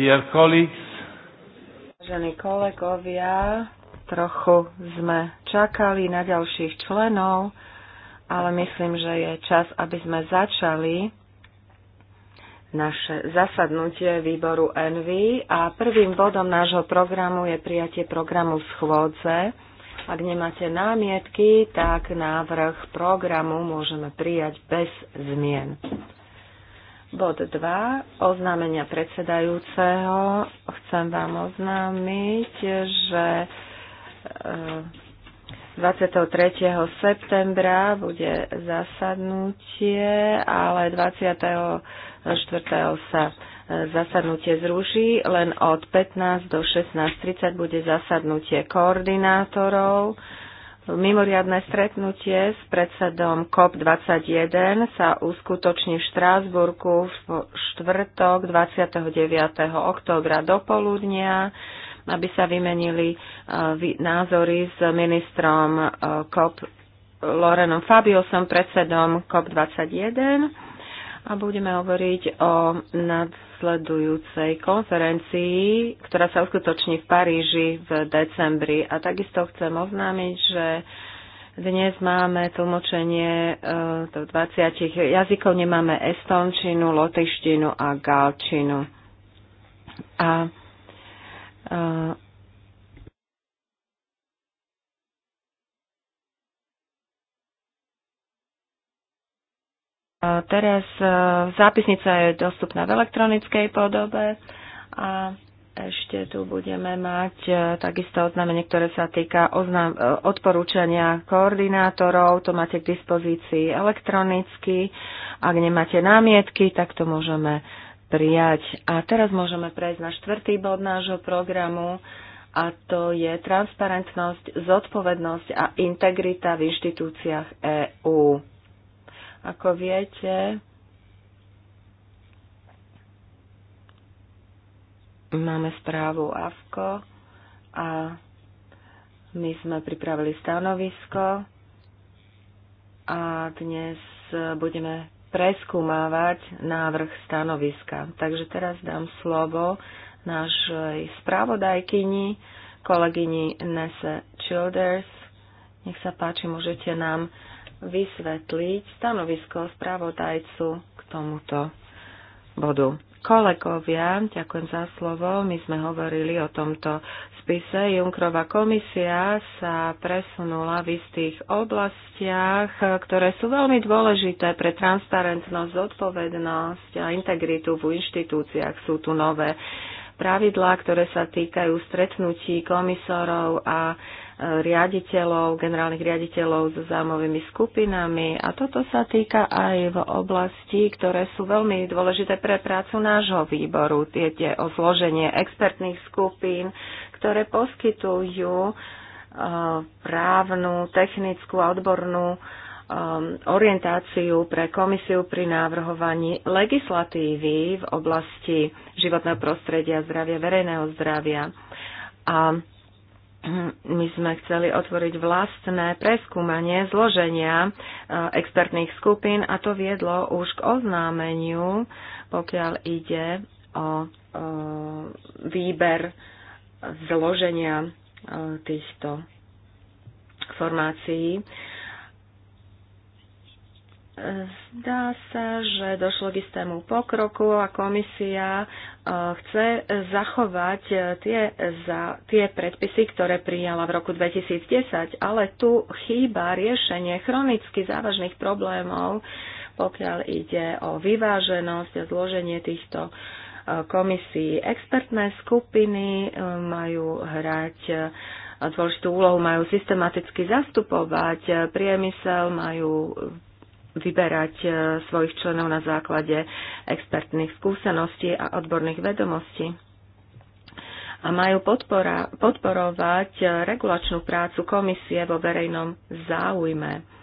Dear colleagues, Vážení kolegovia, trochu sme čakali na ďalších členov, ale myslím, že je čas, aby sme začali naše zasadnutie výboru NV a prvým bodom nášho programu je prijatie programu schôdze. Ak nemáte námietky, tak návrh programu môžeme prijať bez zmien. Bod 2. Oznámenia predsedajúceho. Chcem vám oznámiť, že 23. E, septembra bude zasadnutie, ale 24. sa e, zasadnutie zruší, len od 15 do 16.30 bude zasadnutie koordinátorov Mimoriadne stretnutie s predsedom COP21 sa uskutoční v Štrásburku v štvrtok 29. októbra do poludnia, aby sa vymenili e, názory s ministrom e, COP Lorenom Fabiosom, predsedom COP21 a budeme hovoriť o nadsledujúcej konferencii, ktorá sa uskutoční v Paríži v decembri. A takisto chcem oznámiť, že dnes máme tlmočenie e, do 20 jazykov, nemáme estončinu, lotyštinu a galčinu. A e, Teraz e, zápisnica je dostupná v elektronickej podobe a ešte tu budeme mať e, takisto oznámenie, ktoré sa týka oznám, e, odporúčania koordinátorov. To máte k dispozícii elektronicky. Ak nemáte námietky, tak to môžeme prijať. A teraz môžeme prejsť na štvrtý bod nášho programu a to je transparentnosť, zodpovednosť a integrita v inštitúciách EÚ. Ako viete, máme správu AFKO a my sme pripravili stanovisko a dnes budeme preskúmávať návrh stanoviska. Takže teraz dám slovo našej správodajkyni, kolegyni Nese Childers. Nech sa páči, môžete nám vysvetliť stanovisko správodajcu k tomuto bodu. Kolegovia, ďakujem za slovo. My sme hovorili o tomto spise. Junkrova komisia sa presunula v istých oblastiach, ktoré sú veľmi dôležité pre transparentnosť, zodpovednosť a integritu v inštitúciách. Sú tu nové pravidlá, ktoré sa týkajú stretnutí komisorov a riaditeľov, generálnych riaditeľov so zámovými skupinami a toto sa týka aj v oblasti, ktoré sú veľmi dôležité pre prácu nášho výboru. Tiete o zloženie expertných skupín, ktoré poskytujú eh, právnu, technickú a odbornú eh, orientáciu pre komisiu pri návrhovaní legislatívy v oblasti životného prostredia, zdravia, verejného zdravia. A my sme chceli otvoriť vlastné preskúmanie zloženia e, expertných skupín a to viedlo už k oznámeniu, pokiaľ ide o e, výber zloženia e, týchto formácií. Zdá sa, že došlo k istému pokroku a komisia e, chce zachovať e, tie, za, tie predpisy, ktoré prijala v roku 2010, ale tu chýba riešenie chronicky závažných problémov, pokiaľ ide o vyváženosť a zloženie týchto e, komisí. Expertné skupiny majú hrať dôležitú úlohu, majú systematicky zastupovať priemysel, majú vyberať e, svojich členov na základe expertných skúseností a odborných vedomostí a majú podpora, podporovať e, regulačnú prácu komisie vo verejnom záujme.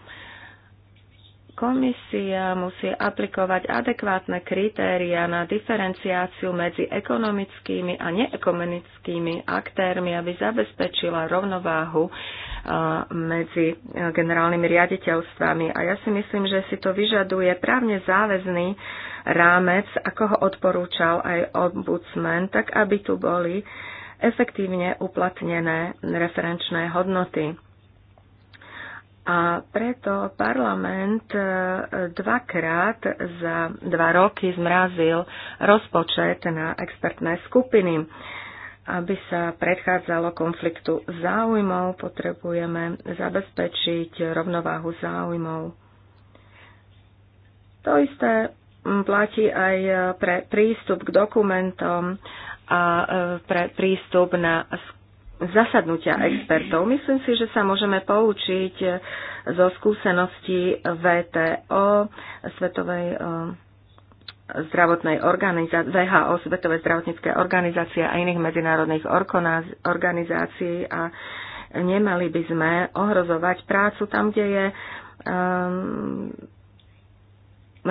Komisia musí aplikovať adekvátne kritéria na diferenciáciu medzi ekonomickými a neekonomickými aktérmi, aby zabezpečila rovnováhu medzi e, generálnymi riaditeľstvami. A ja si myslím, že si to vyžaduje právne záväzný rámec, ako ho odporúčal aj ombudsman, tak aby tu boli efektívne uplatnené referenčné hodnoty. A preto parlament e, dvakrát za dva roky zmrazil rozpočet na expertné skupiny. Aby sa predchádzalo konfliktu záujmov, potrebujeme zabezpečiť rovnováhu záujmov. To isté platí aj e, pre prístup k dokumentom a e, pre prístup na zasadnutia expertov. Myslím si, že sa môžeme poučiť eh, zo skúseností VTO, Svetovej eh, zdravotnej organizácie, VHO, Svetovej zdravotníckej organizácie a iných medzinárodných organizácií a nemali by sme ohrozovať prácu tam, kde je um,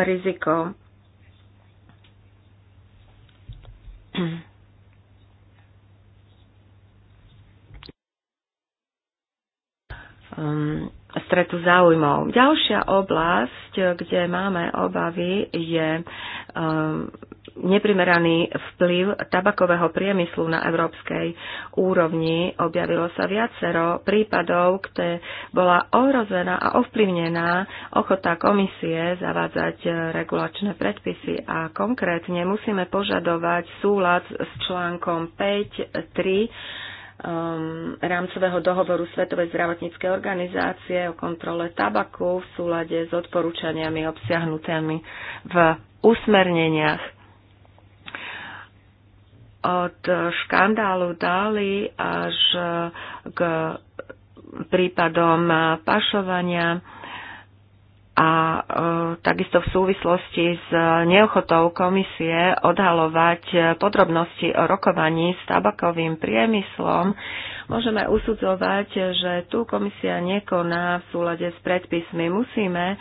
riziko. um, stretu záujmov. Ďalšia oblasť, kde máme obavy, je um, neprimeraný vplyv tabakového priemyslu na európskej úrovni. Objavilo sa viacero prípadov, kde bola ohrozená a ovplyvnená ochota komisie zavádzať regulačné predpisy a konkrétne musíme požadovať súlad s článkom 5.3 um, rámcového dohovoru Svetovej zdravotníckej organizácie o kontrole tabaku v súlade s odporúčaniami obsiahnutými v usmerneniach. Od škandálu Dali až k prípadom pašovania a e, takisto v súvislosti s neochotou komisie odhalovať e, podrobnosti o rokovaní s tabakovým priemyslom, môžeme usudzovať, že tu komisia nekoná v súlade s predpismi. Musíme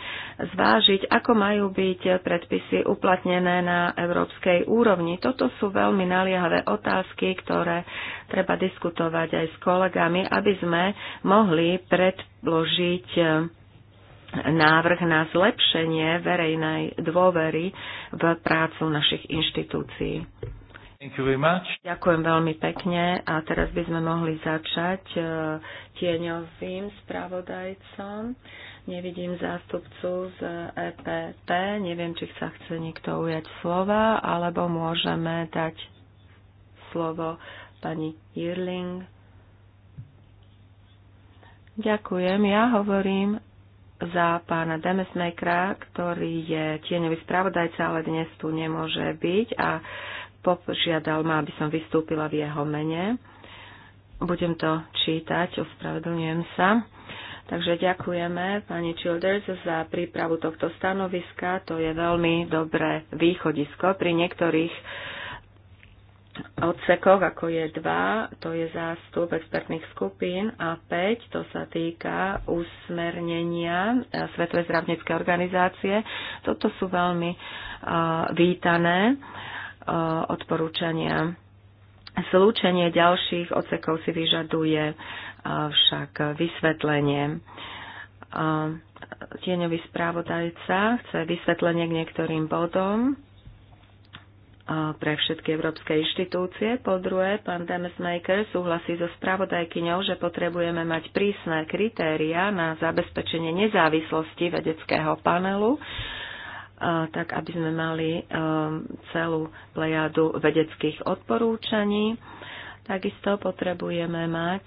zvážiť, ako majú byť predpisy uplatnené na európskej úrovni. Toto sú veľmi naliehavé otázky, ktoré treba diskutovať aj s kolegami, aby sme mohli predložiť e, návrh na zlepšenie verejnej dôvery v prácu našich inštitúcií. Ďakujem veľmi pekne a teraz by sme mohli začať e, tieňovým spravodajcom. Nevidím zástupcu z EPP, neviem, či sa chce niekto ujať slova, alebo môžeme dať slovo pani Jirling. Ďakujem, ja hovorím za pána Demesmakera, ktorý je tieňový spravodajca, ale dnes tu nemôže byť a požiadal ma, aby som vystúpila v jeho mene. Budem to čítať, ospravedlňujem sa. Takže ďakujeme pani Childers za prípravu tohto stanoviska. To je veľmi dobré východisko. Pri niektorých odsekoch, ako je 2, to je zástup expertných skupín a 5, to sa týka usmernenia e, Svetovej zdravníckej organizácie. Toto sú veľmi e, vítané e, odporúčania. Slúčenie ďalších odsekov si vyžaduje však vysvetlenie tieňový správodajca chce vysvetlenie k niektorým bodom pre všetky európske inštitúcie. Po druhé, pán Demesmaker súhlasí so spravodajkyňou, že potrebujeme mať prísne kritéria na zabezpečenie nezávislosti vedeckého panelu, tak aby sme mali celú plejadu vedeckých odporúčaní. Takisto potrebujeme mať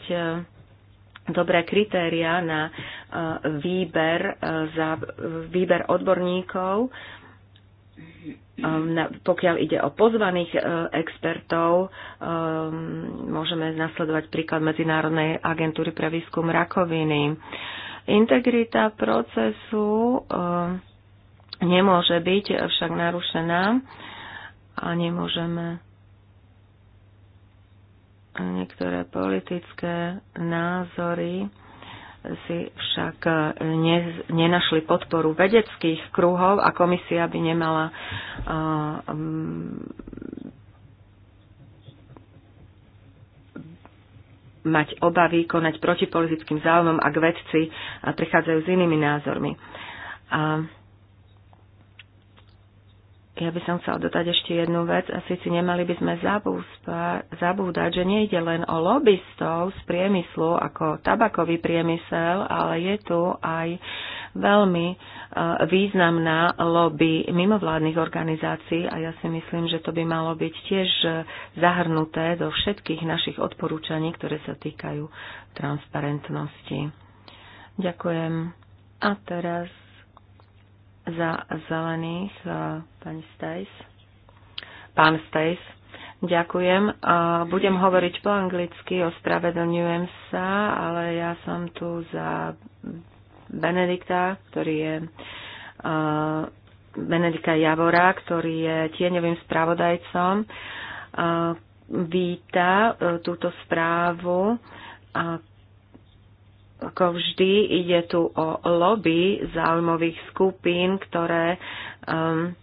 dobré kritéria na výber, za, výber odborníkov Ehm, pokiaľ ide o pozvaných e, expertov, ehm, môžeme nasledovať príklad Medzinárodnej agentúry pre výskum rakoviny. Integrita procesu ehm, nemôže byť však narušená a nemôžeme e, niektoré politické názory si však e, ne, nenašli podporu vedeckých kruhov a komisia by nemala uh, mať obavy konať proti politickým záujmom, ak vedci prichádzajú s inými názormi. Uh, ja by som chcel dodať ešte jednu vec, a síci nemali by sme zabúdať, že nejde len o lobbystov z priemyslu ako tabakový priemysel, ale je tu aj veľmi e, významná lobby mimovládnych organizácií a ja si myslím, že to by malo byť tiež zahrnuté do všetkých našich odporúčaní, ktoré sa týkajú transparentnosti. Ďakujem. A teraz za zelených, e, pani Stajs. Pán Stajs, ďakujem. E, budem hovoriť po anglicky, ospravedlňujem sa, ale ja som tu za Benedikta, ktorý je e, Benedika Javora, ktorý je tieňovým spravodajcom. Víta túto správu a ako vždy ide tu o lobby záujmových skupín, ktoré um,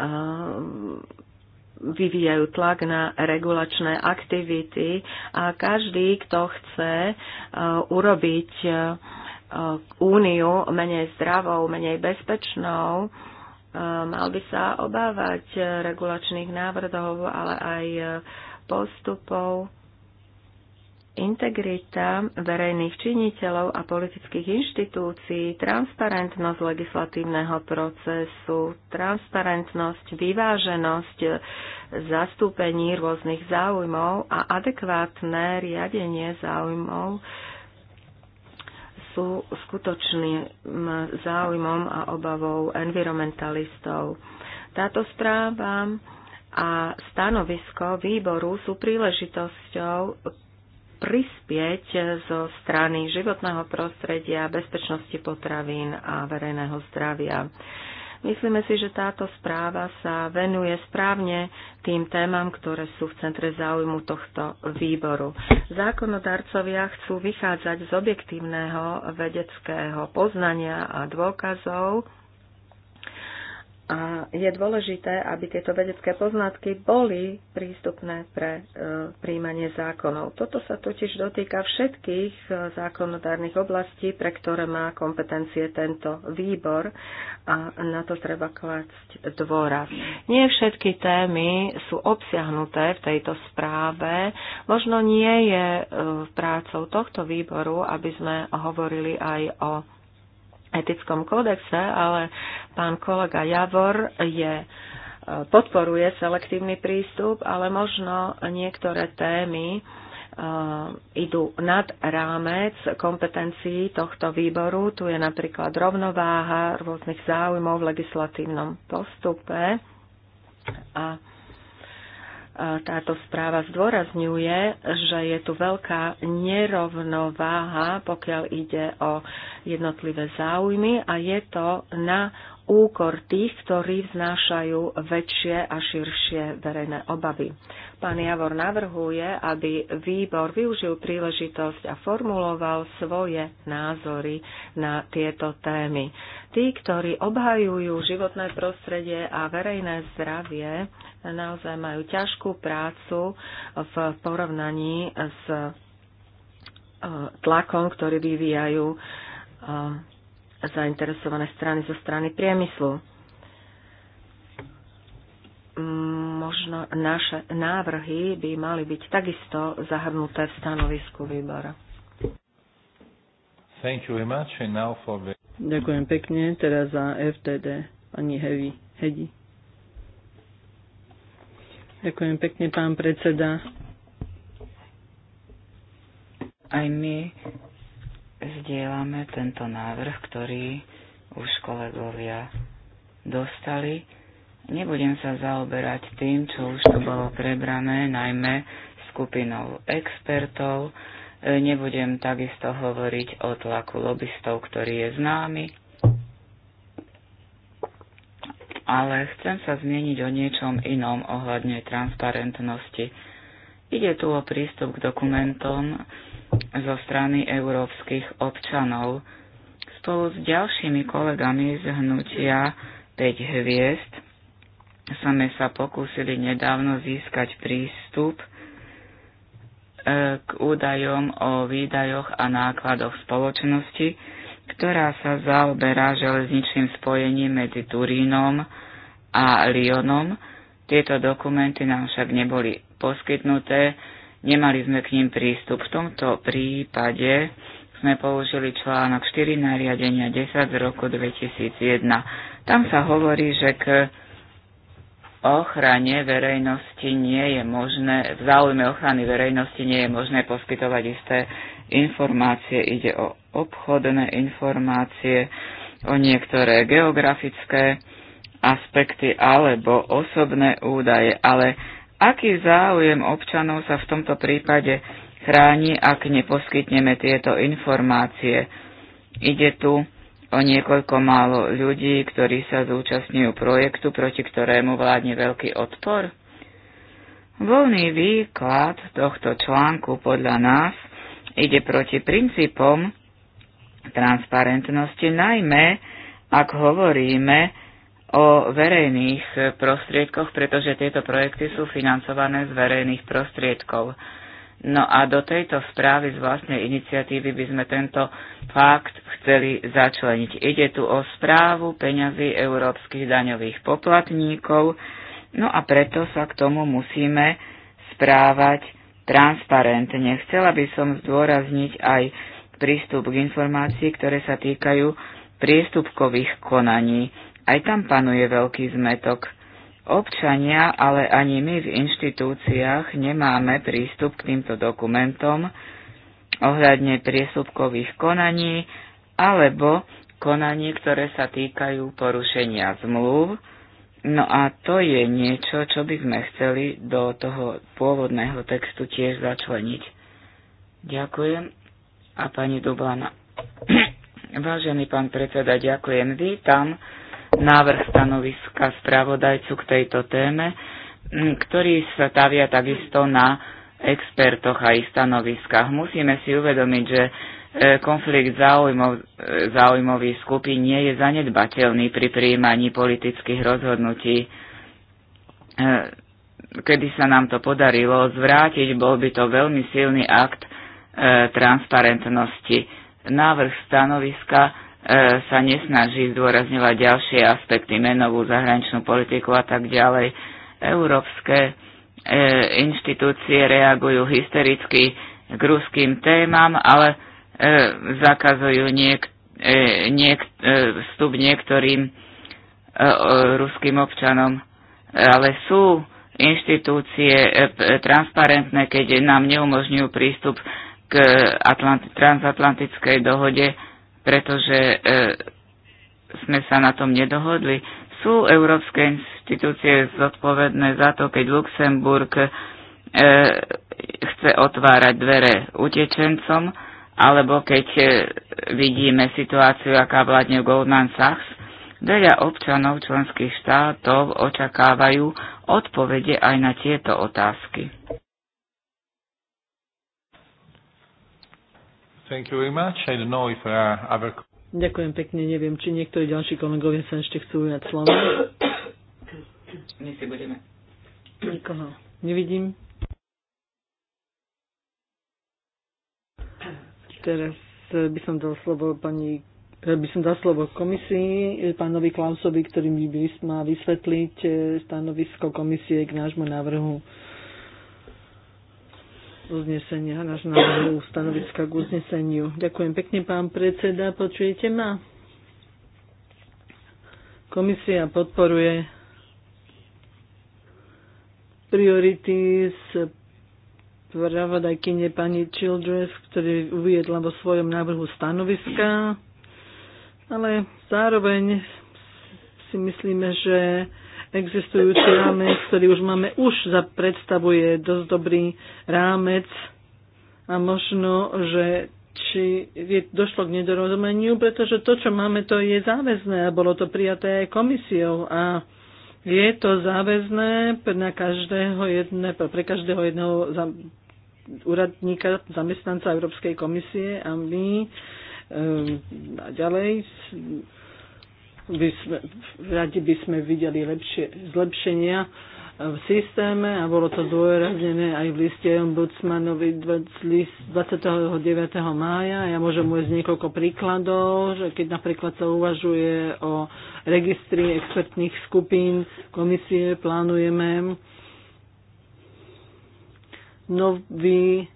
um, vyvíjajú tlak na regulačné aktivity a každý, kto chce uh, urobiť uh, uh úniu menej zdravou, menej bezpečnou, uh, mal by sa obávať regulačných návrhov, ale aj uh, postupov integrita verejných činiteľov a politických inštitúcií, transparentnosť legislatívneho procesu, transparentnosť, vyváženosť zastúpení rôznych záujmov a adekvátne riadenie záujmov sú skutočným záujmom a obavou environmentalistov. Táto správa a stanovisko výboru sú príležitosťou prispieť zo strany životného prostredia, bezpečnosti potravín a verejného zdravia. Myslíme si, že táto správa sa venuje správne tým témam, ktoré sú v centre záujmu tohto výboru. Zákonodarcovia chcú vychádzať z objektívneho vedeckého poznania a dôkazov, a je dôležité, aby tieto vedecké poznatky boli prístupné pre e, príjmanie zákonov. Toto sa totiž dotýka všetkých e, zákonodárnych oblastí, pre ktoré má kompetencie tento výbor a na to treba klásť dôraz. Nie všetky témy sú obsiahnuté v tejto správe. Možno nie je e, prácou tohto výboru, aby sme hovorili aj o etickom kódexe, ale pán kolega Javor je e, podporuje selektívny prístup, ale možno niektoré témy e, idú nad rámec kompetencií tohto výboru. Tu je napríklad rovnováha rôznych záujmov v legislatívnom postupe a táto správa zdôrazňuje, že je tu veľká nerovnováha, pokiaľ ide o jednotlivé záujmy a je to na úkor tých, ktorí vznášajú väčšie a širšie verejné obavy. Pán Javor navrhuje, aby výbor využil príležitosť a formuloval svoje názory na tieto témy. Tí, ktorí obhajujú životné prostredie a verejné zdravie, naozaj majú ťažkú prácu v porovnaní s e, tlakom, ktorý vyvíjajú e, zainteresované strany zo strany priemyslu. Možno naše návrhy by mali byť takisto zahrnuté v stanovisku výbora. Thank you very much and now for the... Ďakujem pekne teraz za FTD pani Hevi. Hedi. Ďakujem pekne, pán predseda. Aj my Zdieľame tento návrh, ktorý už kolegovia dostali. Nebudem sa zaoberať tým, čo už tu bolo prebrané, najmä skupinou expertov. E, nebudem takisto hovoriť o tlaku lobbystov, ktorý je známy. Ale chcem sa zmieniť o niečom inom ohľadne transparentnosti. Ide tu o prístup k dokumentom, zo strany európskych občanov. Spolu s ďalšími kolegami z hnutia 5 hviezd sme sa pokúsili nedávno získať prístup e, k údajom o výdajoch a nákladoch spoločnosti, ktorá sa zaoberá železničným spojením medzi Turínom a Lyonom. Tieto dokumenty nám však neboli poskytnuté, Nemali sme k ním prístup. V tomto prípade sme použili článok 4 nariadenia 10 z roku 2001. Tam sa hovorí, že k ochrane verejnosti nie je možné, v záujme ochrany verejnosti nie je možné poskytovať isté informácie. Ide o obchodné informácie, o niektoré geografické aspekty alebo osobné údaje, ale aký záujem občanov sa v tomto prípade chráni, ak neposkytneme tieto informácie. Ide tu o niekoľko málo ľudí, ktorí sa zúčastňujú projektu, proti ktorému vládne veľký odpor? Voľný výklad tohto článku podľa nás ide proti princípom transparentnosti, najmä ak hovoríme o verejných prostriedkoch, pretože tieto projekty sú financované z verejných prostriedkov. No a do tejto správy z vlastnej iniciatívy by sme tento fakt chceli začleniť. Ide tu o správu peňazí európskych daňových poplatníkov, no a preto sa k tomu musíme správať transparentne. Chcela by som zdôrazniť aj prístup k informácii, ktoré sa týkajú priestupkových konaní. Aj tam panuje veľký zmetok. Občania, ale ani my v inštitúciách nemáme prístup k týmto dokumentom ohľadne priesúbkových konaní alebo konaní, ktoré sa týkajú porušenia zmluv. No a to je niečo, čo by sme chceli do toho pôvodného textu tiež začleniť. Ďakujem. A pani Dublana. Vážený pán predseda, ďakujem. Vítam návrh stanoviska spravodajcu k tejto téme, ktorý sa tavia takisto na expertoch a ich stanoviskách. Musíme si uvedomiť, že e, konflikt záujmov, e, záujmových skupín nie je zanedbateľný pri príjmaní politických rozhodnutí. E, kedy sa nám to podarilo zvrátiť, bol by to veľmi silný akt transparentnosti. Návrh stanoviska E, sa nesnaží zdôrazňovať ďalšie aspekty, menovú zahraničnú politiku a tak ďalej. Európske e, inštitúcie reagujú hystericky k ruským témam, ale e, zakazujú niek, e, niek, e, vstup niektorým e, e, ruským občanom. Ale sú inštitúcie e, transparentné, keď nám neumožňujú prístup k Atlant- transatlantickej dohode pretože e, sme sa na tom nedohodli. Sú európske inštitúcie zodpovedné za to, keď Luxemburg e, chce otvárať dvere utečencom, alebo keď e, vidíme situáciu, aká vládne Goldman Sachs, veľa občanov členských štátov očakávajú odpovede aj na tieto otázky. Thank you very much. I don't know if there are other... Ďakujem pekne. Neviem, či niektorí ďalší kolegovia sa ešte chcú ujať slovo. My si budeme. Nikoho nevidím. Teraz eh, by som dal slovo pani eh, by som dal slovo komisii, eh, pánovi Klausovi, ktorý mi má vysvetliť stanovisko komisie k nášmu návrhu uznesenia, náš návrh stanoviska k uzneseniu. Ďakujem pekne, pán predseda. Počujete ma? Komisia podporuje priority z pravodajkyne pani Childress, ktorý uviedla vo svojom návrhu stanoviska, ale zároveň si myslíme, že existujúci rámec, ktorý už máme, už predstavuje dosť dobrý rámec a možno, že či je, došlo k nedorozumeniu, pretože to, čo máme, to je záväzné a bolo to prijaté aj komisiou a je to záväzné na každého jedne, pre každého jedného úradníka, zamestnanca Európskej komisie a my ehm, a ďalej by sme, radi by sme videli lepšie, zlepšenia v systéme a bolo to zdôraznené aj v liste ombudsmanovi 29. mája. Ja môžem uvieť niekoľko príkladov, že keď napríklad sa uvažuje o registri expertných skupín komisie, plánujeme nový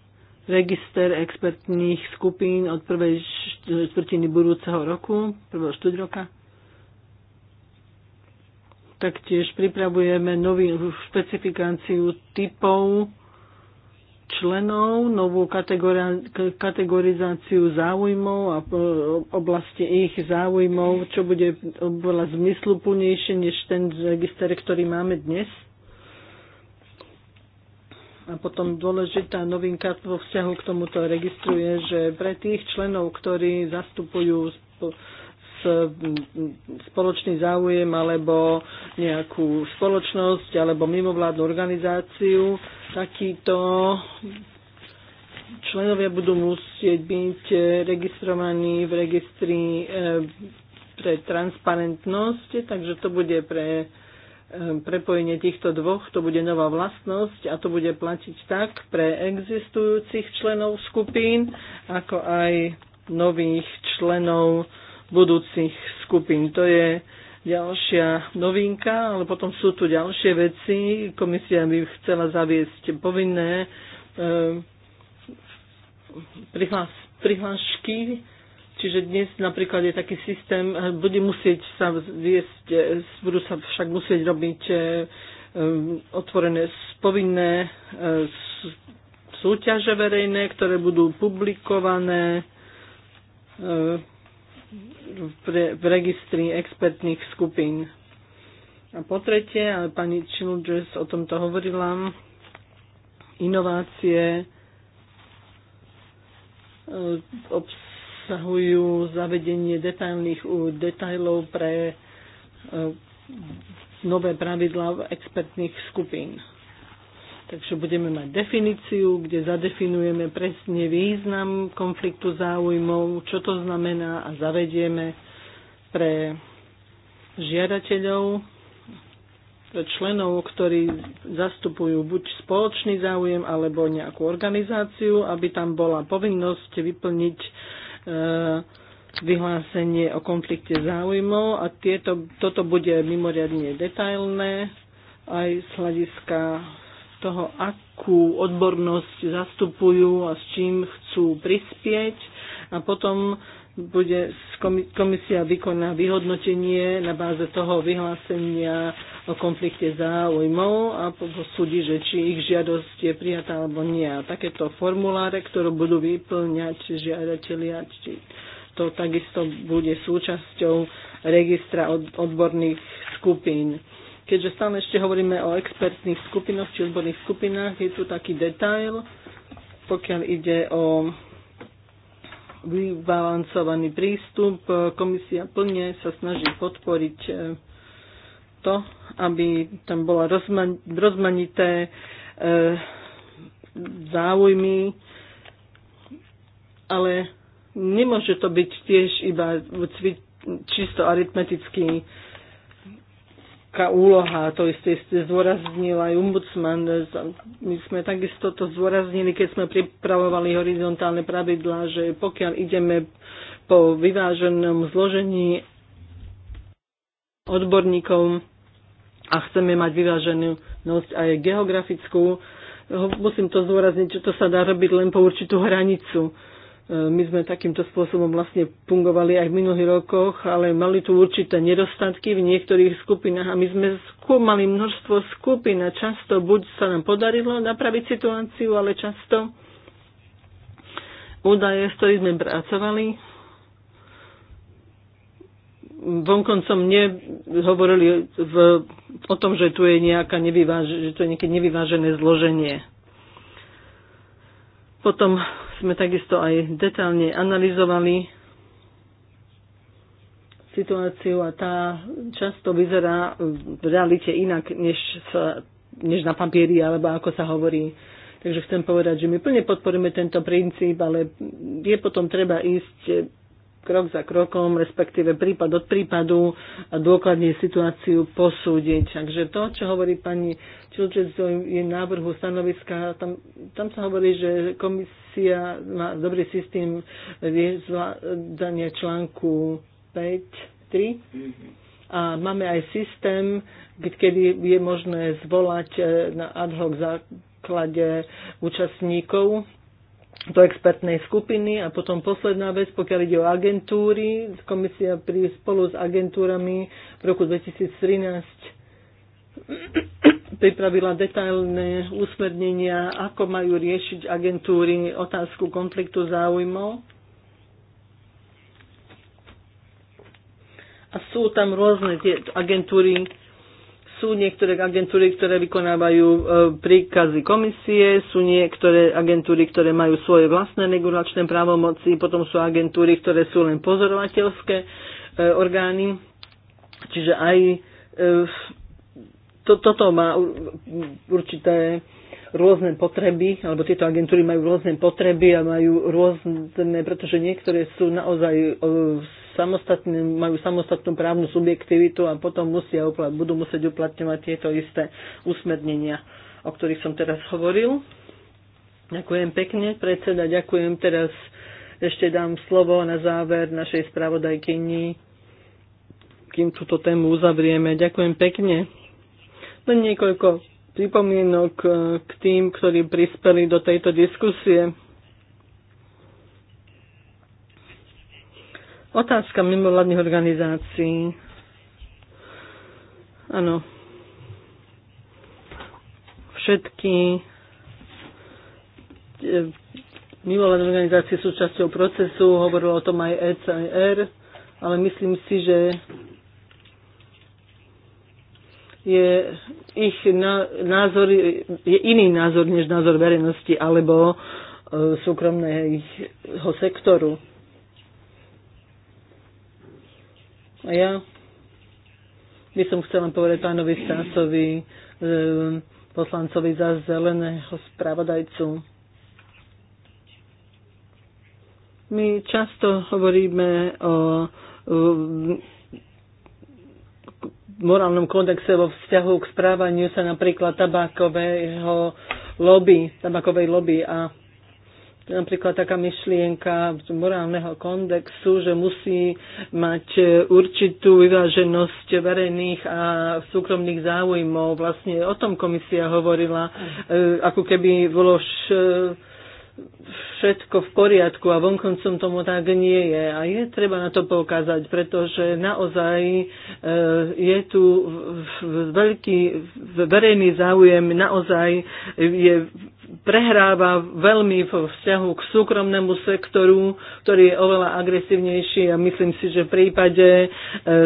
register expertných skupín od prvej štvrtiny budúceho roku, prvého štúd roka Taktiež pripravujeme novú špecifikáciu typov členov, novú kategorizáciu záujmov a e, oblasti ich záujmov, čo bude oveľa zmysluplnejšie než ten register, ktorý máme dnes. A potom dôležitá novinka vo vzťahu k tomuto registruje, že pre tých členov, ktorí zastupujú E, spoločný záujem alebo nejakú spoločnosť alebo mimovládnu organizáciu, takíto členovia budú musieť byť registrovaní v registri e, pre transparentnosť, takže to bude pre e, prepojenie týchto dvoch, to bude nová vlastnosť a to bude platiť tak pre existujúcich členov skupín, ako aj nových členov budúcich skupín. To je ďalšia novinka, ale potom sú tu ďalšie veci. Komisia by chcela zaviesť povinné e, eh, prihlás, prihlášky, čiže dnes napríklad je taký systém, eh, bude musieť sa viesť, eh, budú sa však musieť robiť e, otvorené povinné súťaže verejné, ktoré budú publikované v registri expertných skupín. A po tretie, ale pani Childress o tomto hovorila, inovácie eh, obsahujú zavedenie detailných detailov pre eh, nové pravidlá expertných skupín. Takže budeme mať definíciu, kde zadefinujeme presne význam konfliktu záujmov, čo to znamená a zavedieme pre žiadateľov, pre členov, ktorí zastupujú buď spoločný záujem alebo nejakú organizáciu, aby tam bola povinnosť vyplniť e, vyhlásenie o konflikte záujmov a tieto, toto bude mimoriadne detailné aj z hľadiska toho, akú odbornosť zastupujú a s čím chcú prispieť a potom bude komisia vykoná vyhodnotenie na báze toho vyhlásenia o konflikte záujmov a posúdi, že či ich žiadosť je prijatá alebo nie. A takéto formuláre, ktoré budú vyplňať žiadatelia, či to takisto bude súčasťou registra odborných skupín. Keďže stále ešte hovoríme o expertných skupinách či odborných skupinách, je tu taký detail, pokiaľ ide o vybalancovaný prístup. Komisia plne sa snaží podporiť e, to, aby tam bola rozman- rozmanité e, záujmy, ale nemôže to byť tiež iba čisto aritmetický veľká úloha. To isté ste zdôraznil aj ombudsman. My sme takisto to zdôraznili, keď sme pripravovali horizontálne pravidlá, že pokiaľ ideme po vyváženom zložení odborníkov a chceme mať vyváženosť aj geografickú, musím to zdôrazniť, že to sa dá robiť len po určitú hranicu my sme takýmto spôsobom vlastne fungovali aj v minulých rokoch, ale mali tu určité nedostatky v niektorých skupinách a my sme skúmali množstvo skupín a často buď sa nám podarilo napraviť situáciu, ale často údaje, s ktorými sme pracovali, vonkoncom nehovorili v, o tom, že tu je nejaká nevyváž, že tu je nejaké nevyvážené zloženie. Potom sme takisto aj detálne analyzovali situáciu a tá často vyzerá v realite inak, než, sa, než na papieri, alebo ako sa hovorí. Takže chcem povedať, že my plne podporíme tento princíp, ale je potom treba ísť krok za krokom, respektíve prípad od prípadu a dôkladne situáciu posúdiť. Takže to, čo hovorí pani Čilčec v jej návrhu stanoviska, tam, tam sa hovorí, že komisia má dobrý systém zvládania článku 5 3 a máme aj systém, kedy je možné zvolať eh, na ad hoc základe účastníkov do expertnej skupiny. A potom posledná vec, pokiaľ ide o agentúry, komisia pri, spolu s agentúrami v roku 2013 pripravila detailné usmernenia, ako majú riešiť agentúry otázku konfliktu záujmov. A sú tam rôzne tie agentúry, sú niektoré agentúry, ktoré vykonávajú e, príkazy komisie, sú niektoré agentúry, ktoré majú svoje vlastné regulačné právomoci, potom sú agentúry, ktoré sú len pozorovateľské e, orgány. Čiže aj e, to, toto má určité rôzne potreby, alebo tieto agentúry majú rôzne potreby a majú rôzne, pretože niektoré sú naozaj samostatný, majú samostatnú právnu subjektivitu a potom musia upla- budú musieť uplatňovať tieto isté usmernenia, o ktorých som teraz hovoril. Ďakujem pekne, predseda. Ďakujem teraz. Ešte dám slovo na záver našej spravodajkyni, kým túto tému uzavrieme. Ďakujem pekne. Len niekoľko pripomienok eh, k tým, ktorí prispeli do tejto diskusie. Otázka mimovládnych organizácií. Áno. Všetky e, mimovládne organizácie sú časťou procesu, hovorilo o tom aj ECR, ale myslím si, že je ich názor, je iný názor než názor verejnosti alebo e, súkromného sektoru. A Ja by som chcela povedať pánovi Stásovi, e, poslancovi za zeleného spravodajcu. My často hovoríme o morálnom kódexe vo vzťahu k správaniu sa napríklad tabakového lobby, tabakovej lobby a napríklad taká myšlienka morálneho kondexu, že musí mať určitú vyváženosť verejných a súkromných záujmov. Vlastne o tom komisia hovorila, e, ako keby bolo š- všetko v poriadku a vonkoncom tomu tak nie je. A je treba na to poukázať, pretože naozaj e, je tu veľký verejný záujem, naozaj je prehráva veľmi vo vzťahu k súkromnému sektoru, ktorý je oveľa agresívnejší a myslím si, že v prípade e,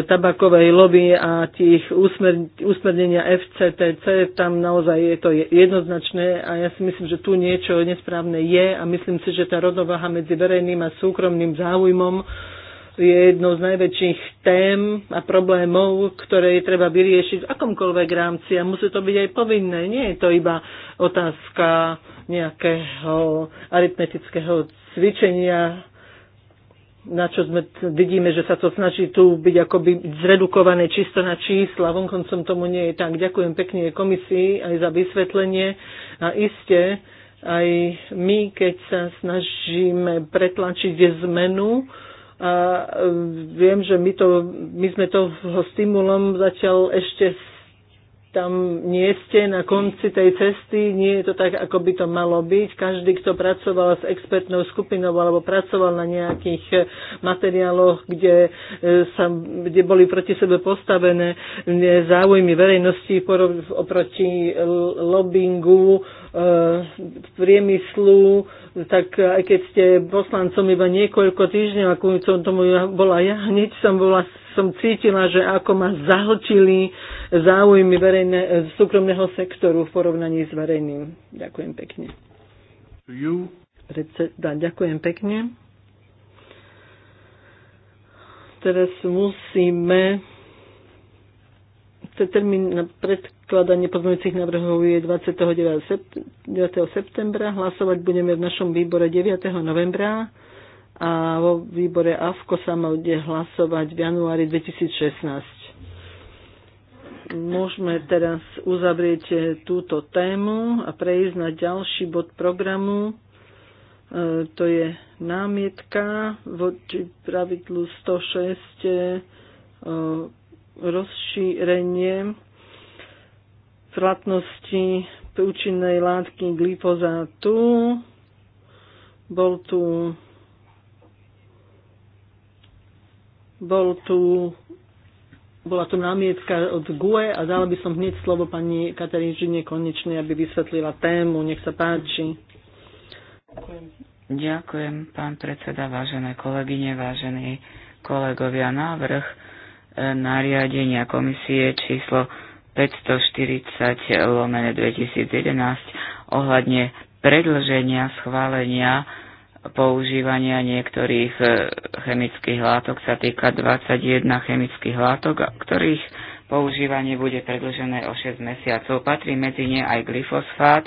tabakovej lobby a tých usmer, usmernenia FCTC tam naozaj je to jednoznačné a ja si myslím, že tu niečo nesprávne je je a myslím si, že tá rovnováha medzi verejným a súkromným záujmom je jednou z najväčších tém a problémov, ktoré je treba vyriešiť v akomkoľvek rámci a musí to byť aj povinné. Nie je to iba otázka nejakého aritmetického cvičenia, na čo sme, vidíme, že sa to snaží tu byť akoby zredukované čisto na čísla, vonkoncom tomu nie je tak. Ďakujem pekne komisii aj za vysvetlenie a iste aj my, keď sa snažíme pretlačiť zmenu, a e, viem, že my, to, my sme toho stimulom zatiaľ ešte tam nie ste na konci tej cesty, nie je to tak, ako by to malo byť. Každý, kto pracoval s expertnou skupinou alebo pracoval na nejakých e, materiáloch, kde, e, sa, kde boli proti sebe postavené záujmy verejnosti oproti lobbyingu v e, priemyslu, tak aj keď ste poslancom iba niekoľko týždňov, ako som tomu bola ja, hneď som, bola, som cítila, že ako ma zahlčili záujmy verejné, e, súkromného sektoru v porovnaní s verejným. Ďakujem pekne. Predseda, ďakujem pekne. Teraz musíme termín na pred predkladanie pozmeňujúcich návrhov je 29. septembra. Hlasovať budeme v našom výbore 9. novembra a vo výbore AFKO sa ma bude hlasovať v januári 2016. Môžeme teraz uzavrieť túto tému a prejsť na ďalší bod programu. E, to je námietka voči pravidlu 106 e, rozšírenie platnosti účinnej látky glyfozátu. Bol tu bol tu bola tu námietka od GUE a dala by som hneď slovo pani Katarížine konečne, aby vysvetlila tému. Nech sa páči. Ďakujem. Ďakujem, pán predseda, vážené kolegyne, vážení kolegovia. Návrh e, nariadenia komisie číslo 540 lomene 2011 ohľadne predlženia schválenia používania niektorých e, chemických látok sa týka 21 chemických látok, ktorých používanie bude predlžené o 6 mesiacov. Patrí medzi ne aj glyfosfát,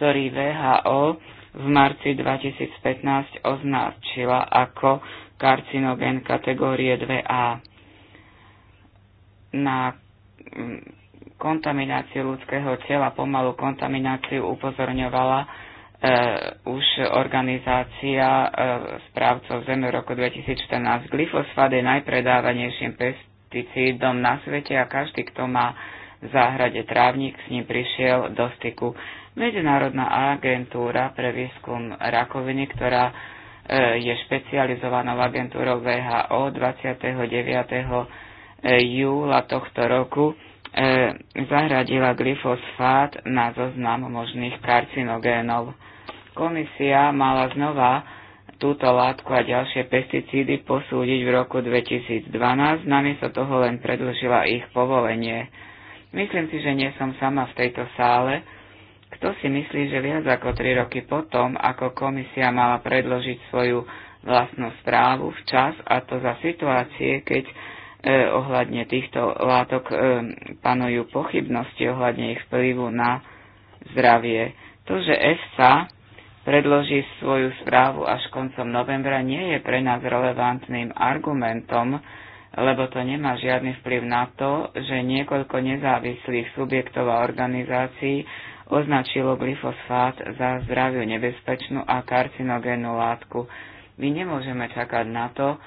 ktorý VHO v marci 2015 označila ako karcinogen kategórie 2A. Na kontamináciu ľudského tela, pomalú kontamináciu upozorňovala e, už organizácia e, správcov zeme v roku 2014. Glyfosfát je najpredávanejším pesticídom na svete a každý, kto má v záhrade trávnik, s ním prišiel do styku. Medzinárodná agentúra pre výskum rakoviny, ktorá e, je špecializovanou agentúrou VHO 29. E, júla tohto roku, E, zahradila glyfosfát na zoznam možných karcinogénov. Komisia mala znova túto látku a ďalšie pesticídy posúdiť v roku 2012, namiesto toho len predlžila ich povolenie. Myslím si, že nie som sama v tejto sále. Kto si myslí, že viac ako tri roky potom, ako komisia mala predložiť svoju vlastnú správu včas, a to za situácie, keď E, ohľadne týchto látok e, panujú pochybnosti ohľadne ich vplyvu na zdravie. To, že EFSA predloží svoju správu až koncom novembra, nie je pre nás relevantným argumentom, lebo to nemá žiadny vplyv na to, že niekoľko nezávislých subjektov a organizácií označilo glyfosfát za zdraviu nebezpečnú a karcinogénnu látku. My nemôžeme čakať na to,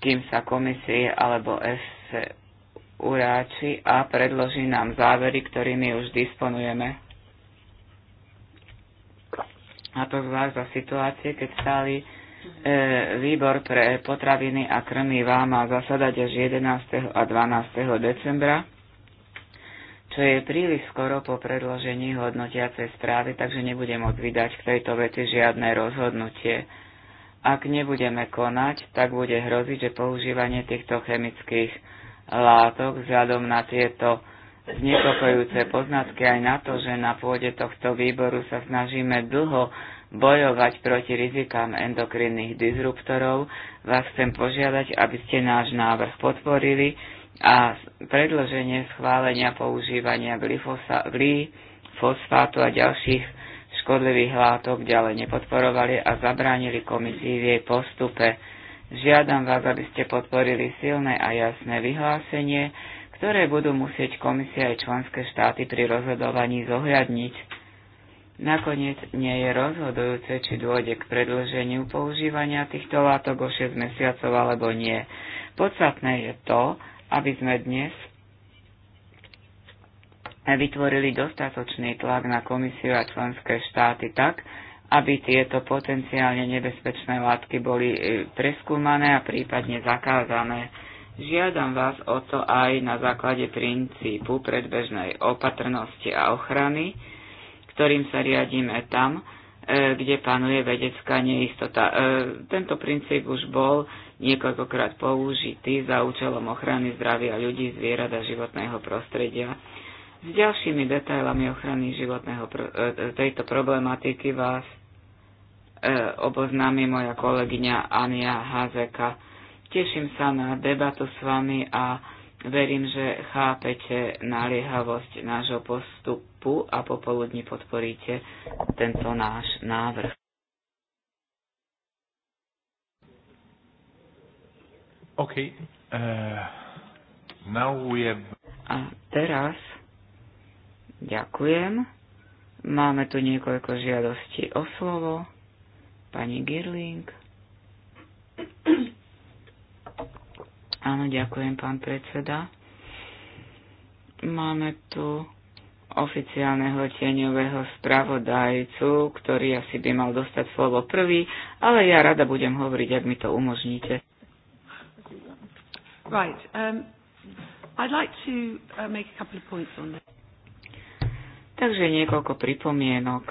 kým sa komisie alebo S uráči a predloží nám závery, ktorými už disponujeme. A to zvlášť za situácie, keď stály e, výbor pre potraviny a krmy vám má zasadať až 11. a 12. decembra, čo je príliš skoro po predložení hodnotiacej správy, takže nebudem môcť vydať k tejto veci žiadne rozhodnutie. Ak nebudeme konať, tak bude hroziť, že používanie týchto chemických látok vzhľadom na tieto znepokojúce poznatky aj na to, že na pôde tohto výboru sa snažíme dlho bojovať proti rizikám endokrinných disruptorov, vás chcem požiadať, aby ste náš návrh podporili a predloženie schválenia používania glyfosfátu a ďalších škodlivých látok ďalej nepodporovali a zabránili komisii v jej postupe. Žiadam vás, aby ste podporili silné a jasné vyhlásenie, ktoré budú musieť komisia aj členské štáty pri rozhodovaní zohľadniť. Nakoniec nie je rozhodujúce, či dôjde k predlženiu používania týchto látok o 6 mesiacov alebo nie. Podstatné je to, aby sme dnes vytvorili dostatočný tlak na komisiu a členské štáty tak, aby tieto potenciálne nebezpečné látky boli e, preskúmané a prípadne zakázané. Žiadam vás o to aj na základe princípu predbežnej opatrnosti a ochrany, ktorým sa riadíme tam, e, kde panuje vedecká neistota. E, tento princíp už bol niekoľkokrát použitý za účelom ochrany zdravia ľudí, zvierat a životného prostredia s ďalšími detailami ochrany životného pr- e, e, tejto problematiky vás e, oboznámi moja kolegyňa Ania Hazeka. Teším sa na debatu s vami a verím, že chápete naliehavosť nášho postupu a popoludní podporíte tento náš návrh. OK. Uh, now we have... A teraz Ďakujem. Máme tu niekoľko žiadostí o slovo. Pani Girling. Áno, ďakujem, pán predseda. Máme tu oficiálneho tieňového spravodajcu, ktorý asi by mal dostať slovo prvý, ale ja rada budem hovoriť, ak mi to umožníte. Right. Um, I'd like to uh, make a couple of points on this. Takže niekoľko pripomienok.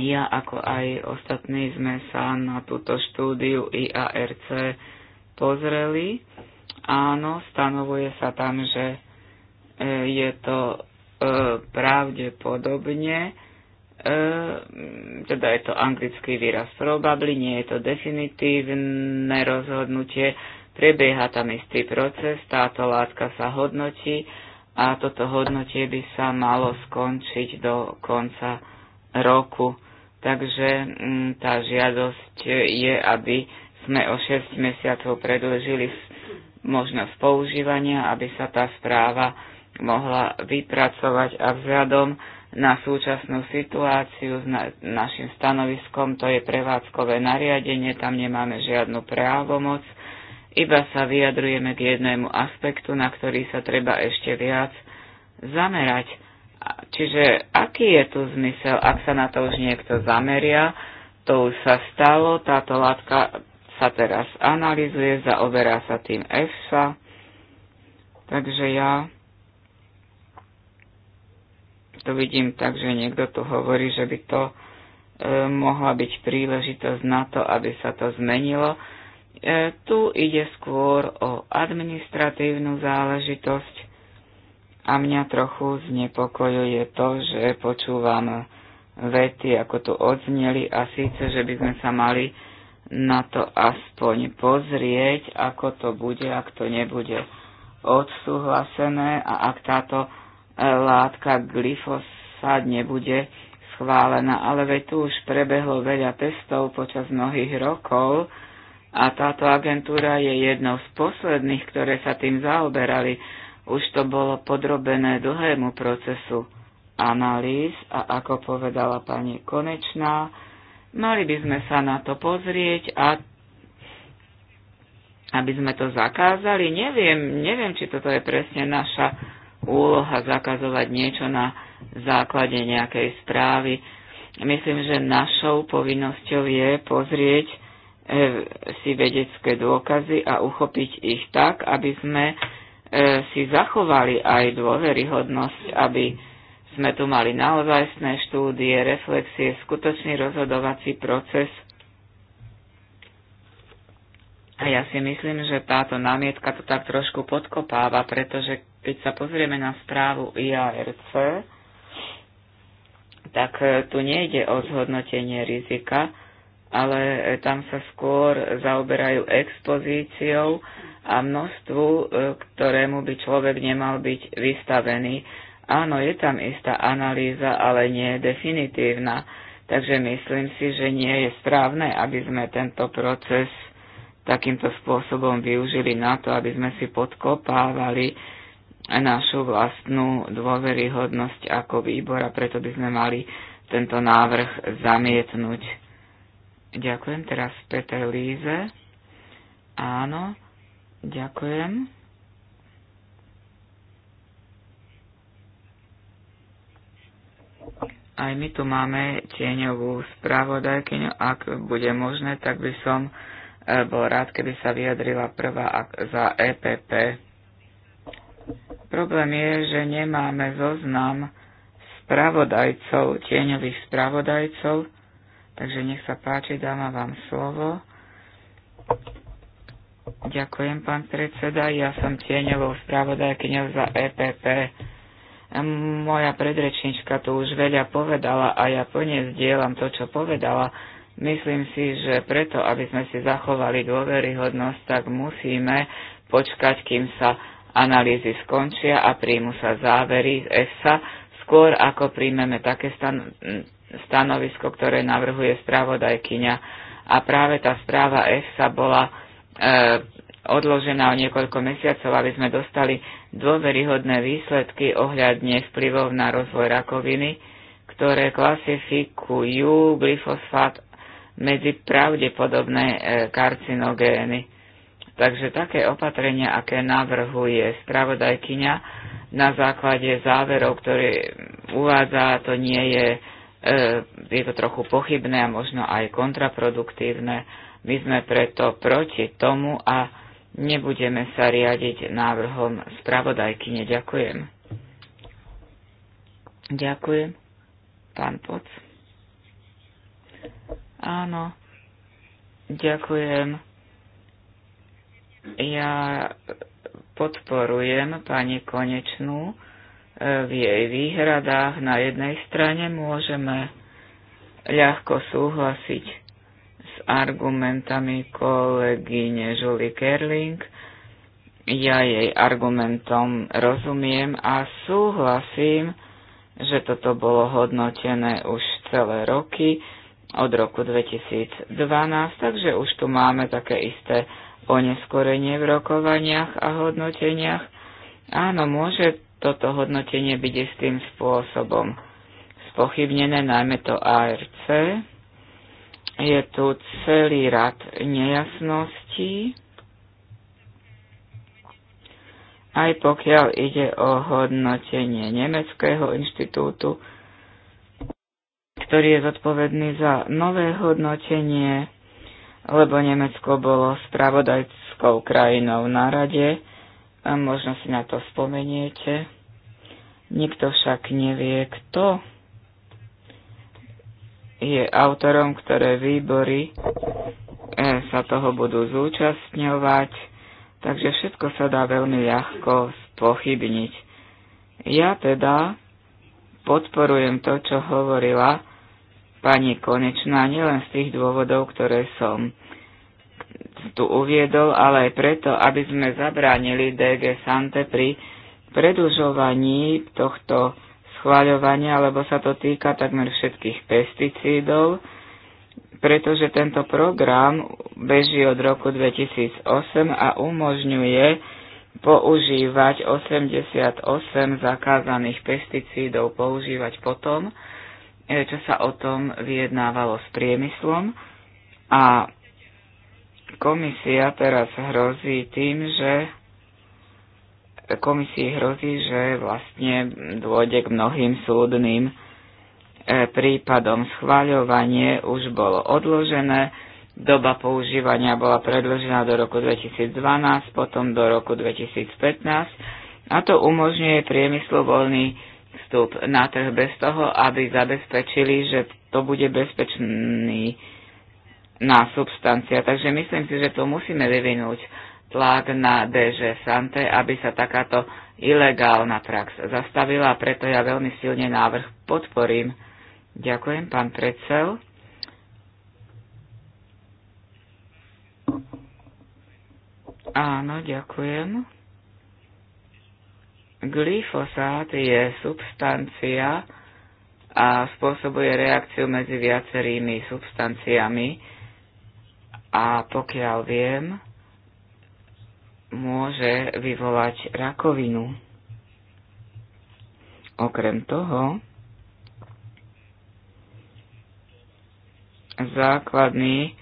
Ja ako aj ostatní sme sa na túto štúdiu IARC pozreli. Áno, stanovuje sa tam, že e, je to e, pravdepodobne, e, teda je to anglický výraz probably, nie je to definitívne rozhodnutie, prebieha tam istý proces, táto látka sa hodnotí a toto hodnotie by sa malo skončiť do konca roku. Takže mm, tá žiadosť je, aby sme o 6 mesiacov predlžili možnosť používania, aby sa tá správa mohla vypracovať a vzhľadom na súčasnú situáciu s na, našim stanoviskom, to je prevádzkové nariadenie, tam nemáme žiadnu právomoc iba sa vyjadrujeme k jednému aspektu, na ktorý sa treba ešte viac zamerať. Čiže aký je tu zmysel, ak sa na to už niekto zameria, to už sa stalo, táto látka sa teraz analizuje, zaoberá sa tým EFSA. Takže ja to vidím tak, že niekto tu hovorí, že by to e, mohla byť príležitosť na to, aby sa to zmenilo E, tu ide skôr o administratívnu záležitosť a mňa trochu znepokojuje to, že počúvam vety, ako tu odzneli a síce, že by sme sa mali na to aspoň pozrieť, ako to bude, ak to nebude odsúhlasené a ak táto e, látka glyfosát nebude schválená. Ale veď tu už prebehlo veľa testov počas mnohých rokov a táto agentúra je jednou z posledných, ktoré sa tým zaoberali. Už to bolo podrobené dlhému procesu analýz a ako povedala pani Konečná, mali by sme sa na to pozrieť a aby sme to zakázali. Neviem, neviem, či toto je presne naša úloha zakazovať niečo na základe nejakej správy. Myslím, že našou povinnosťou je pozrieť E, si vedecké dôkazy a uchopiť ich tak, aby sme e, si zachovali aj dôveryhodnosť, aby sme tu mali naozajstné štúdie, reflexie, skutočný rozhodovací proces. A ja si myslím, že táto námietka to tak trošku podkopáva, pretože keď sa pozrieme na správu IARC, tak e, tu nejde o zhodnotenie rizika, ale e, tam sa skôr zaoberajú expozíciou a množstvu, e, ktorému by človek nemal byť vystavený. Áno, je tam istá analýza, ale nie je definitívna. Takže myslím si, že nie je správne, aby sme tento proces takýmto spôsobom využili na to, aby sme si podkopávali našu vlastnú dôveryhodnosť ako výbor a preto by sme mali tento návrh zamietnúť. Ďakujem teraz Peter Líze. Áno, ďakujem. Aj my tu máme tieňovú správodajkyňu. Ak bude možné, tak by som e, bol rád, keby sa vyjadrila prvá za EPP. Problém je, že nemáme zoznam spravodajcov, tieňových spravodajcov, Takže nech sa páči, dáma vám slovo. Ďakujem, pán predseda. Ja som tieňovou spravodajkyňou za EPP. Moja predrečnička tu už veľa povedala a ja plne zdieľam to, čo povedala. Myslím si, že preto, aby sme si zachovali dôveryhodnosť, tak musíme počkať, kým sa analýzy skončia a príjmu sa závery z ESA, skôr ako príjmeme také stan- stanovisko, ktoré navrhuje správodajkyňa. A práve tá správa EFSA bola e, odložená o niekoľko mesiacov, aby sme dostali dôveryhodné výsledky ohľadne vplyvov na rozvoj rakoviny, ktoré klasifikujú glyfosfát medzi pravdepodobné e, karcinogény. Takže také opatrenia, aké navrhuje spravodajkyňa na základe záverov, ktoré uvádza, to nie je E, je to trochu pochybné a možno aj kontraproduktívne. My sme preto proti tomu a nebudeme sa riadiť návrhom spravodajky. Ďakujem. Ďakujem. Pán Poc. Áno. Ďakujem. Ja podporujem pani Konečnú v jej výhradách na jednej strane môžeme ľahko súhlasiť s argumentami kolegyne Julie Kerling. Ja jej argumentom rozumiem a súhlasím, že toto bolo hodnotené už celé roky od roku 2012, takže už tu máme také isté oneskorenie v rokovaniach a hodnoteniach. Áno, môže toto hodnotenie byť istým spôsobom spochybnené, najmä to ARC. Je tu celý rad nejasností, aj pokiaľ ide o hodnotenie Nemeckého inštitútu, ktorý je zodpovedný za nové hodnotenie, lebo Nemecko bolo spravodajskou krajinou na rade, a možno si na to spomeniete. Nikto však nevie, kto je autorom, ktoré výbory e, sa toho budú zúčastňovať, takže všetko sa dá veľmi ľahko spochybniť. Ja teda podporujem to, čo hovorila pani Konečná, nielen z tých dôvodov, ktoré som tu uviedol, ale aj preto, aby sme zabránili DG Sante pri predlžovaní tohto schváľovania, lebo sa to týka takmer všetkých pesticídov, pretože tento program beží od roku 2008 a umožňuje používať 88 zakázaných pesticídov, používať potom, e, čo sa o tom vyjednávalo s priemyslom a komisia teraz hrozí tým, že komisii hrozí, že vlastne dôjde k mnohým súdnym e, prípadom. Schváľovanie už bolo odložené, doba používania bola predložená do roku 2012, potom do roku 2015 a to umožňuje priemyslu voľný vstup na trh bez toho, aby zabezpečili, že to bude bezpečný na substancia. Takže myslím si, že tu musíme vyvinúť tlak na DŽ Sante, aby sa takáto ilegálna prax zastavila, a preto ja veľmi silne návrh podporím. Ďakujem, pán predsel. Áno, ďakujem. Glyfosát je substancia a spôsobuje reakciu medzi viacerými substanciami, a pokiaľ viem, môže vyvolať rakovinu. Okrem toho, základný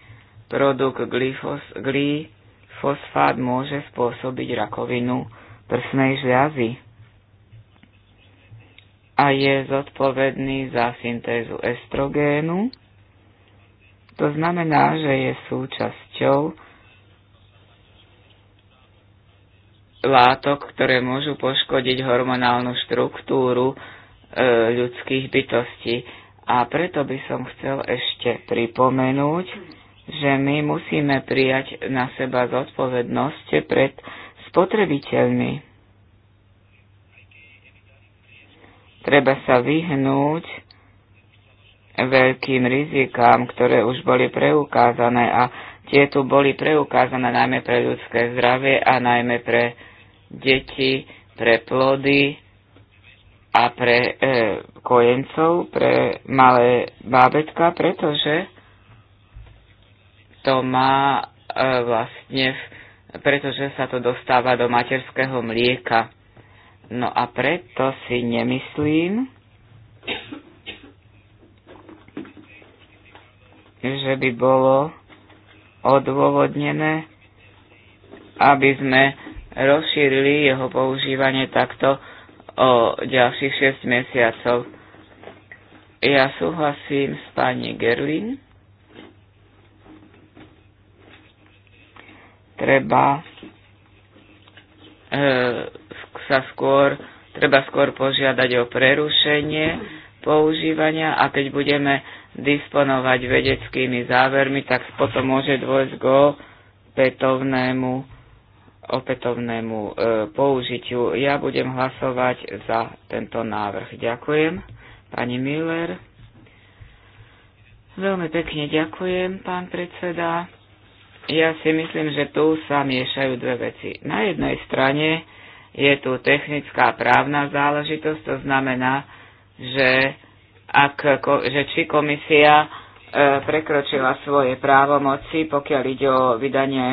produkt glyfos, glyfosfát môže spôsobiť rakovinu prsnej žľazy a je zodpovedný za syntézu estrogénu, to znamená, že je súčasťou látok, ktoré môžu poškodiť hormonálnu štruktúru e, ľudských bytostí. A preto by som chcel ešte pripomenúť, že my musíme prijať na seba zodpovednosť pred spotrebiteľmi. Treba sa vyhnúť veľkým rizikám, ktoré už boli preukázané a tie tu boli preukázané najmä pre ľudské zdravie a najmä pre deti, pre plody a pre e, kojencov, pre malé bábetka, pretože to má e, vlastne, pretože sa to dostáva do materského mlieka. No a preto si nemyslím, že by bolo odôvodnené, aby sme rozšírili jeho používanie takto o ďalších 6 mesiacov. Ja súhlasím s pani Gerlin. Treba e, sa skôr, treba skôr požiadať o prerušenie používania a keď budeme disponovať vedeckými závermi, tak potom môže dôjsť go opätovnému, opätovnému e, použitiu. Ja budem hlasovať za tento návrh. Ďakujem. Pani Miller. Veľmi pekne ďakujem, pán predseda. Ja si myslím, že tu sa miešajú dve veci. Na jednej strane je tu technická právna záležitosť, to znamená, že ak, že či komisia e, prekročila svoje právomoci, pokiaľ ide o vydanie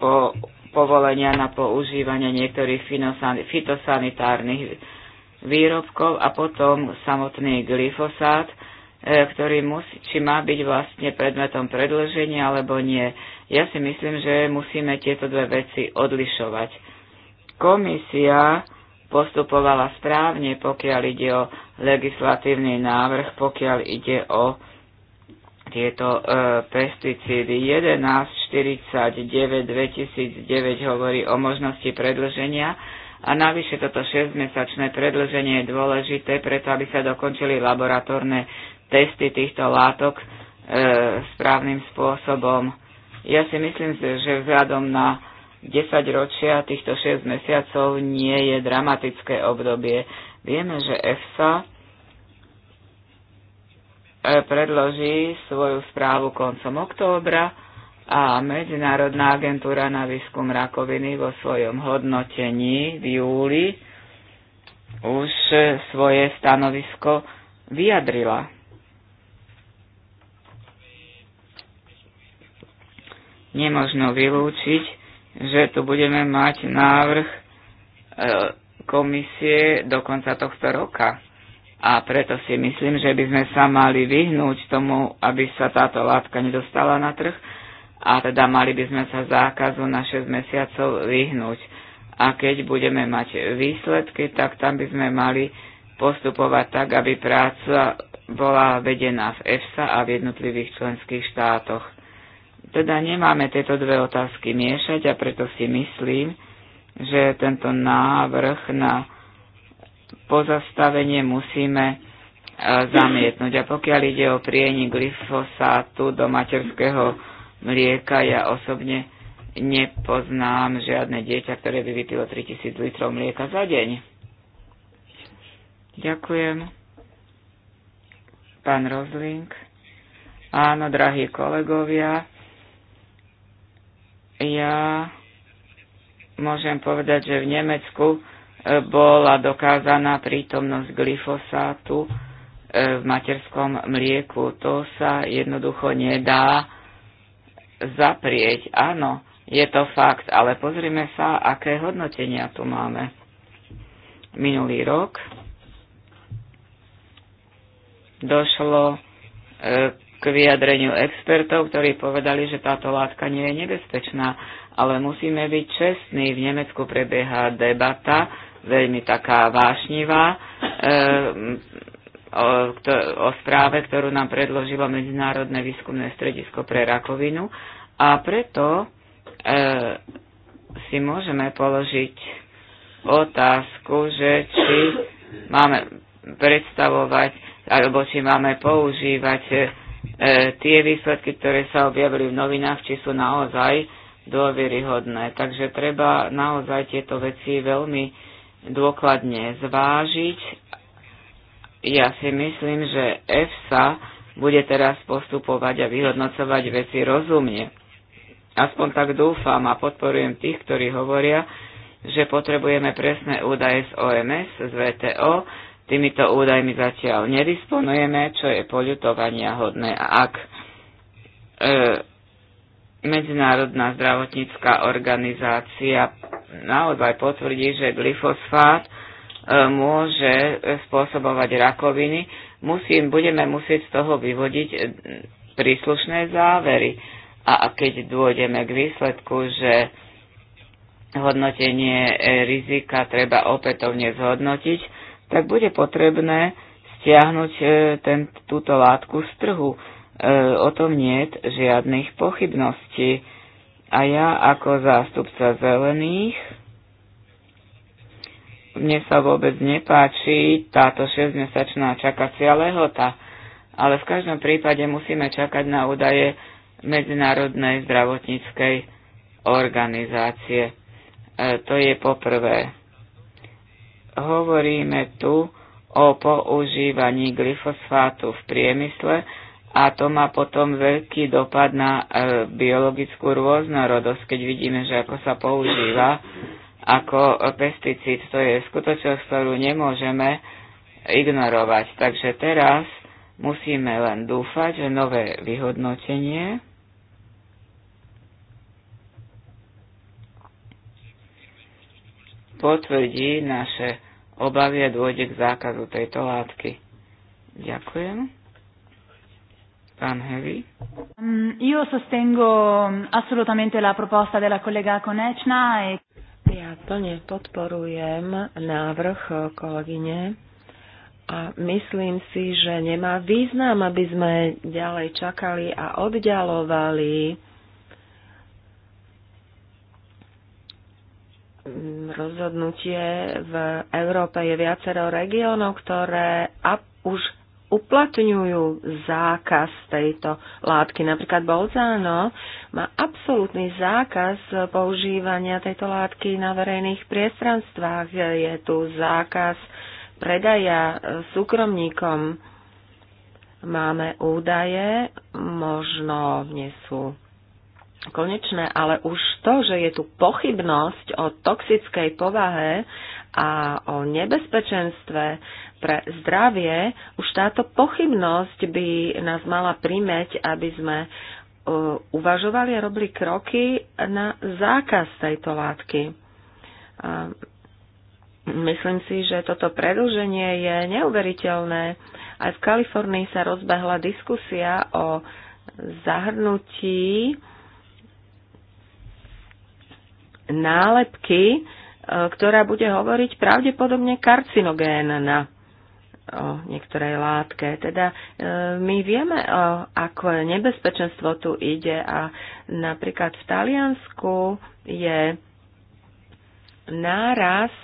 po, povolenia na používanie niektorých fitosanitárnych výrobkov a potom samotný glyfosát, e, ktorý musí, či má byť vlastne predmetom predlženia alebo nie. Ja si myslím, že musíme tieto dve veci odlišovať. Komisia postupovala správne, pokiaľ ide o legislatívny návrh, pokiaľ ide o tieto e, pesticídy. 1149 2009 hovorí o možnosti predlženia a navyše toto 6-mesačné predlženie je dôležité, preto aby sa dokončili laboratórne testy týchto látok e, správnym spôsobom. Ja si myslím, že vzhľadom na 10ročia týchto 6 mesiacov nie je dramatické obdobie. Vieme, že EFSA e, predloží svoju správu koncom októbra a Medzinárodná agentúra na výskum rakoviny vo svojom hodnotení v júli už svoje stanovisko vyjadrila. Nemožno vylúčiť, že tu budeme mať návrh e, komisie do konca tohto roka. A preto si myslím, že by sme sa mali vyhnúť tomu, aby sa táto látka nedostala na trh a teda mali by sme sa zákazu na 6 mesiacov vyhnúť. A keď budeme mať výsledky, tak tam by sme mali postupovať tak, aby práca bola vedená v EFSA a v jednotlivých členských štátoch. Teda nemáme tieto dve otázky miešať a preto si myslím, že tento návrh na pozastavenie musíme e, zamietnúť. A pokiaľ ide o prieni glyfosátu do materského mlieka, ja osobne nepoznám žiadne dieťa, ktoré by vypilo 3000 litrov mlieka za deň. Ďakujem. Pán Rozling. Áno, drahí kolegovia, ja môžem povedať, že v Nemecku e, bola dokázaná prítomnosť glyfosátu e, v materskom mlieku. To sa jednoducho nedá zaprieť. Áno, je to fakt, ale pozrime sa, aké hodnotenia tu máme. Minulý rok došlo e, k vyjadreniu expertov, ktorí povedali, že táto látka nie je nebezpečná, ale musíme byť čestní. V Nemecku prebieha debata, veľmi taká vášnivá, e, o, o správe, ktorú nám predložilo Medzinárodné výskumné stredisko pre rakovinu. A preto e, si môžeme položiť otázku, že či máme predstavovať, alebo či máme používať E, tie výsledky, ktoré sa objavili v novinách, či sú naozaj dôveryhodné. Takže treba naozaj tieto veci veľmi dôkladne zvážiť. Ja si myslím, že EFSA bude teraz postupovať a vyhodnocovať veci rozumne. Aspoň tak dúfam a podporujem tých, ktorí hovoria, že potrebujeme presné údaje z OMS, z VTO, Týmito údajmi zatiaľ nedisponujeme, čo je poľutovania hodné. A ak e, Medzinárodná zdravotnícká organizácia naozaj potvrdí, že glyfosfát e, môže spôsobovať rakoviny, musím, budeme musieť z toho vyvodiť e, príslušné závery. A keď dôjdeme k výsledku, že hodnotenie e, rizika treba opätovne zhodnotiť, tak bude potrebné stiahnuť e, ten, túto látku z trhu. E, o tom nie je žiadnych pochybností. A ja ako zástupca zelených, mne sa vôbec nepáči táto 6-mesačná čakacia lehota, ale v každom prípade musíme čakať na údaje Medzinárodnej zdravotníckej organizácie. E, to je poprvé hovoríme tu o používaní glyfosfátu v priemysle a to má potom veľký dopad na e, biologickú rôznorodosť, keď vidíme, že ako sa používa ako pesticíd. To je skutočnosť, ktorú nemôžeme ignorovať. Takže teraz musíme len dúfať, že nové vyhodnotenie potvrdí naše obavia dôjde k zákazu tejto látky. Ďakujem. Pán Hevi. Um, io sostengo um, assolutamente la proposta della collega Konečná. E... Ja plne podporujem návrh uh, kolegyne a myslím si, že nemá význam, aby sme ďalej čakali a oddialovali Mm, rozhodnutie. V Európe je viacero regiónov, ktoré už uplatňujú zákaz tejto látky. Napríklad Bolzano má absolútny zákaz používania tejto látky na verejných priestranstvách. Je tu zákaz predaja e, súkromníkom. Máme údaje, možno nie sú konečné, ale už to, že je tu pochybnosť o toxickej povahe a o nebezpečenstve pre zdravie, už táto pochybnosť by nás mala primeť, aby sme e, uvažovali a robili kroky na zákaz tejto látky. Myslím si, že toto predlženie je neuveriteľné. Aj v Kalifornii sa rozbehla diskusia o zahrnutí nálepky, e, ktorá bude hovoriť pravdepodobne karcinogénna e, o niektorej látke. Teda e, my vieme, o ako nebezpečenstvo tu ide a napríklad v Taliansku je nárast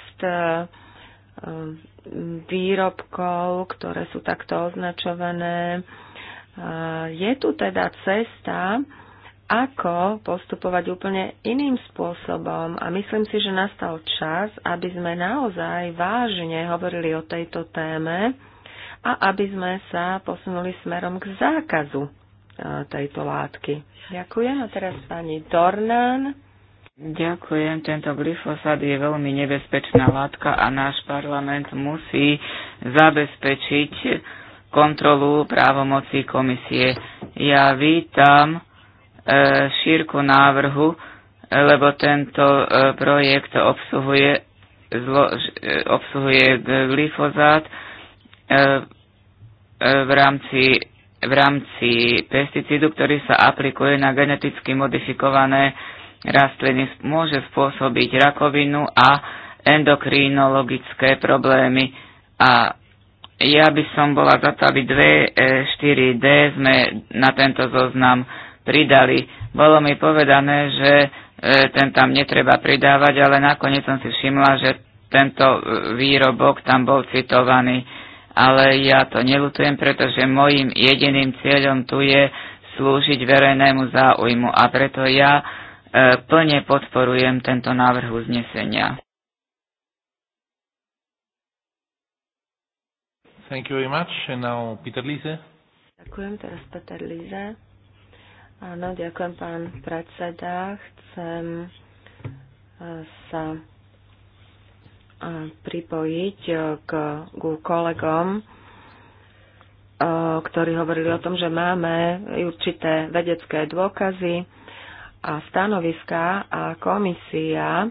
výrobkov, ktoré sú takto označované. Je tu teda cesta, ako postupovať úplne iným spôsobom. A myslím si, že nastal čas, aby sme naozaj vážne hovorili o tejto téme a aby sme sa posunuli smerom k zákazu e, tejto látky. Ďakujem. A teraz pani Dornan. Ďakujem. Tento glyfosát je veľmi nebezpečná látka a náš parlament musí zabezpečiť kontrolu právomocí komisie. Ja vítam E, šírku návrhu, e, lebo tento e, projekt obsluhuje, zlo, obsluhuje glyfozát v rámci, v rámci pesticídu, ktorý sa aplikuje na geneticky modifikované rastliny, môže spôsobiť rakovinu a endokrinologické problémy. A ja by som bola za to, aby 2, 4D sme na tento zoznam pridali. Bolo mi povedané, že e, ten tam netreba pridávať, ale nakoniec som si všimla, že tento e, výrobok tam bol citovaný. Ale ja to nelutujem, pretože mojim jediným cieľom tu je slúžiť verejnému záujmu a preto ja e, plne podporujem tento návrh uznesenia. Thank you very much. And now Peter Lise. Ďakujem, teraz Peter Lise. Áno, ďakujem pán predseda. Chcem eh, sa eh, pripojiť eh, k, k kolegom, ktorí hovorili o tom, že máme určité vedecké dôkazy a stanoviská a komisia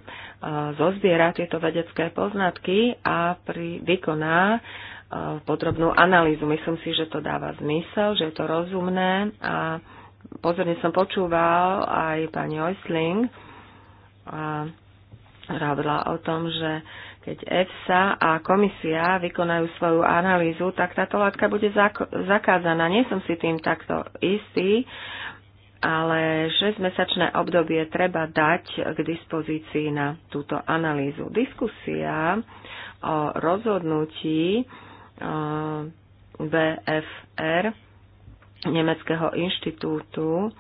zozbiera tieto vedecké poznatky a pri, vykoná podrobnú analýzu. Myslím si, že to dáva zmysel, že je to rozumné a pozorne som počúval aj pani Oisling a hovorila o tom, že keď EFSA a komisia vykonajú svoju analýzu, tak táto látka bude zak- zakázaná. Nie som si tým takto istý, ale 6-mesačné obdobie treba dať k dispozícii na túto analýzu. Diskusia o rozhodnutí BFR eh, Nemeckého inštitútu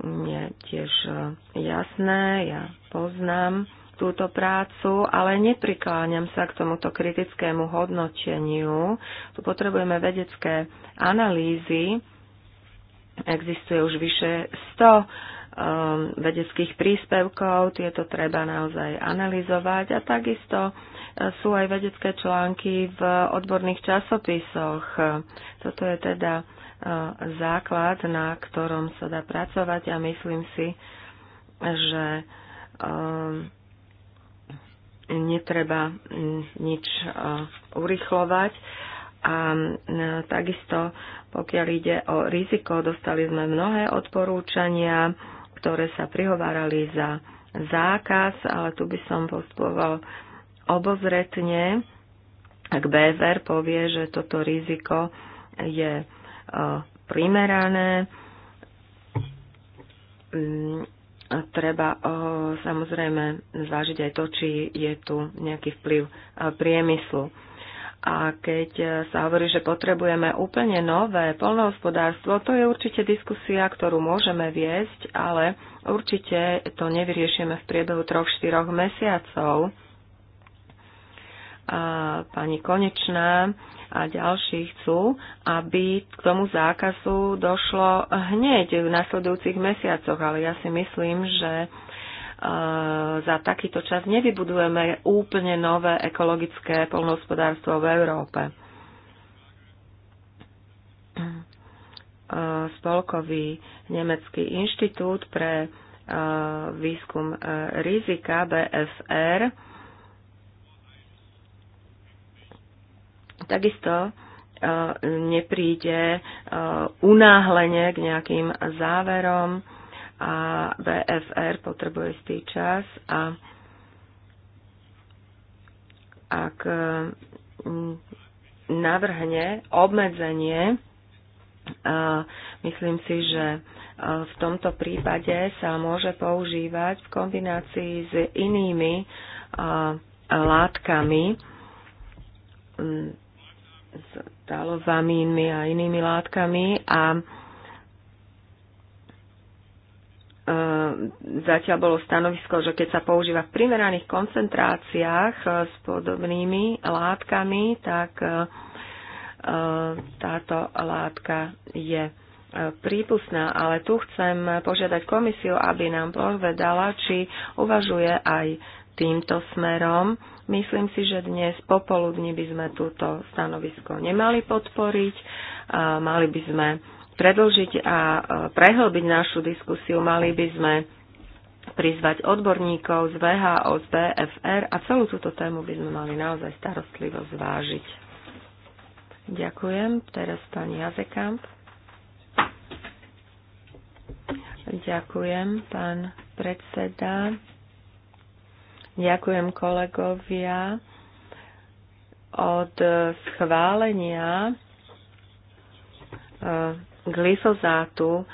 je tiež e, jasné, ja poznám túto prácu, ale neprikláňam sa k tomuto kritickému hodnoteniu. Tu potrebujeme vedecké analýzy. Existuje už vyše 100 um, e, vedeckých príspevkov, tieto treba naozaj analyzovať a takisto e, sú aj vedecké články v odborných časopisoch. Toto je teda základ, na ktorom sa dá pracovať a myslím si, že um, netreba mm, nič uh, urychlovať. A mm, takisto, pokiaľ ide o riziko, dostali sme mnohé odporúčania, ktoré sa prihovárali za zákaz, ale tu by som postupoval obozretne, ak BVR povie, že toto riziko je Eh, primerané. Mm, treba eh, samozrejme zvážiť aj to, či je tu nejaký vplyv eh, priemyslu. A keď sa hovorí, že potrebujeme úplne nové polnohospodárstvo, to je určite diskusia, ktorú môžeme viesť, ale určite to nevyriešime v priebehu 3-4 mesiacov. A pani Konečná a ďalší chcú, aby k tomu zákazu došlo hneď v nasledujúcich mesiacoch, ale ja si myslím, že e, za takýto čas nevybudujeme úplne nové ekologické polnohospodárstvo v Európe. E, spolkový nemecký inštitút pre e, výskum rizika BFR takisto e, nepríde e, unáhlenie k nejakým záverom a VFR potrebuje istý čas a ak e, navrhne obmedzenie, myslím si, že v tomto prípade sa môže používať v kombinácii s inými látkami, mm, s talozamínmi a inými látkami a e, zatiaľ bolo stanovisko, že keď sa používa v primeraných koncentráciách e, s podobnými látkami, tak e, táto látka je prípustná, ale tu chcem požiadať komisiu, aby nám povedala, či uvažuje aj týmto smerom. Myslím si, že dnes popoludní by sme túto stanovisko nemali podporiť. Mali by sme predlžiť a prehlbiť našu diskusiu. Mali by sme prizvať odborníkov z VHO, z BFR a celú túto tému by sme mali naozaj starostlivo zvážiť. Ďakujem. Teraz pani Jazekamp. Ďakujem, pán predseda. Ďakujem kolegovia. Od schválenia eh, glyfozátu eh,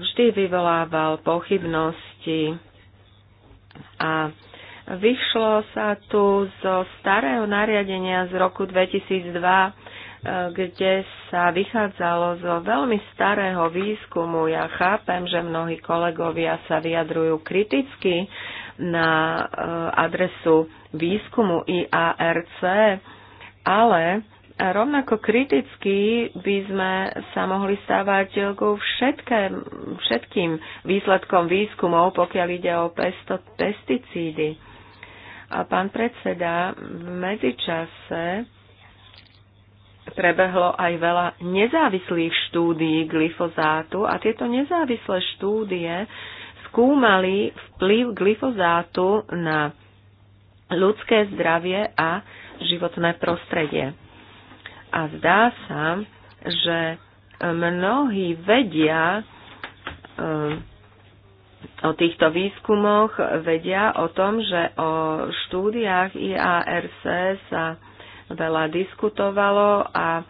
vždy vyvolával pochybnosti a vyšlo sa tu zo starého nariadenia z roku 2002, eh, kde sa vychádzalo zo veľmi starého výskumu. Ja chápem, že mnohí kolegovia sa vyjadrujú kriticky na eh, adresu výskumu IARC, ale rovnako kriticky by sme sa mohli stávať ku všetkým, všetkým výsledkom výskumov, pokiaľ ide o pesto, pesticídy. A pán predseda, v medzičase prebehlo aj veľa nezávislých štúdií glyfozátu a tieto nezávislé štúdie skúmali vplyv glyfozátu na ľudské zdravie a životné prostredie. A zdá sa, že mnohí vedia ehm, o týchto výskumoch, vedia o tom, že o štúdiách IARC sa veľa diskutovalo a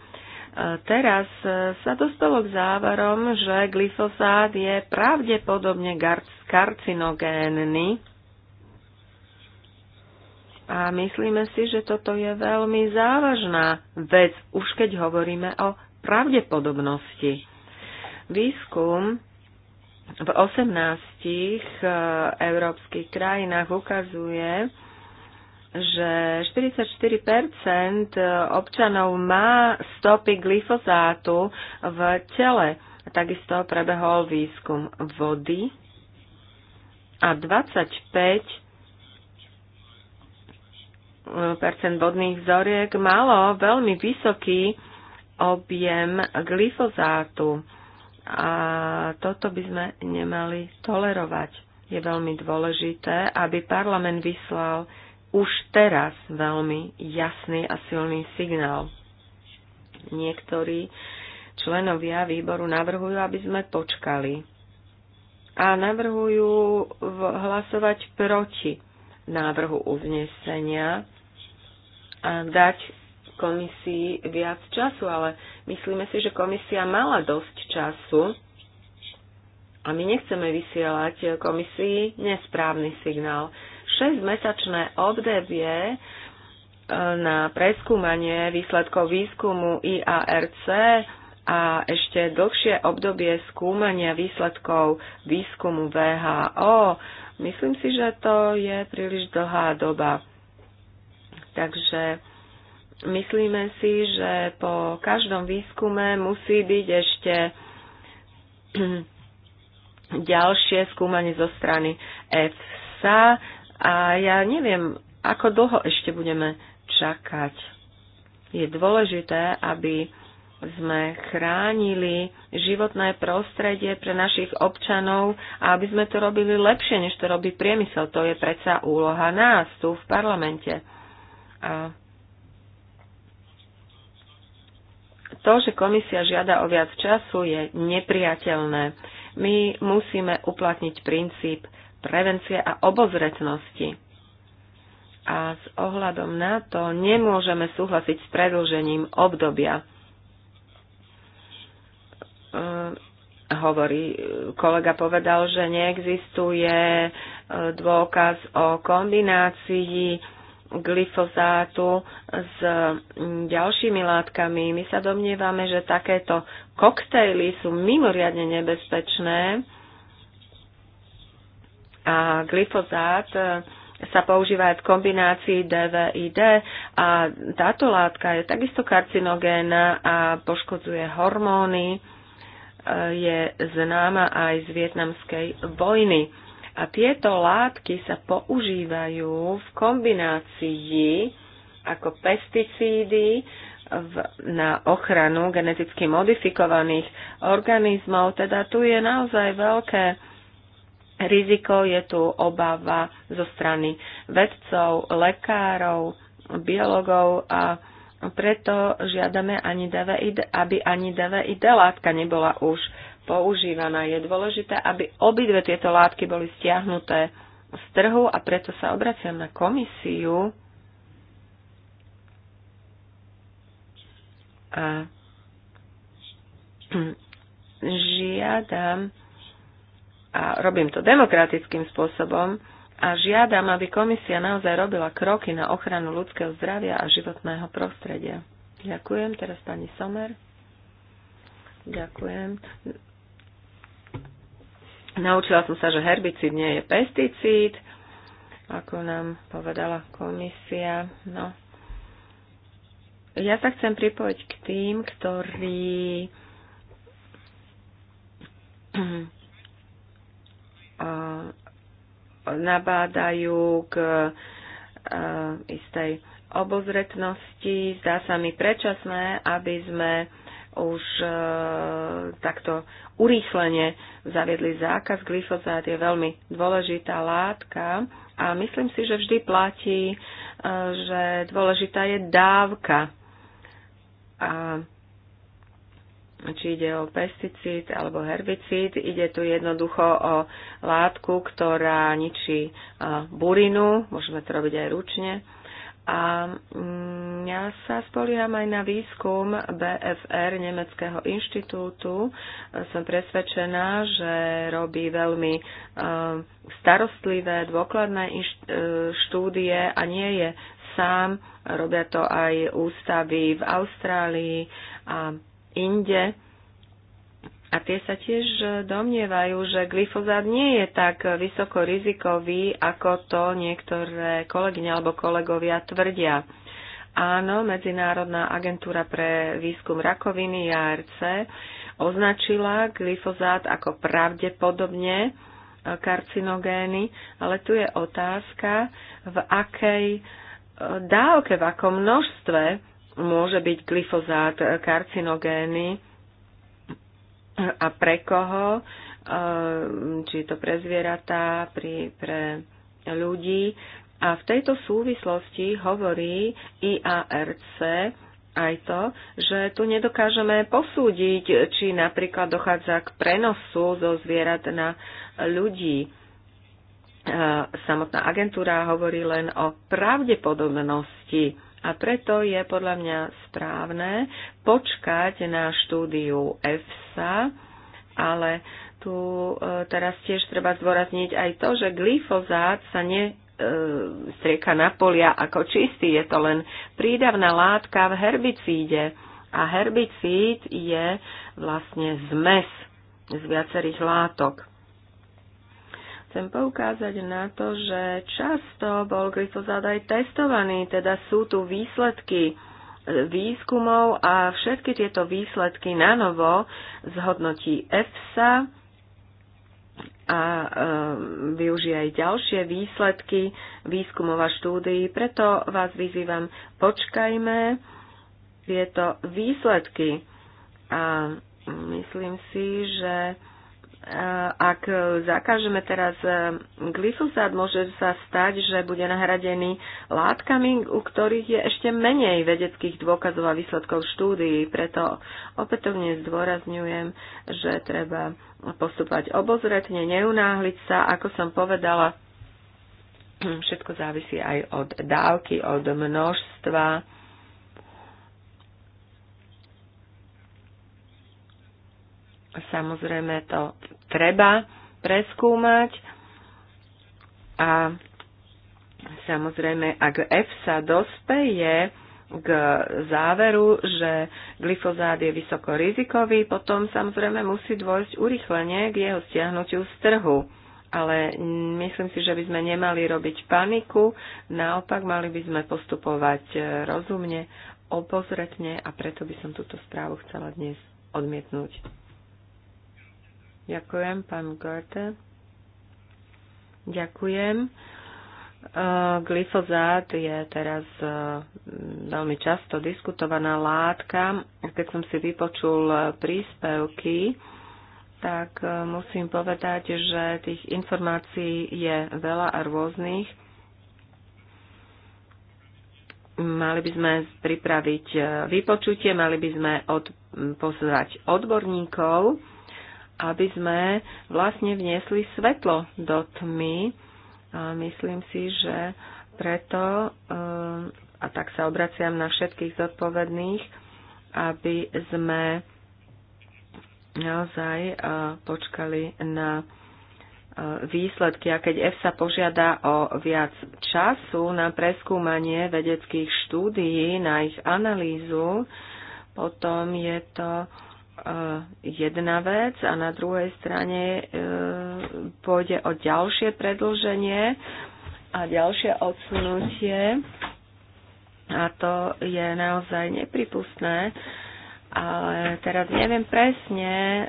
Teraz e, sa dostalo k záverom, že glyfosát je pravdepodobne karcinogénny a myslíme si, že toto je veľmi závažná vec, už keď hovoríme o pravdepodobnosti. Výskum v 18 e, európskych krajinách ukazuje, že 44% občanov má stopy glyfozátu v tele. Takisto prebehol výskum vody a 25 vodných vzoriek malo veľmi vysoký objem glyfozátu. A toto by sme nemali tolerovať. Je veľmi dôležité, aby parlament vyslal už teraz veľmi jasný a silný signál. Niektorí členovia výboru navrhujú, aby sme počkali a navrhujú hlasovať proti návrhu uznesenia a dať komisii viac času, ale myslíme si, že komisia mala dosť času a my nechceme vysielať komisii nesprávny signál. 6-mesačné obdobie e, na preskúmanie výsledkov výskumu IARC a ešte dlhšie obdobie skúmania výsledkov výskumu VHO. Myslím si, že to je príliš dlhá doba. Takže myslíme si, že po každom výskume musí byť ešte ďalšie skúmanie zo strany EFSA, a ja neviem, ako dlho ešte budeme čakať. Je dôležité, aby sme chránili životné prostredie pre našich občanov a aby sme to robili lepšie, než to robí priemysel. To je predsa úloha nás tu v parlamente. A to, že komisia žiada o viac času, je nepriateľné. My musíme uplatniť princíp prevencie a obozretnosti. A s ohľadom na to nemôžeme súhlasiť s predlžením obdobia. Ehm, hovorí, e, kolega povedal, že neexistuje e, dôkaz o kombinácii glyfozátu s ďalšími látkami. My sa domnievame, že takéto koktejly sú mimoriadne nebezpečné a glyfozát e, sa používa aj v kombinácii DVID a táto látka je takisto karcinogénna a poškodzuje hormóny, e, je známa aj z vietnamskej vojny. A tieto látky sa používajú v kombinácii ako pesticídy v, na ochranu geneticky modifikovaných organizmov. Teda tu je naozaj veľké riziko, je tu obava zo strany vedcov, lekárov, biologov a preto žiadame, ani DVI, aby ani DVID látka nebola už používaná. Je dôležité, aby obidve tieto látky boli stiahnuté z trhu a preto sa obraciam na komisiu a žiadam, a robím to demokratickým spôsobom a žiadam, aby komisia naozaj robila kroky na ochranu ľudského zdravia a životného prostredia. Ďakujem. Teraz pani Somer. Ďakujem. Naučila som sa, že herbicid nie je pesticíd, ako nám povedala komisia. No. Ja sa chcem pripojiť k tým, ktorí nabádajú k e, istej obozretnosti. Zdá sa mi predčasné, aby sme už e, takto urýchlene zaviedli zákaz. Glyfozát je veľmi dôležitá látka a myslím si, že vždy platí, e, že dôležitá je dávka. A či ide o pesticíd alebo herbicíd. Ide tu jednoducho o látku, ktorá ničí e, burinu, môžeme to robiť aj ručne. A mm, ja sa spolíham aj na výskum BFR Nemeckého inštitútu. Som presvedčená, že robí veľmi e, starostlivé, dôkladné e, štúdie a nie je sám. Robia to aj ústavy v Austrálii a inde. A tie sa tiež domnievajú, že glyfozát nie je tak vysoko rizikový, ako to niektoré kolegyne alebo kolegovia tvrdia. Áno, Medzinárodná agentúra pre výskum rakoviny JRC označila glyfozát ako pravdepodobne karcinogény, ale tu je otázka, v akej dávke, v akom množstve môže byť glyfozát e, karcinogény a pre koho, e, či to pre zvieratá, pre ľudí. A v tejto súvislosti hovorí IARC aj to, že tu nedokážeme posúdiť, či napríklad dochádza k prenosu zo zvierat na ľudí. E, samotná agentúra hovorí len o pravdepodobnosti a preto je podľa mňa správne počkať na štúdiu EFSA, ale tu e, teraz tiež treba zdôrazniť aj to, že glyfozát sa ne e, strieka na polia ako čistý. Je to len prídavná látka v herbicíde. A herbicíd je vlastne zmes z viacerých látok. Chcem poukázať na to, že často bol glyfozát aj testovaný, teda sú tu výsledky výskumov a všetky tieto výsledky na novo zhodnotí EFSA a e, využije aj ďalšie výsledky výskumov a štúdií. Preto vás vyzývam, počkajme tieto výsledky a myslím si, že ak zakážeme teraz e, glyfosát, môže sa stať, že bude nahradený látkami, u ktorých je ešte menej vedeckých dôkazov a výsledkov štúdií. Preto opätovne zdôrazňujem, že treba postupovať obozretne, neunáhliť sa. Ako som povedala, všetko závisí aj od dávky, od množstva Samozrejme to treba preskúmať a samozrejme, ak EFSA dospeje k záveru, že glyfozát je vysoko rizikový, potom samozrejme musí dôjsť urychlenie k jeho stiahnutiu z trhu. Ale myslím si, že by sme nemali robiť paniku, naopak mali by sme postupovať e, rozumne, obozretne a preto by som túto správu chcela dnes odmietnúť. Ďakujem, pán Goethe. Ďakujem. E, glyfozát je teraz e, veľmi často diskutovaná látka. Keď som si vypočul príspevky, tak e, musím povedať, že tých informácií je veľa a rôznych. Mali by sme pripraviť vypočutie, mali by sme od, pozvať odborníkov, aby sme vlastne vniesli svetlo do tmy. A myslím si, že preto, eh, a tak sa obraciam na všetkých zodpovedných, aby sme naozaj eh, počkali na eh, výsledky. A keď EFSA požiada o viac času na preskúmanie vedeckých štúdií, na ich analýzu, potom je to E, jedna vec a na druhej strane e, pôjde o ďalšie predlženie a ďalšie odsunutie. A to je naozaj nepripustné. Ale teraz neviem presne, e,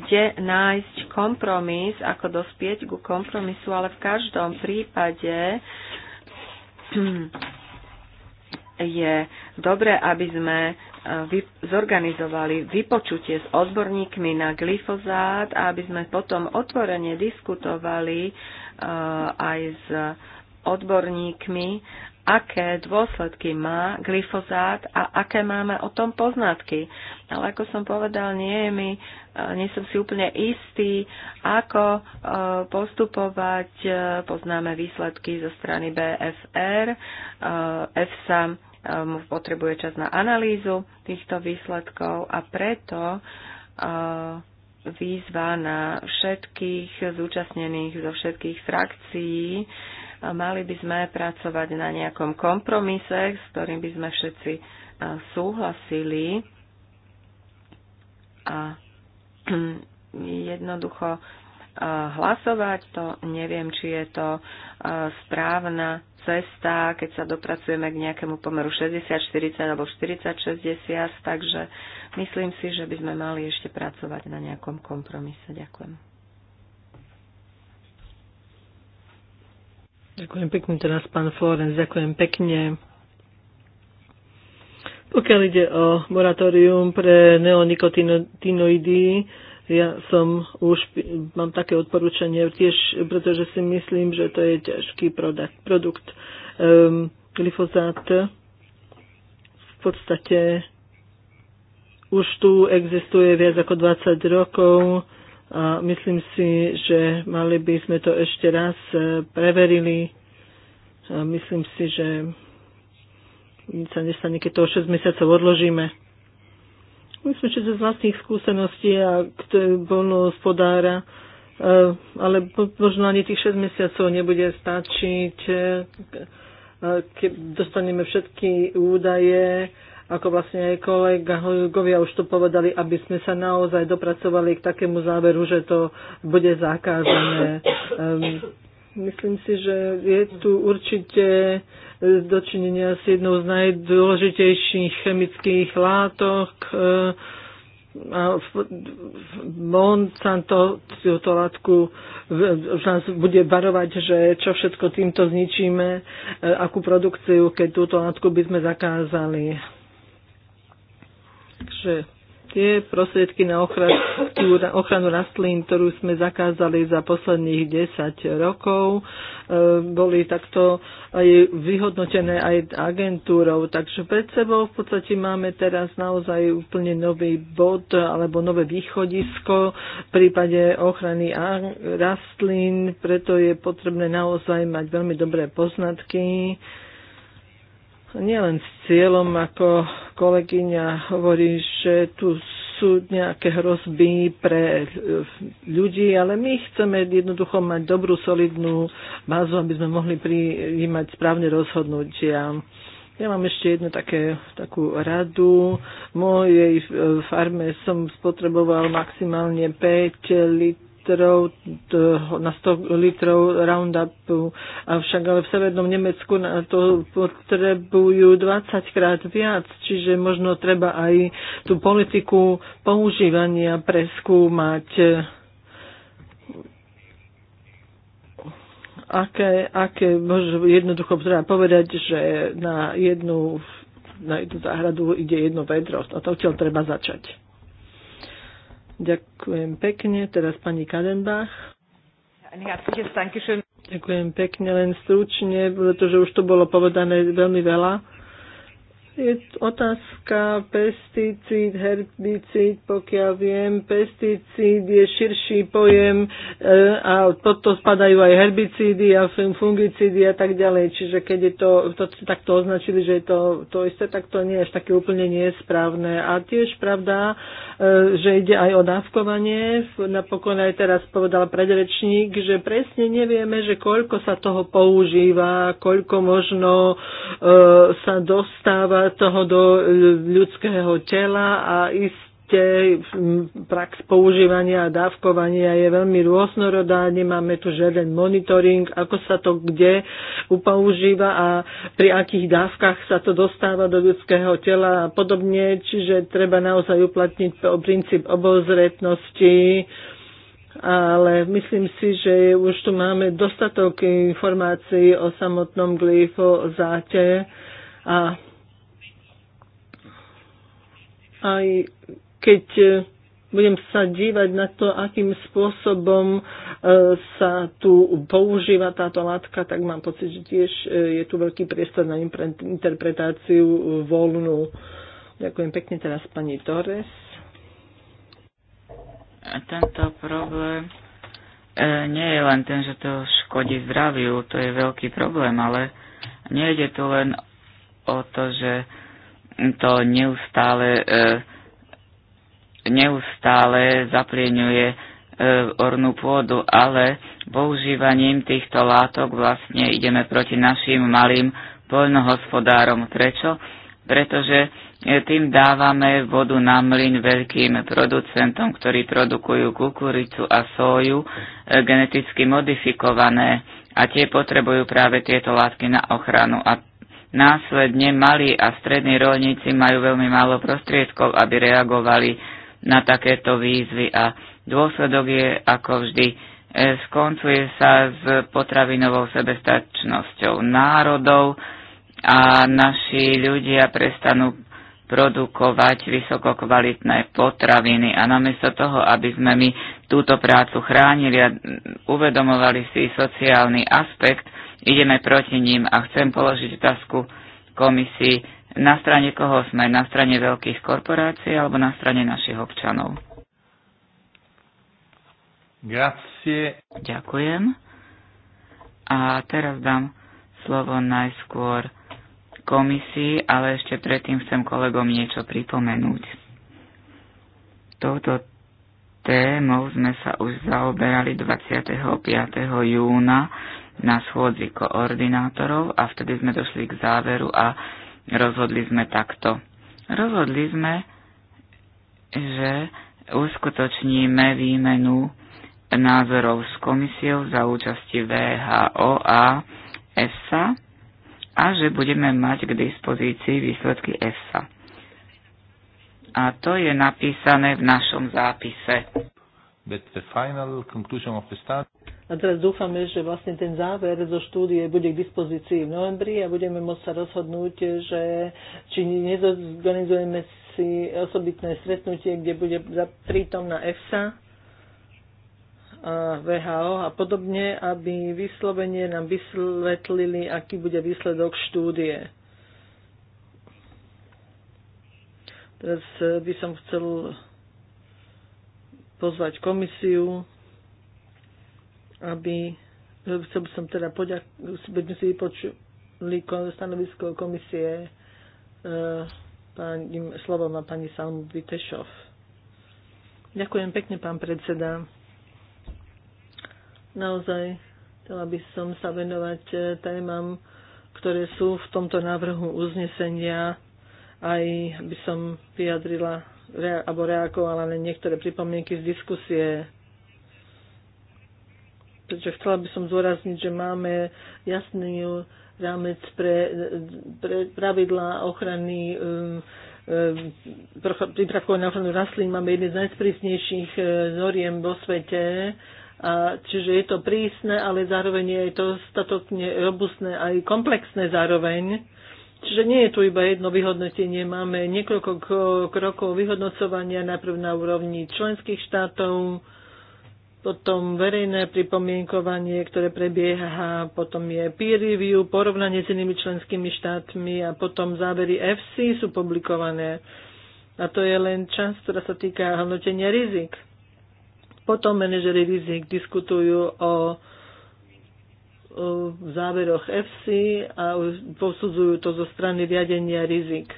kde nájsť kompromis, ako dospieť ku kompromisu, ale v každom prípade je dobré, aby sme e, zorganizovali vypočutie s odborníkmi na glyfozát a aby sme potom otvorene diskutovali e, aj s odborníkmi aké dôsledky má glyfozát a aké máme o tom poznatky. Ale ako som povedal, nie je mi, eh, nie som si úplne istý, ako eh, postupovať. Eh, poznáme výsledky zo strany BFR, EFSA potrebuje čas na analýzu týchto výsledkov a preto výzva na všetkých zúčastnených zo všetkých frakcií, mali by sme pracovať na nejakom kompromise, s ktorým by sme všetci súhlasili a jednoducho hlasovať, to neviem, či je to správna cesta, keď sa dopracujeme k nejakému pomeru 60-40 alebo 40-60, takže myslím si, že by sme mali ešte pracovať na nejakom kompromise. Ďakujem. Ďakujem pekne teraz, pán Florence, ďakujem pekne. Pokiaľ ide o moratórium pre neonikotinoidy, ja som už, mám také odporúčanie tiež, pretože si myslím, že to je ťažký produkt. produkt. Um, glyfozát v podstate už tu existuje viac ako 20 rokov a myslím si, že mali by sme to ešte raz e, preverili. A myslím si, že nič sa nestane, keď to 6 mesiacov odložíme. Myslím, že z vlastných skúseností a polnohospodára, e, ale možno ani tých 6 mesiacov nebude stačiť, e, keď dostaneme všetky údaje, ako vlastne aj kolegovia už to povedali, aby sme sa naozaj dopracovali k takému záveru, že to bude zakázané. Um, Myslím si, že je tu určite e, dočinenia s jednou z najdôležitejších chemických látok. E, a Monsanto túto látku nás bude varovať, že čo všetko týmto zničíme, e, akú produkciu, keď túto látku by sme zakázali. Takže tie prostriedky na ochranu, ochranu rastlín, ktorú sme zakázali za posledných 10 rokov, e, boli takto aj vyhodnotené aj agentúrou. Takže pred sebou v podstate máme teraz naozaj úplne nový bod alebo nové východisko v prípade ochrany rastlín, preto je potrebné naozaj mať veľmi dobré poznatky nielen s cieľom, ako kolegyňa hovorí, že tu sú nejaké hrozby pre ľudí, ale my chceme jednoducho mať dobrú, solidnú bázu, aby sme mohli prijímať správne rozhodnutia. Ja mám ešte jednu také, takú radu. V mojej farme som spotreboval maximálne 5 lit litrov, na 100 litrov Roundupu, avšak ale v severnom Nemecku na to potrebujú 20 krát viac, čiže možno treba aj tú politiku používania preskúmať. Aké, aké možno jednoducho treba povedať, že na jednu, na jednu záhradu ide jedno vedro. A to treba začať. Ďakujem pekne. Teraz pani Kadenbach. Ďakujem pekne, len stručne, pretože už tu bolo povedané veľmi veľa. Je otázka pesticíd, herbicíd, pokiaľ viem, pesticíd je širší pojem e, a pod to spadajú aj herbicídy a fungicídy a tak ďalej. Čiže keď je to, to takto označili, že je to, to isté, tak to nie je až také úplne nesprávne. A tiež pravda, e, že ide aj o dávkovanie. Napokon aj teraz povedal predrečník, že presne nevieme, že koľko sa toho používa, koľko možno e, sa dostáva toho do e, ľudského tela a isté prax používania a dávkovania je veľmi rôznorodá, nemáme tu žiaden monitoring, ako sa to kde upoužíva a pri akých dávkach sa to dostáva do ľudského tela a podobne, čiže treba naozaj uplatniť princíp obozretnosti, ale myslím si, že už tu máme dostatok informácií o samotnom glyfozáte a aj keď e, budem sa dívať na to, akým spôsobom e, sa tu používa táto látka, tak mám pocit, že tiež e, je tu veľký priestor na interpretáciu voľnú. Ďakujem pekne teraz pani Torres. A tento problém e, nie je len ten, že to škodí zdraviu, to je veľký problém, ale nejde tu len o to, že to neustále, e, neustále zaplieňuje e, ornú pôdu, ale používaním týchto látok vlastne ideme proti našim malým poľnohospodárom. Prečo? Pretože e, tým dávame vodu na mlyn veľkým producentom, ktorí produkujú kukuricu a soju geneticky modifikované a tie potrebujú práve tieto látky na ochranu. A Následne malí a strední rolníci majú veľmi málo prostriedkov, aby reagovali na takéto výzvy a dôsledok je, ako vždy, e, skoncuje sa s potravinovou sebestačnosťou národov a naši ľudia prestanú produkovať vysokokvalitné potraviny. A namiesto toho, aby sme my túto prácu chránili a uvedomovali si sociálny aspekt, ideme proti ním a chcem položiť otázku komisii, na strane koho sme, na strane veľkých korporácií alebo na strane našich občanov. Grazie. Ďakujem. A teraz dám slovo najskôr komisii, ale ešte predtým chcem kolegom niečo pripomenúť. Touto témou sme sa už zaoberali 25. júna na schôdzi koordinátorov a vtedy sme došli k záveru a rozhodli sme takto. Rozhodli sme, že uskutočníme výmenu názorov s komisiou za účasti VHO a ESA a že budeme mať k dispozícii výsledky ESA. A to je napísané v našom zápise. A teraz dúfame, že vlastne ten záver zo štúdie bude k dispozícii v novembri a budeme môcť sa rozhodnúť, že či nezorganizujeme si osobitné stretnutie, kde bude prítomná EFSA, a VHO a podobne, aby vyslovene nám vysvetlili, aký bude výsledok štúdie. Teraz eh, by som chcel pozvať komisiu, aby chcel by som teda poďak, sme si vypočuli stanovisko komisie e, pani pánim, slovom a pani Salmu Vitešov. Ďakujem pekne, pán predseda. Naozaj chcela by som sa venovať e, témam, ktoré sú v tomto návrhu uznesenia. Aj by som vyjadrila rea, alebo reagovala na niektoré pripomienky z diskusie pretože chcela by som zúrazniť, že máme jasný rámec pre, pre pravidlá ochrany eh, eh, prípravkov na ochranu rastlín máme jedne z najsprísnejších eh, noriem vo svete. A, čiže je to prísne, ale zároveň je to statotne robustné aj komplexné zároveň. Čiže nie je tu iba jedno vyhodnotenie, máme niekoľko krokov vyhodnocovania najprv na úrovni členských štátov, potom verejné pripomienkovanie, ktoré prebieha, potom je peer review, porovnanie s inými členskými štátmi a potom závery FC sú publikované. A to je len časť, ktorá sa týka hodnotenia rizik. Potom manažery rizik diskutujú o v záveroch FC a posudzujú to zo strany riadenia rizik.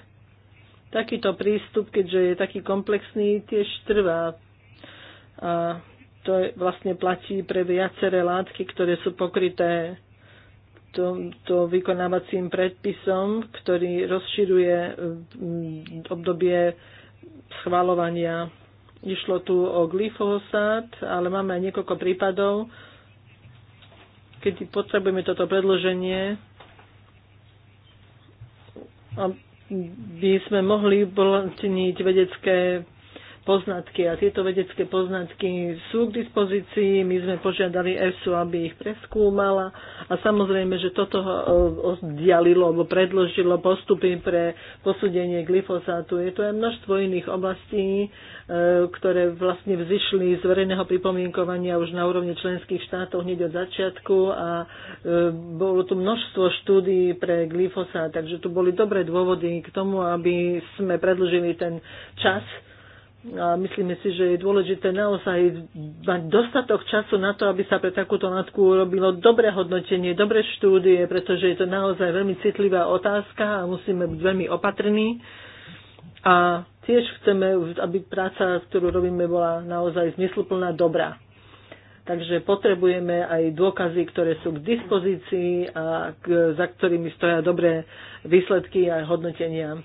Takýto prístup, keďže je taký komplexný, tiež trvá. A to vlastne platí pre viaceré látky, ktoré sú pokryté to vykonávacím predpisom, ktorý rozširuje mm, obdobie schvalovania. Išlo tu o glyfosát, ale máme aj niekoľko prípadov, keď potrebujeme toto predloženie, aby sme mohli plniť vedecké poznatky a tieto vedecké poznatky sú k dispozícii. My sme požiadali ESU, aby ich preskúmala a samozrejme, že toto e, oddialilo alebo predložilo postupy pre posúdenie glyfosátu. Je to aj množstvo iných oblastí, e, ktoré vlastne vzýšli z verejného pripomienkovania už na úrovni členských štátov hneď od začiatku a e, bolo tu množstvo štúdií pre glyfosát, takže tu boli dobré dôvody k tomu, aby sme predlžili ten čas, a myslíme si, že je dôležité naozaj mať dostatok času na to, aby sa pre takúto látku urobilo dobré hodnotenie, dobré štúdie, pretože je to naozaj veľmi citlivá otázka a musíme byť veľmi opatrní. A tiež chceme, aby práca, ktorú robíme, bola naozaj zmysluplná, dobrá. Takže potrebujeme aj dôkazy, ktoré sú k dispozícii a k, za ktorými stoja dobré výsledky a hodnotenia.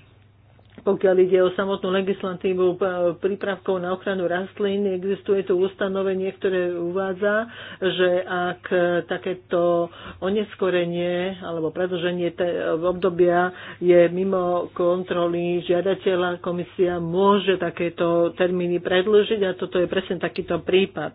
Pokiaľ ide o samotnú legislatívu e, prípravkov na ochranu rastlín, existuje tu ustanovenie, ktoré uvádza, že ak e, takéto oneskorenie alebo predlženie e, obdobia je mimo kontroly žiadateľa, komisia môže takéto termíny predlžiť a toto je presne takýto prípad.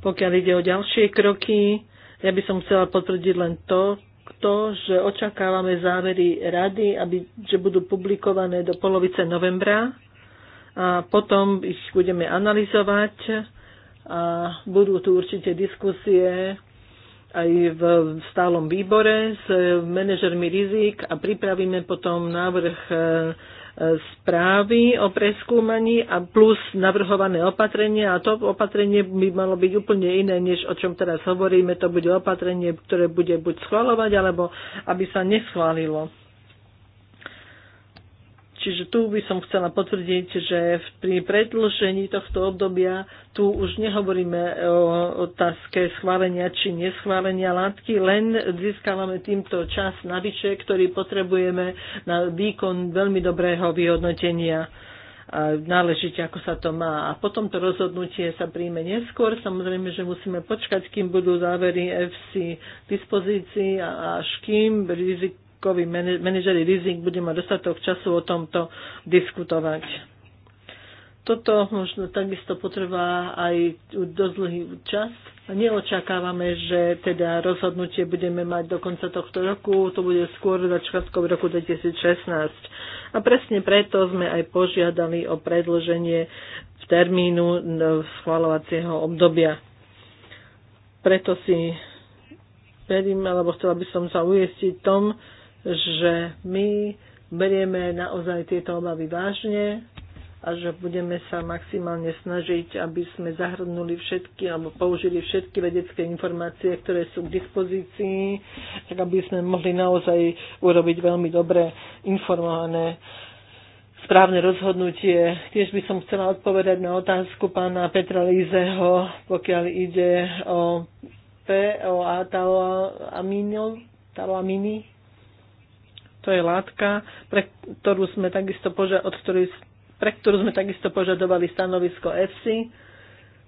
Pokiaľ ide o ďalšie kroky, ja by som chcela potvrdiť len to, to, že očakávame závery rady, aby, že budú publikované do polovice novembra a potom ich budeme analyzovať a budú tu určite diskusie aj v stálom výbore s manažermi rizik a pripravíme potom návrh e, správy o preskúmaní a plus navrhované opatrenie a to opatrenie by malo byť úplne iné, než o čom teraz hovoríme. To bude opatrenie, ktoré bude buď schvalovať, alebo aby sa neschválilo. Čiže tu by som chcela potvrdiť, že pri predložení tohto obdobia tu už nehovoríme o otázke schválenia či neschválenia látky, len získavame týmto čas navyše, ktorý potrebujeme na výkon veľmi dobrého vyhodnotenia a náležite, ako sa to má. A potom to rozhodnutie sa príjme neskôr. Samozrejme, že musíme počkať, kým budú závery FC k dispozícii a až kým rizik rizikový manažery rizik bude mať dostatok času o tomto diskutovať. Toto možno takisto potrvá aj dosť dlhý čas. Neočakávame, že teda rozhodnutie budeme mať do konca tohto roku, to bude skôr začiatkom roku 2016. A presne preto sme aj požiadali o v termínu schvalovacieho obdobia. Preto si verím, alebo chcela by som sa ujistiť tom, že my berieme naozaj tieto obavy vážne a že budeme sa maximálne snažiť, aby sme zahrnuli všetky alebo použili všetky vedecké informácie, ktoré sú k dispozícii, tak aby sme mohli naozaj urobiť veľmi dobre informované správne rozhodnutie. Tiež by som chcela odpovedať na otázku pána Petra Lízeho, pokiaľ ide o POA, taloamino, taloaminy, to je látka, pre ktorú sme takisto poža- od ktorý, pre ktorú sme takisto požadovali stanovisko EFSI,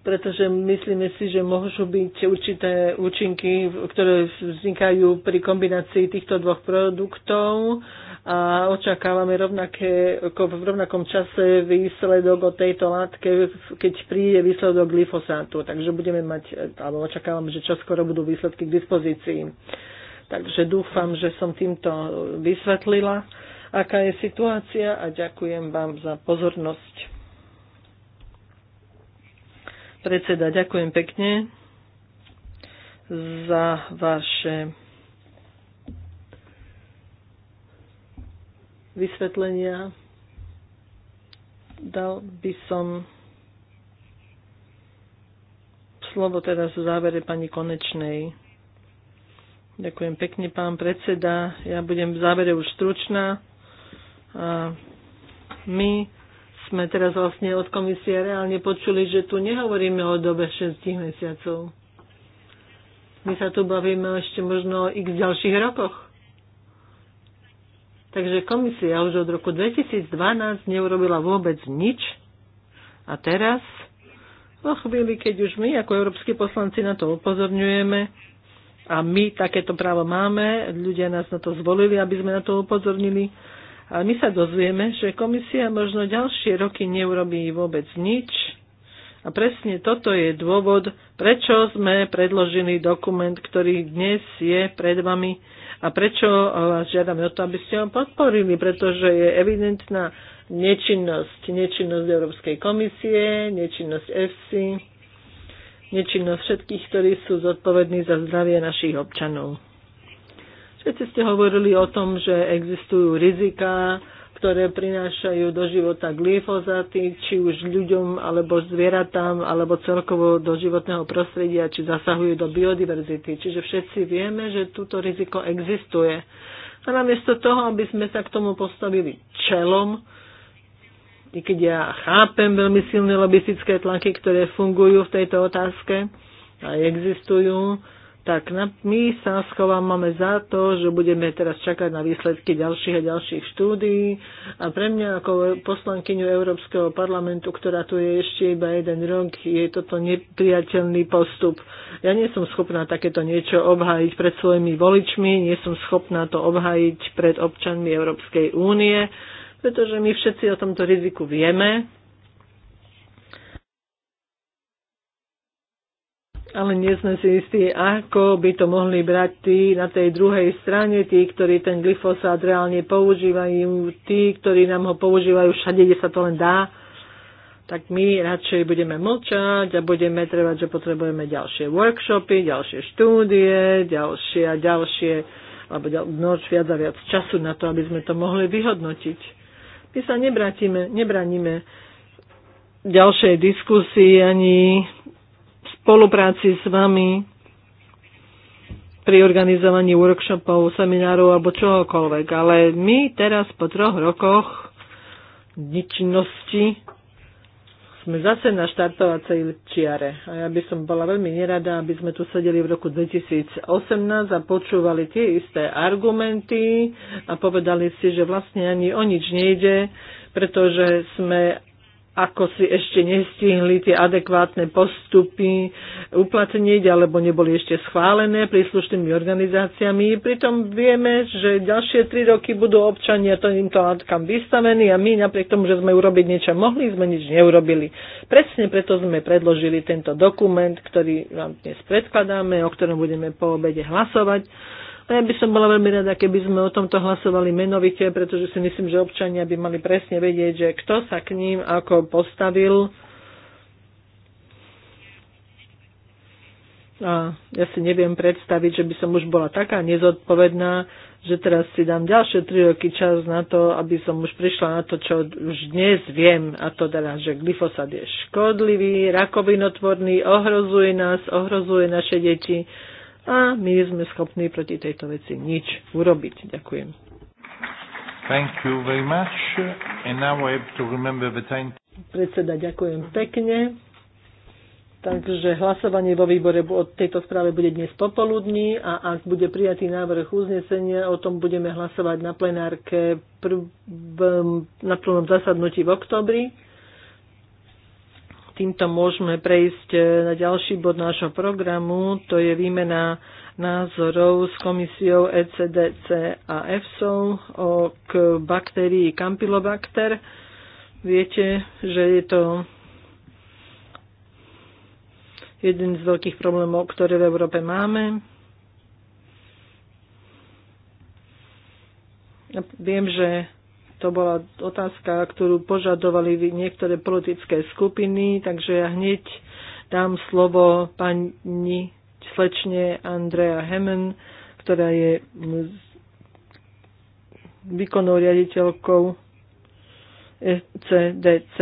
pretože myslíme si, že môžu byť určité účinky, ktoré vznikajú pri kombinácii týchto dvoch produktov a očakávame rovnaké, v rovnakom čase výsledok o tejto látke, keď príde výsledok glyfosátu. Takže budeme mať, alebo očakávame, že čoskoro budú výsledky k dispozícii. Takže dúfam, že som týmto vysvetlila, aká je situácia a ďakujem vám za pozornosť. Predseda, ďakujem pekne za vaše vysvetlenia. Dal by som slovo teraz v závere pani Konečnej. Ďakujem pekne, pán predseda. Ja budem v závere už stručná. A my sme teraz vlastne od komisie reálne počuli, že tu nehovoríme o dobe 6 mesiacov. My sa tu bavíme ešte možno o x ďalších rokoch. Takže komisia už od roku 2012 neurobila vôbec nič. A teraz, vo chvíli, keď už my ako európsky poslanci na to upozorňujeme, a my takéto právo máme, ľudia nás na to zvolili, aby sme na to upozornili. A my sa dozvieme, že komisia možno ďalšie roky neurobí vôbec nič. A presne toto je dôvod, prečo sme predložili dokument, ktorý dnes je pred vami a prečo vás žiadame o to, aby ste ho podporili, pretože je evidentná nečinnosť, nečinnosť Európskej komisie, nečinnosť EFSI nečinnosť všetkých, ktorí sú zodpovední za zdravie našich občanov. Všetci ste hovorili o tom, že existujú rizika, ktoré prinášajú do života glyfozáty, či už ľuďom, alebo zvieratám, alebo celkovo do životného prostredia, či zasahujú do biodiverzity. Čiže všetci vieme, že túto riziko existuje. A namiesto toho, aby sme sa k tomu postavili čelom, i keď ja chápem veľmi silné lobistické tlaky, ktoré fungujú v tejto otázke a existujú, tak my sa schovávame za to, že budeme teraz čakať na výsledky ďalších a ďalších štúdií. A pre mňa ako poslankyňu Európskeho parlamentu, ktorá tu je ešte iba jeden rok, je toto nepriateľný postup. Ja nie som schopná takéto niečo obhájiť pred svojimi voličmi, nie som schopná to obhájiť pred občanmi Európskej únie pretože my všetci o tomto riziku vieme, ale nie sme si istí, ako by to mohli brať tí na tej druhej strane, tí, ktorí ten glyfosát reálne používajú, tí, ktorí nám ho používajú všade, kde sa to len dá, tak my radšej budeme mlčať a budeme trvať, že potrebujeme ďalšie workshopy, ďalšie štúdie, ďalšie a ďalšie, alebo noč viac a viac času na to, aby sme to mohli vyhodnotiť my sa nebratíme, nebraníme ďalšej diskusii ani spolupráci s vami pri organizovaní workshopov, seminárov alebo čohokoľvek. Ale my teraz po troch rokoch ničnosti sme zase na štartovacej čiare. A ja by som bola veľmi nerada, aby sme tu sedeli v roku 2018 a počúvali tie isté argumenty a povedali si, že vlastne ani o nič nejde, pretože sme ako si ešte nestihli tie adekvátne postupy uplatniť alebo neboli ešte schválené príslušnými organizáciami. Pritom vieme, že ďalšie tri roky budú občania týmto látkam vystavení a my napriek tomu, že sme urobiť niečo mohli, sme nič neurobili. Presne preto sme predložili tento dokument, ktorý vám dnes predkladáme, o ktorom budeme po obede hlasovať ja by som bola veľmi rada, keby sme o tomto hlasovali menovite, pretože si myslím, že občania by mali presne vedieť, že kto sa k ním ako postavil. A ja si neviem predstaviť, že by som už bola taká nezodpovedná, že teraz si dám ďalšie tri roky čas na to, aby som už prišla na to, čo už dnes viem, a to teda, že glyfosát je škodlivý, rakovinotvorný, ohrozuje nás, ohrozuje naše deti a my sme schopní proti tejto veci nič urobiť. Ďakujem. Thank you very much. And now I have to remember the time. Predseda, ďakujem pekne. Takže hlasovanie vo výbore o tejto správe bude dnes popoludní a ak bude prijatý návrh uznesenia, o tom budeme hlasovať na plenárke prv, na plnom zasadnutí v oktobri týmto môžeme prejsť e, na ďalší bod nášho programu, to je výmena názorov s komisiou ECDC a EFSO o k baktérii Campylobacter. Viete, že je to jeden z veľkých problémov, ktoré v Európe máme. Viem, že to bola otázka, ktorú požadovali niektoré politické skupiny, takže ja hneď dám slovo pani slečne Andrea Hemen, ktorá je výkonnou riaditeľkou ECDC.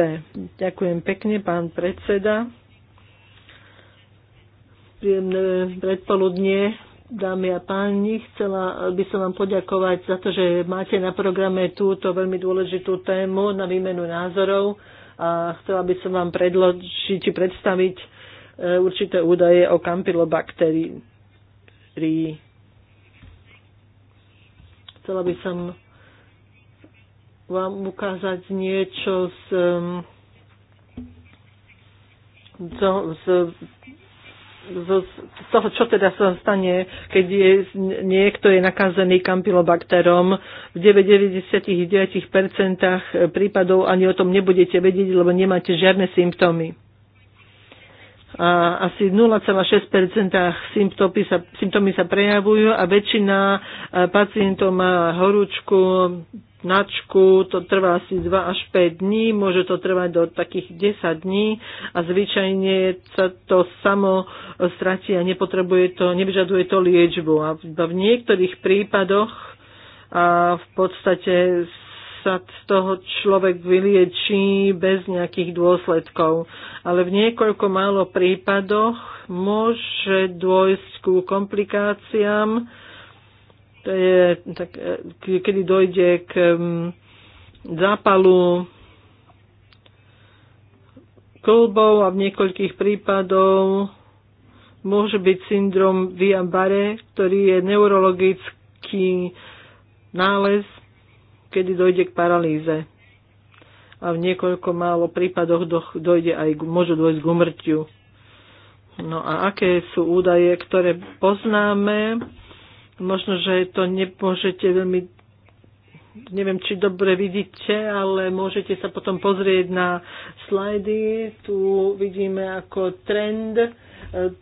Ďakujem pekne, pán predseda. Príjemné predpoludnie Dámy a páni, chcela by som vám poďakovať za to, že máte na programe túto veľmi dôležitú tému na výmenu názorov a chcela by som vám predložiť či predstaviť e, určité údaje o kampylobakterii. Chcela by som vám ukázať niečo z, e, z, z z toho, čo teda sa stane, keď je, niekto je nakazený kampylobakterom. V 99% prípadov ani o tom nebudete vedieť, lebo nemáte žiadne symptómy. A asi 0,6 symptómy sa, sa prejavujú a väčšina eh, pacientov má horúčku, značku, to trvá asi 2 až 5 dní, môže to trvať do takých 10 dní a zvyčajne sa to samo stratí a nepotrebuje to, nevyžaduje to liečbu. A v niektorých prípadoch a v podstate sa z toho človek vyliečí bez nejakých dôsledkov. Ale v niekoľko málo prípadoch môže dôjsť ku komplikáciám, to je, tak, e, kedy dojde k zápalu klbov a v niekoľkých prípadov môže byť syndrom Viambare, ktorý je neurologický nález, kedy dojde k paralýze. A v niekoľko málo prípadoch dojde aj, môžu dojsť k umrtiu. No a aké sú údaje, ktoré poznáme? možno, že to nemôžete veľmi neviem, či dobre vidíte, ale môžete sa potom pozrieť na slajdy. Tu vidíme ako trend e,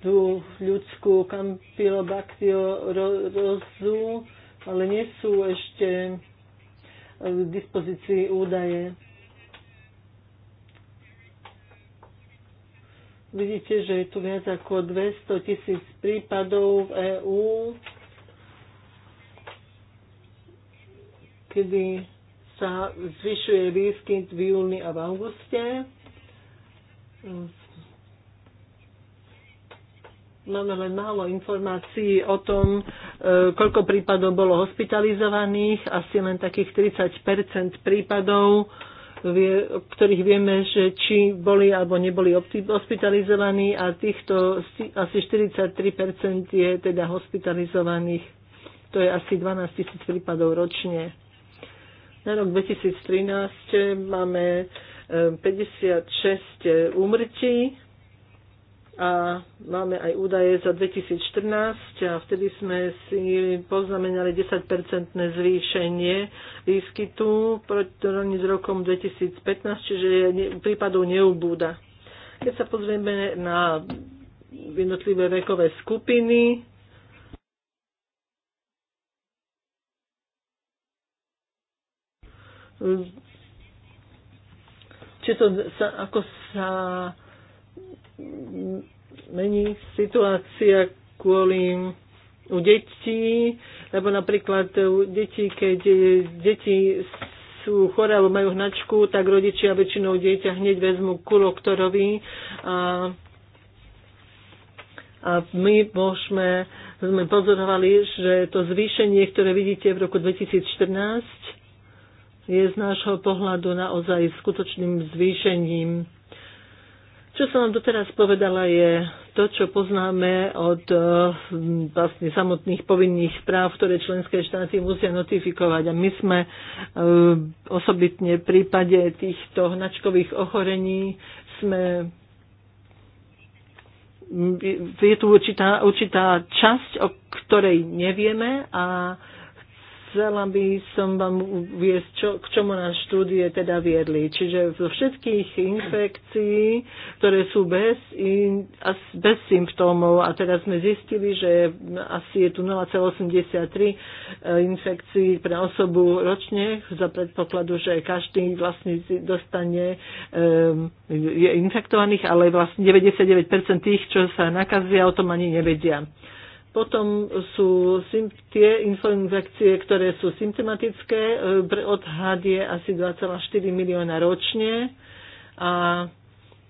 tú ľudskú Campylobacter ale nie sú ešte e, v dispozícii údaje. Vidíte, že je tu viac ako 200 tisíc prípadov v EÚ kedy sa zvyšuje výskyt v júni a v auguste. Máme len málo informácií o tom, e, koľko prípadov bolo hospitalizovaných, asi len takých 30 prípadov, o ktorých vieme, že či boli alebo neboli hospitalizovaní a týchto asi 43 je teda hospitalizovaných. To je asi 12 tisíc prípadov ročne. Na rok 2013 eh, máme 56 eh, eh, úmrtí a máme aj údaje za 2014 a vtedy sme si poznamenali 10-percentné zvýšenie výskytu proti s rokom 2015, čiže prípadov neubúda. Keď sa pozrieme na jednotlivé vekové skupiny, či to sa, ako sa mení situácia kvôli u detí, lebo napríklad u detí, keď deti sú choré alebo majú hnačku, tak rodičia väčšinou dieťa hneď vezmú ku doktorovi a, a my môžeme, sme pozorovali, že to zvýšenie, ktoré vidíte v roku 2014, je z nášho pohľadu naozaj skutočným zvýšením. Čo som vám doteraz povedala je to, čo poznáme od eh, vlastne samotných povinných správ, ktoré členské štáty musia notifikovať. A my sme eh, osobitne v prípade týchto hnačkových ochorení sme mm, je tu určitá, určitá časť, o ktorej nevieme a chcela by som vám uviesť, čo, k čomu nás štúdie teda viedli. Čiže zo všetkých infekcií, ktoré sú bez, in, bez symptómov, a teraz sme zistili, že asi je tu 0,83 eh, infekcií pre osobu ročne, za predpokladu, že každý vlastne dostane um, je infektovaných, ale vlastne 99% tých, čo sa nakazia, o tom ani nevedia. Potom sú tie infekcie, ktoré sú symptomatické, e, odhad je asi 2,4 milióna ročne a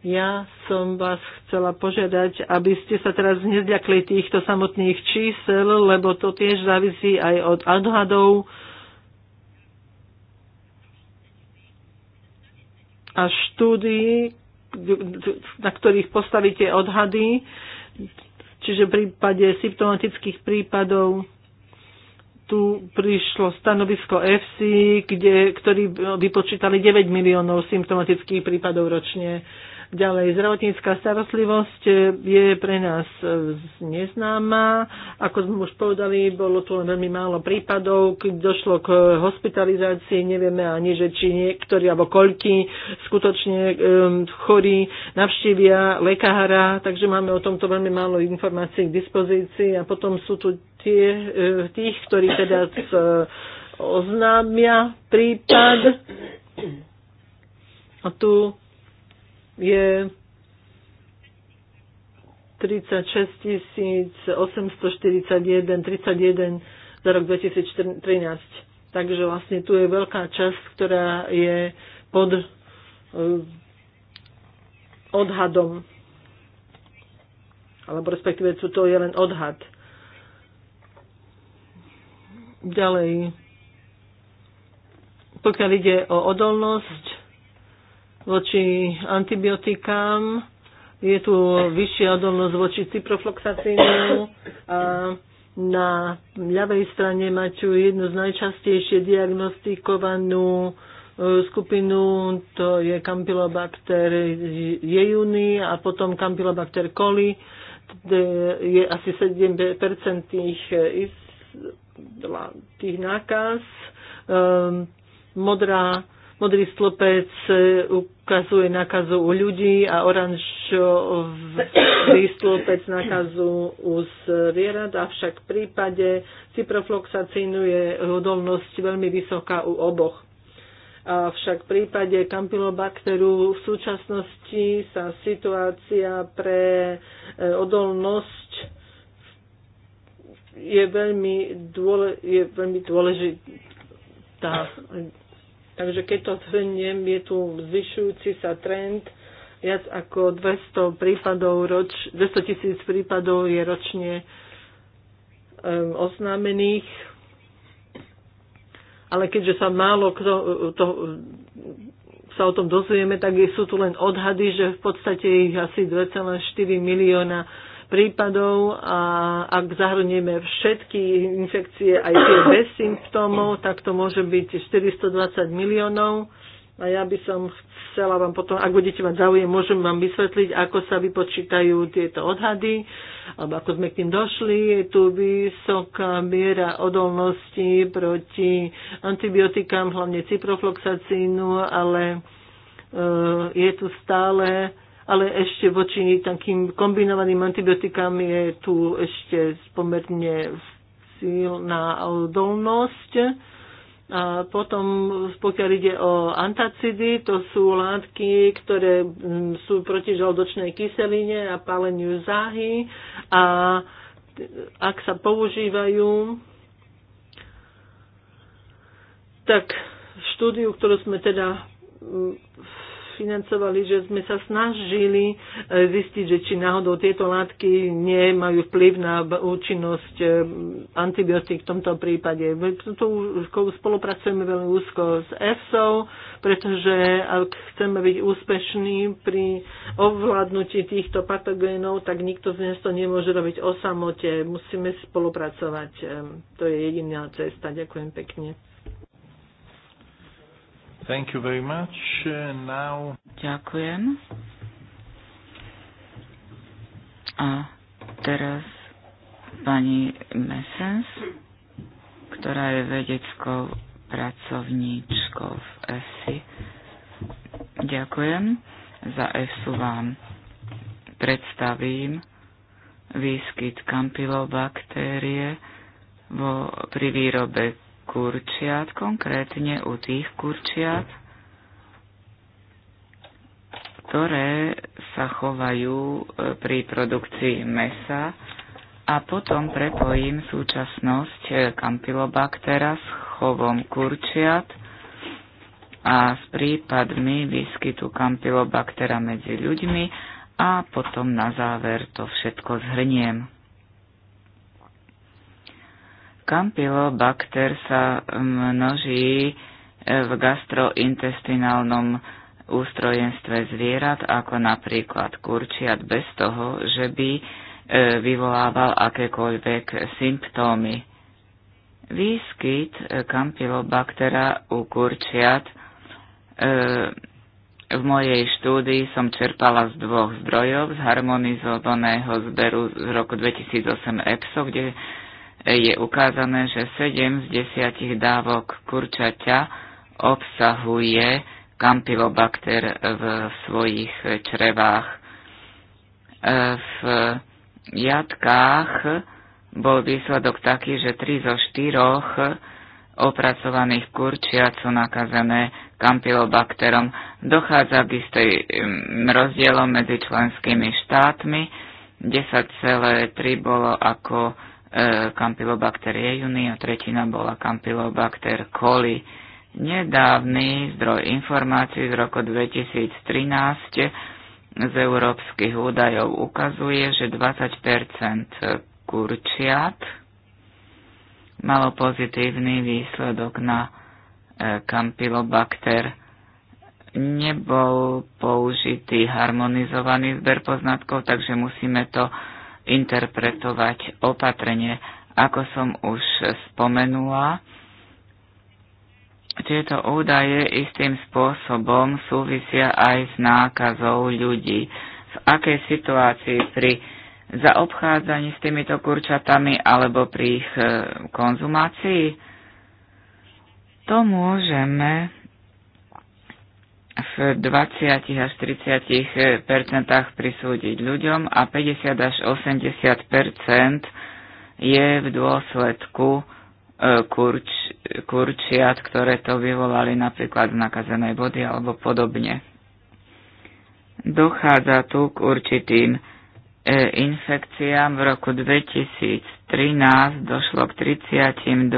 ja som vás chcela požiadať, aby ste sa teraz nezľakli týchto samotných čísel, lebo to tiež závisí aj od odhadov. a štúdií, na ktorých postavíte odhady, Čiže v prípade symptomatických prípadov tu prišlo stanovisko FC, kde, ktorí vypočítali 9 miliónov symptomatických prípadov ročne. Ďalej, zdravotnícká starostlivosť e, je pre nás e, neznáma. Ako sme už povedali, bolo tu len veľmi málo prípadov, keď došlo k hospitalizácii, nevieme ani, že či niektorí alebo koľky skutočne um, chorí navštívia lekára, takže máme o tomto veľmi málo informácií k dispozícii a potom sú tu tie, e, tých, ktorí teda z, oznámia prípad. A tu je 36 841, 31 za rok 2013. Takže vlastne tu je veľká časť, ktorá je pod e, odhadom. Alebo respektíve to je len odhad. Ďalej. Pokiaľ ide o odolnosť, voči antibiotikám, je tu vyššia odolnosť voči ciprofloxacínu a na ľavej strane máte jednu z najčastejšie diagnostikovanú e, skupinu, to je Campylobacter jejuny a potom Campylobacter coli, kde je asi 7% tých, e, tých nákaz. Ehm, modrá Modrý stĺpec e, ukazuje nakazu u ľudí a oranžový stĺpec nakazu u zvierat, avšak v prípade ciprofloxacínu je odolnosť veľmi vysoká u oboch. Avšak v prípade kampylobakteru v súčasnosti sa situácia pre e, odolnosť je veľmi, dôle, je veľmi dôležitá. Takže keď to zhrniem, je tu zvyšujúci sa trend, viac ako 200 prípadov roč, 200 tisíc prípadov je ročne um, oznámených, ale keďže sa málo kto, e, to, sa o tom dozvieme, tak sú tu len odhady, že v podstate ich asi 2,4 milióna prípadov a ak zahrnieme všetky infekcie, aj tie bez symptómov, tak to môže byť 420 miliónov. A ja by som chcela vám potom, ak budete mať záujem, môžem vám vysvetliť, ako sa vypočítajú tieto odhady, alebo ako sme k tým došli. Je tu vysoká miera odolnosti proti antibiotikám, hlavne ciprofloxacínu, ale e, je tu stále ale ešte voči takým kombinovaným antibiotikám je tu ešte pomerne silná odolnosť. A potom, pokiaľ ide o antacidy, to sú látky, ktoré mm, sú proti žaldočnej kyseline a páleniu záhy a ak sa používajú, tak štúdiu, ktorú sme teda mm, financovali, že sme sa snažili e, zistiť, že či náhodou tieto látky nemajú vplyv na účinnosť e, antibiotík v tomto prípade. Tu spolupracujeme veľmi úzko s EFSO, pretože ak chceme byť úspešní pri ovládnutí týchto patogénov, tak nikto z nás to nemôže robiť o samote. Musíme spolupracovať. E, to je jediná cesta. Ďakujem pekne. Thank you very much. Now... Ďakujem. A teraz pani Messens, ktorá je vedeckou pracovníčkou v ESI. Ďakujem. Za ESU vám predstavím výskyt kampylobaktérie vo, pri výrobe kurčiat, konkrétne u tých kurčiat, ktoré sa chovajú e, pri produkcii mesa a potom prepojím súčasnosť kampilobaktera e, s chovom kurčiat a s prípadmi výskytu kampilobaktera medzi ľuďmi a potom na záver to všetko zhrniem. Campylobacter sa množí e, v gastrointestinálnom ústrojenstve zvierat, ako napríklad kurčiat, bez toho, že by e, vyvolával akékoľvek symptómy. Výskyt Campylobactera e, u kurčiat v mojej štúdii som čerpala z dvoch zdrojov, z harmonizovaného zberu z roku 2008 EPSO, kde je ukázané, že 7 z 10 dávok kurčaťa obsahuje kampylobakter v svojich črevách. E, v jatkách bol výsledok taký, že 3 zo 4 opracovaných kurčiat sú nakazené kampylobakterom. Dochádza k istej rozdielom medzi členskými štátmi. 10,3 bolo ako E, Campylobacter jejuni a tretina bola Campylobacter coli. Nedávny zdroj informácií z roku 2013 z európskych údajov ukazuje, že 20 kurčiat malo pozitívny výsledok na e, Campylobacter. Nebol použitý harmonizovaný zber poznatkov, takže musíme to interpretovať opatrenie. Ako som už spomenula, tieto údaje istým spôsobom súvisia aj s nákazou ľudí. V akej situácii pri zaobchádzaní s týmito kurčatami alebo pri ich e, konzumácii? To môžeme v 20 až 30 percentách prisúdiť ľuďom a 50 až 80 percent je v dôsledku e, kurč, kurčiat, ktoré to vyvolali napríklad z nakazenej vody alebo podobne. Dochádza tu k určitým e, infekciám. V roku 2013 došlo k 32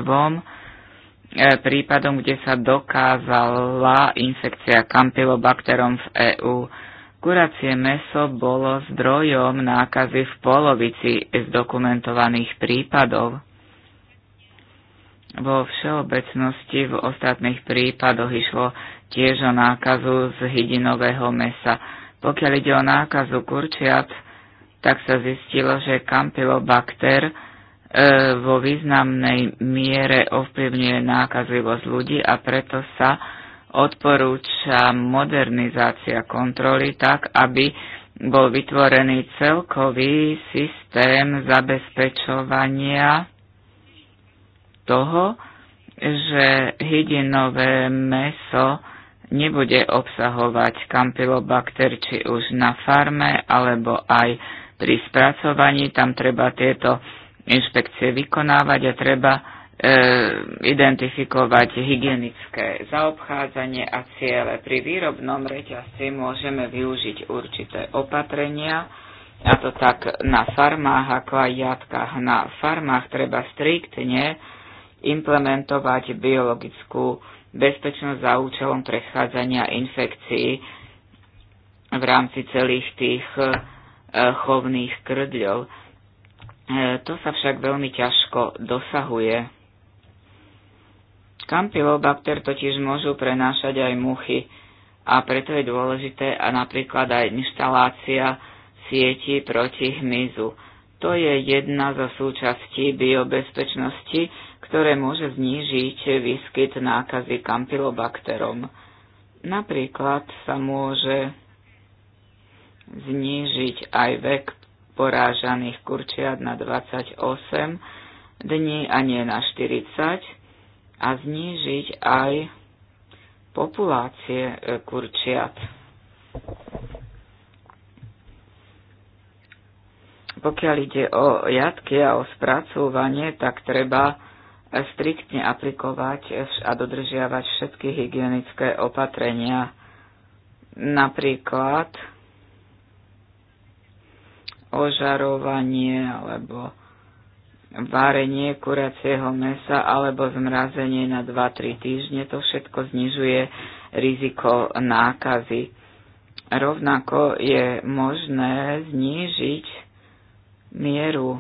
E, prípadom, kde sa dokázala infekcia kampylobakterom v EÚ. Kuracie meso bolo zdrojom nákazy v polovici zdokumentovaných prípadov. Vo všeobecnosti v ostatných prípadoch išlo tiež o nákazu z hydinového mesa. Pokiaľ ide o nákazu kurčiat, tak sa zistilo, že kampylobakter E, vo významnej miere ovplyvňuje nákazlivosť ľudí a preto sa odporúča modernizácia kontroly tak, aby bol vytvorený celkový systém zabezpečovania toho, že hydinové meso nebude obsahovať kampylobakter či už na farme alebo aj pri spracovaní. Tam treba tieto inšpekcie vykonávať a treba e, identifikovať hygienické zaobchádzanie a ciele. Pri výrobnom reťazci môžeme využiť určité opatrenia, a to tak na farmách, ako aj jatkách. Na farmách treba striktne implementovať biologickú bezpečnosť za účelom prechádzania infekcií v rámci celých tých e, chovných krdľov. E, to sa však veľmi ťažko dosahuje. Kampylobakter totiž môžu prenášať aj muchy a preto je dôležité a napríklad aj inštalácia sieti proti hmyzu. To je jedna zo súčastí biobezpečnosti, ktoré môže znížiť výskyt nákazy kampylobakterom. Napríklad sa môže znížiť aj vek porážaných kurčiat na 28 dní a nie na 40 a znížiť aj populácie e, kurčiat. Pokiaľ ide o jatky a o spracúvanie, tak treba e, striktne aplikovať e, a dodržiavať všetky hygienické opatrenia. Napríklad ožarovanie alebo varenie kuracieho mesa alebo zmrazenie na 2-3 týždne, to všetko znižuje riziko nákazy. Rovnako je možné znížiť mieru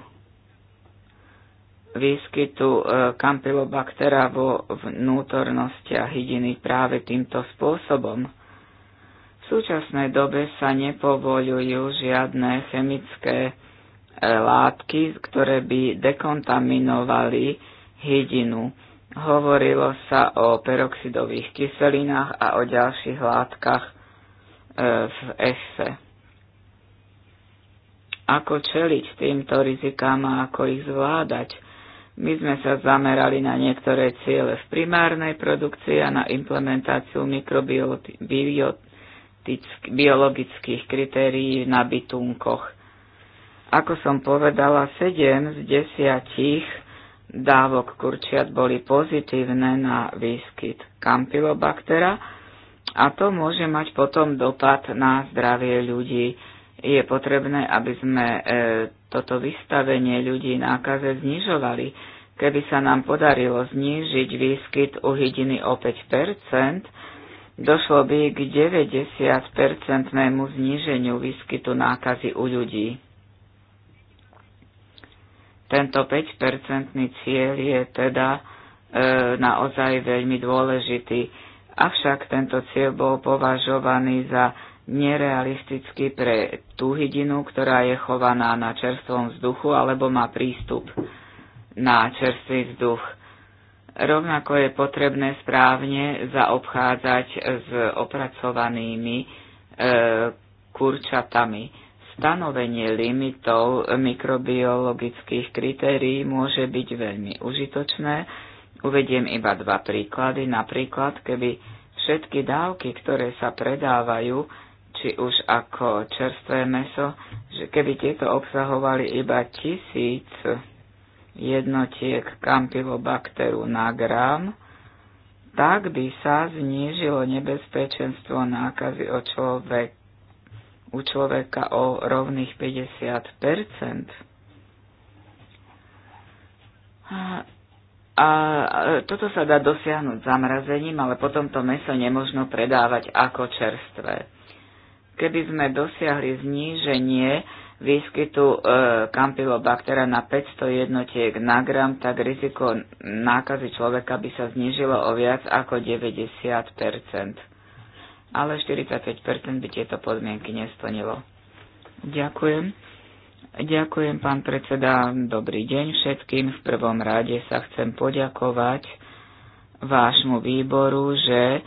výskytu kampilobaktera e, vo vnútornostiach hydiny práve týmto spôsobom. V súčasnej dobe sa nepovolujú žiadne chemické e, látky, ktoré by dekontaminovali hydinu. Hovorilo sa o peroxidových kyselinách a o ďalších látkach e, v EFSE. Ako čeliť týmto rizikám a ako ich zvládať? My sme sa zamerali na niektoré ciele v primárnej produkcii a na implementáciu mikrobiot biologických kritérií na bytunkoch. Ako som povedala, 7 z 10 dávok kurčiat boli pozitívne na výskyt kampylobaktera a to môže mať potom dopad na zdravie ľudí. Je potrebné, aby sme e, toto vystavenie ľudí nákaze znižovali. Keby sa nám podarilo znížiť výskyt uhydiny o 5 Došlo by k 90-percentnému zníženiu výskytu nákazy u ľudí. Tento 5-percentný cieľ je teda e, naozaj veľmi dôležitý, avšak tento cieľ bol považovaný za nerealistický pre tú hydinu, ktorá je chovaná na čerstvom vzduchu alebo má prístup na čerstvý vzduch. Rovnako je potrebné správne zaobchádzať s opracovanými e, kurčatami. Stanovenie limitov mikrobiologických kritérií môže byť veľmi užitočné. Uvediem iba dva príklady. Napríklad, keby všetky dávky, ktoré sa predávajú, či už ako čerstvé meso, že keby tieto obsahovali iba tisíc jednotiek kampylobakteru na gram, tak by sa znížilo nebezpečenstvo nákazy o človek, u človeka o rovných 50 a, a toto sa dá dosiahnuť zamrazením, ale potom to meso nemožno predávať ako čerstvé. Keby sme dosiahli zníženie výskytu e, kampylobaktera na 500 jednotiek na gram, tak riziko nákazy človeka by sa znížilo o viac ako 90 ale 45 by tieto podmienky nesplnilo. Ďakujem. Ďakujem, pán predseda. Dobrý deň všetkým. V prvom rade sa chcem poďakovať vášmu výboru, že e,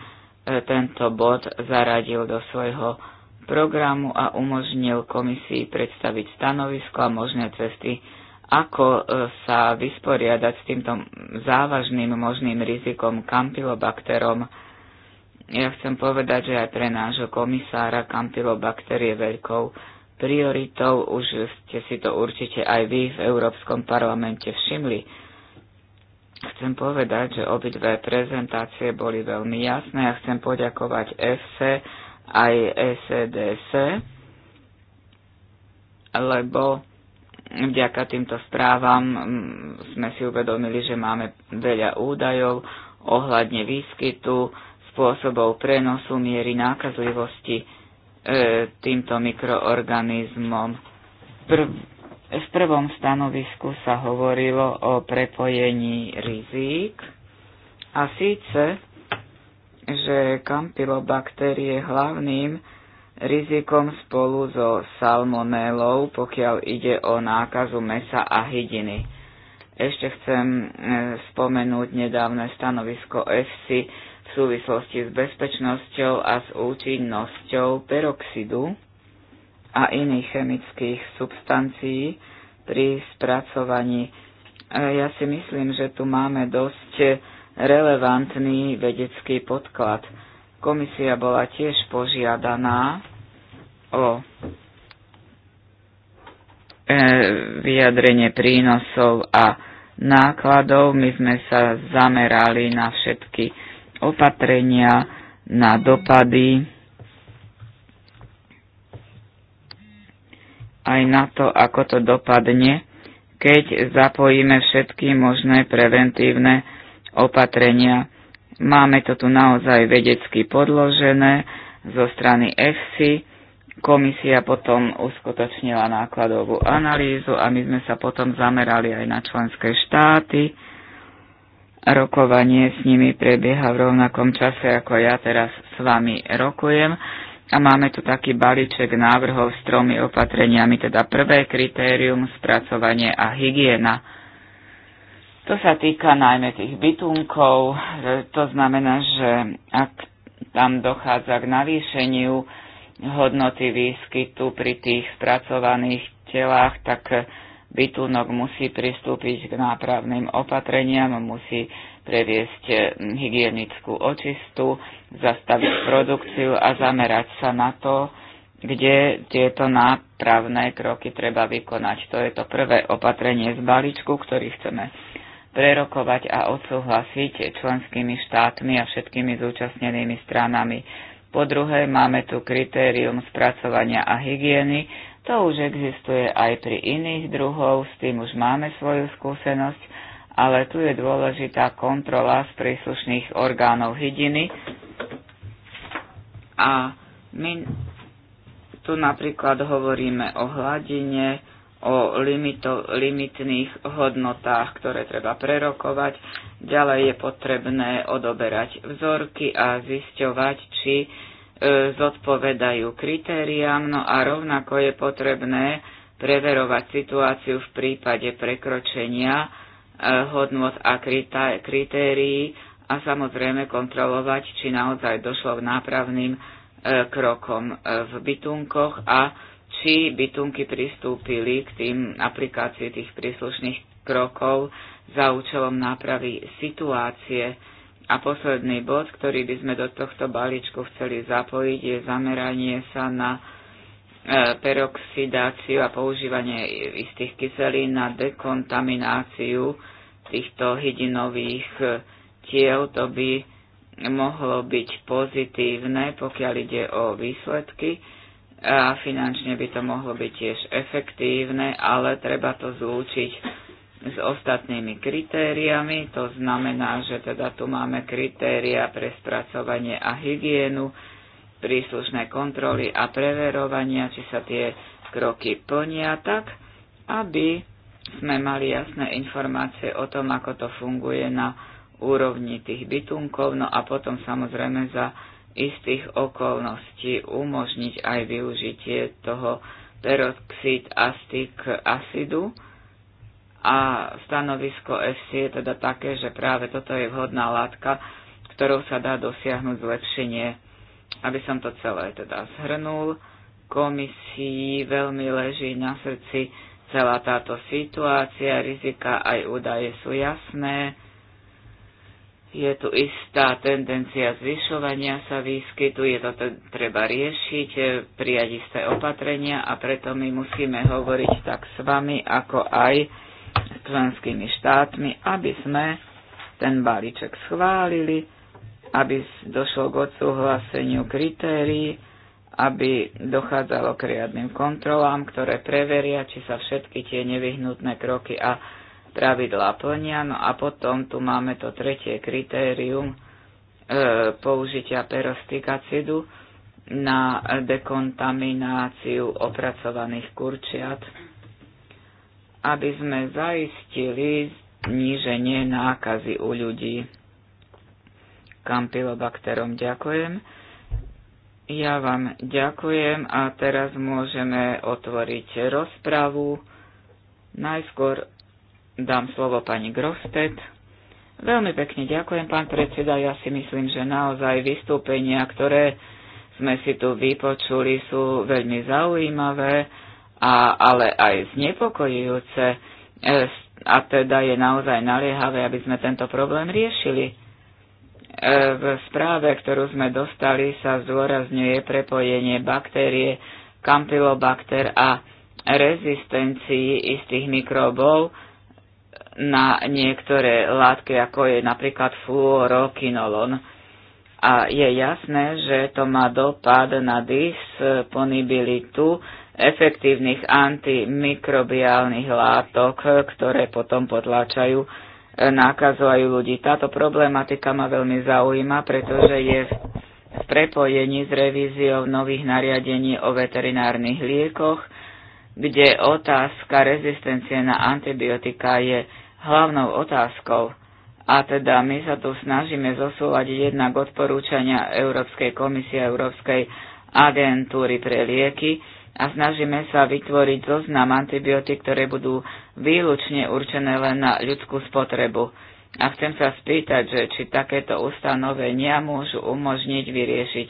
tento bod zaradil do svojho programu a umožnil komisii predstaviť stanovisko a možné cesty, ako e, sa vysporiadať s týmto závažným možným rizikom kampylobakterom. Ja chcem povedať, že aj pre nášho komisára kampylobakter je veľkou prioritou, už ste si to určite aj vy v Európskom parlamente všimli. Chcem povedať, že obidve prezentácie boli veľmi jasné a chcem poďakovať EFSE, aj SEDS, lebo vďaka týmto správam mm, sme si uvedomili, že máme veľa údajov ohľadne výskytu, spôsobov prenosu miery nákazlivosti e, týmto mikroorganizmom. Prv, v prvom stanovisku sa hovorilo o prepojení rizík a síce že kampylobakter je hlavným rizikom spolu so salmonelou, pokiaľ ide o nákazu mesa a hydiny. Ešte chcem e, spomenúť nedávne stanovisko EFSI v súvislosti s bezpečnosťou a s účinnosťou peroxidu a iných chemických substancií pri spracovaní. E, ja si myslím, že tu máme dosť e, relevantný vedecký podklad. Komisia bola tiež požiadaná o e, vyjadrenie prínosov a nákladov. My sme sa zamerali na všetky opatrenia, na dopady, aj na to, ako to dopadne, keď zapojíme všetky možné preventívne opatrenia. Máme to tu naozaj vedecky podložené zo strany EFSI. Komisia potom uskutočnila nákladovú analýzu a my sme sa potom zamerali aj na členské štáty. Rokovanie s nimi prebieha v rovnakom čase, ako ja teraz s vami rokujem. A máme tu taký balíček návrhov s tromi opatreniami, teda prvé kritérium, spracovanie a hygiena. To sa týka najmä tých bytunkov, e, to znamená, že ak tam dochádza k navýšeniu hodnoty výskytu pri tých spracovaných telách, tak bytunok musí pristúpiť k nápravným opatreniam, musí previesť e, hygienickú očistu, zastaviť produkciu a zamerať sa na to, kde tieto nápravné kroky treba vykonať. To je to prvé opatrenie z balíčku, ktorý chceme prerokovať a odsúhlasiť členskými štátmi a všetkými zúčastnenými stranami. Po druhé, máme tu kritérium spracovania a hygieny. To už existuje aj pri iných druhov, s tým už máme svoju skúsenosť, ale tu je dôležitá kontrola z príslušných orgánov hydiny. A my tu napríklad hovoríme o hladine, o limito, limitných hodnotách, ktoré treba prerokovať. Ďalej je potrebné odoberať vzorky a zisťovať, či e, zodpovedajú kritériám, no a rovnako je potrebné preverovať situáciu v prípade prekročenia e, hodnot a kritérií a samozrejme kontrolovať, či naozaj došlo k nápravným e, krokom e, v bytunkoch a či bytunky pristúpili k tým aplikácii tých príslušných krokov za účelom nápravy situácie. A posledný bod, ktorý by sme do tohto balíčku chceli zapojiť, je zameranie sa na e, peroxidáciu a používanie istých kyselín na dekontamináciu týchto hydinových e, tiel. To by mohlo byť pozitívne, pokiaľ ide o výsledky a finančne by to mohlo byť tiež efektívne, ale treba to zlúčiť s ostatnými kritériami. To znamená, že teda tu máme kritéria pre spracovanie a hygienu, príslušné kontroly a preverovania, či sa tie kroky plnia tak, aby sme mali jasné informácie o tom, ako to funguje na úrovni tých bytunkov, no a potom samozrejme za istých okolností umožniť aj využitie toho peroxid astik acidu a stanovisko FC je teda také, že práve toto je vhodná látka, ktorou sa dá dosiahnuť zlepšenie. Aby som to celé teda zhrnul, komisii veľmi leží na srdci celá táto situácia, rizika aj údaje sú jasné, je tu istá tendencia zvyšovania sa výskytu, je to treba riešiť, e, prijať isté opatrenia a preto my musíme hovoriť tak s vami, ako aj s členskými štátmi, aby sme ten balíček schválili, aby došlo k odsúhlaseniu kritérií, aby dochádzalo k riadnym kontrolám, ktoré preveria, či sa všetky tie nevyhnutné kroky a pravidlá plnia. No a potom tu máme to tretie kritérium e, použitia perostikacidu na dekontamináciu opracovaných kurčiat, aby sme zaistili zníženie nákazy u ľudí. Kampylobakterom ďakujem. Ja vám ďakujem a teraz môžeme otvoriť rozpravu. Najskôr dám slovo pani Grostet. Veľmi pekne ďakujem, pán predseda. Ja si myslím, že naozaj vystúpenia, ktoré sme si tu vypočuli, sú veľmi zaujímavé, a, ale aj znepokojujúce. E, a teda je naozaj naliehavé, aby sme tento problém riešili. E, v správe, ktorú sme dostali, sa zdôrazňuje prepojenie baktérie Campylobacter a rezistencii istých mikrobov, na niektoré látky, ako je napríklad fluorokinolon. A je jasné, že to má dopad na disponibilitu efektívnych antimikrobiálnych látok, ktoré potom potláčajú e, nákazu aj ľudí. Táto problematika ma veľmi zaujíma, pretože je v prepojení s revíziou nových nariadení o veterinárnych liekoch, kde otázka rezistencie na antibiotika je hlavnou otázkou. A teda my sa tu snažíme zosúľadiť jednak odporúčania Európskej komisie Európskej agentúry pre lieky a snažíme sa vytvoriť zoznam antibiotík, ktoré budú výlučne určené len na ľudskú spotrebu. A chcem sa spýtať, že či takéto ustanovenia môžu umožniť vyriešiť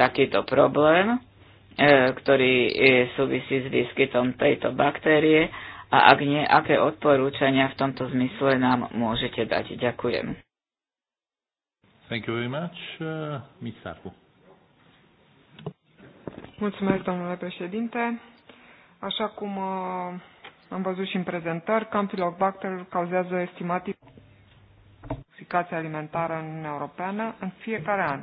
takýto problém E, ktorý e, súvisí s výskytom tejto baktérie a ak nie, aké odporúčania v tomto zmysle nám môžete dať. Ďakujem. Thank you very much. Uh, Mulțumesc, domnule președinte. Așa cum uh, am văzut și în prezentări, Campylobacter cauzează estimativ intoxicație alimentară în Uniunea Europeană în fiecare an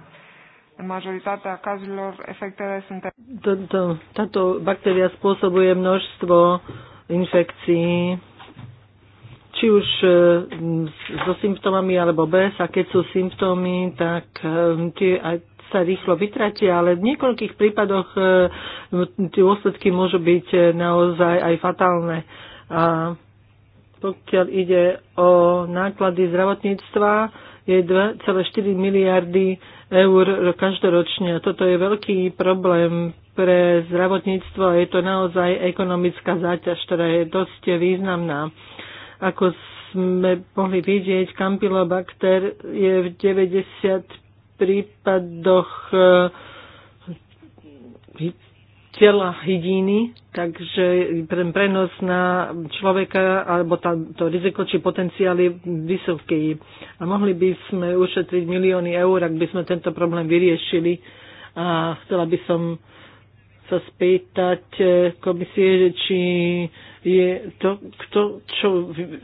majoritatea cazurilor efectele sunt... Toto, táto baktéria spôsobuje množstvo infekcií, či už e, so symptómami alebo bez. A keď sú symptómy, tak e, tie aj sa rýchlo vytratia, ale v niekoľkých prípadoch e, no, tie dôsledky môžu byť naozaj aj fatálne. A pokiaľ ide o náklady zdravotníctva, je 2,4 miliardy eur každoročne. Toto je veľký problém pre zdravotníctvo a je to naozaj ekonomická záťaž, ktorá je dosť významná. Ako sme mohli vidieť, kampylobakter je v 90 prípadoch eh, tela hydiny, takže ten prenos na človeka alebo tá, to riziko či potenciál je vysoký. A mohli by sme ušetriť milióny eur, ak by sme tento problém vyriešili. A chcela by som sa spýtať e, komisie, že či je to, kto, čo,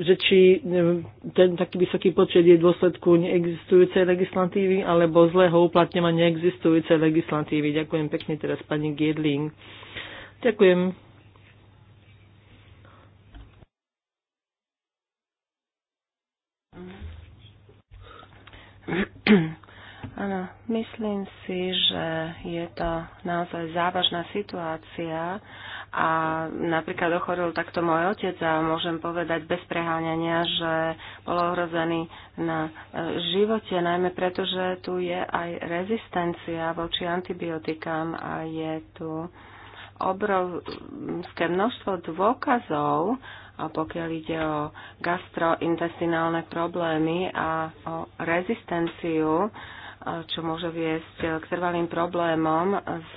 že či e, ten taký vysoký počet je dôsledku neexistujúcej legislatívy alebo zlého uplatňovania neexistujúcej legislatívy. Ďakujem pekne teraz pani Giedling. Ďakujem. Mm-hmm. Áno, myslím si, že je to naozaj závažná situácia a napríklad ochoril takto môj otec a môžem povedať bez preháňania, že bol ohrozený na e, živote, najmä preto, že tu je aj rezistencia voči antibiotikám a je tu obrovské množstvo dôkazov, a pokiaľ ide o gastrointestinálne problémy a o rezistenciu čo môže viesť eh, k trvalým problémom s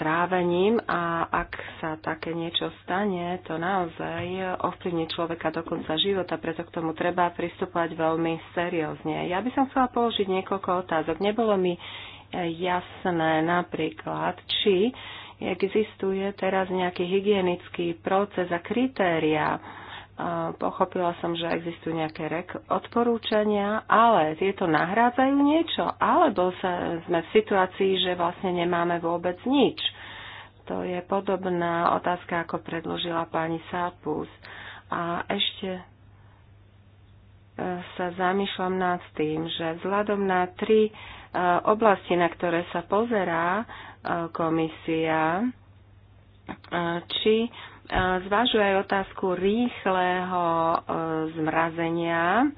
trávením a ak sa také niečo stane, to naozaj ovplyvní človeka do konca života, preto k tomu treba pristupovať veľmi seriózne. Ja by som chcela položiť niekoľko otázok. Nebolo mi eh, jasné napríklad, či existuje teraz nejaký hygienický proces a kritéria, pochopila som, že existujú nejaké rek- odporúčania, ale tieto nahrádzajú niečo, alebo sa, sme v situácii, že vlastne nemáme vôbec nič. To je podobná otázka, ako predložila pani Sápus. A ešte e, sa zamýšľam nad tým, že vzhľadom na tri e, oblasti, na ktoré sa pozerá e, komisia, či zvážuje aj otázku rýchleho e, zmrazenia e,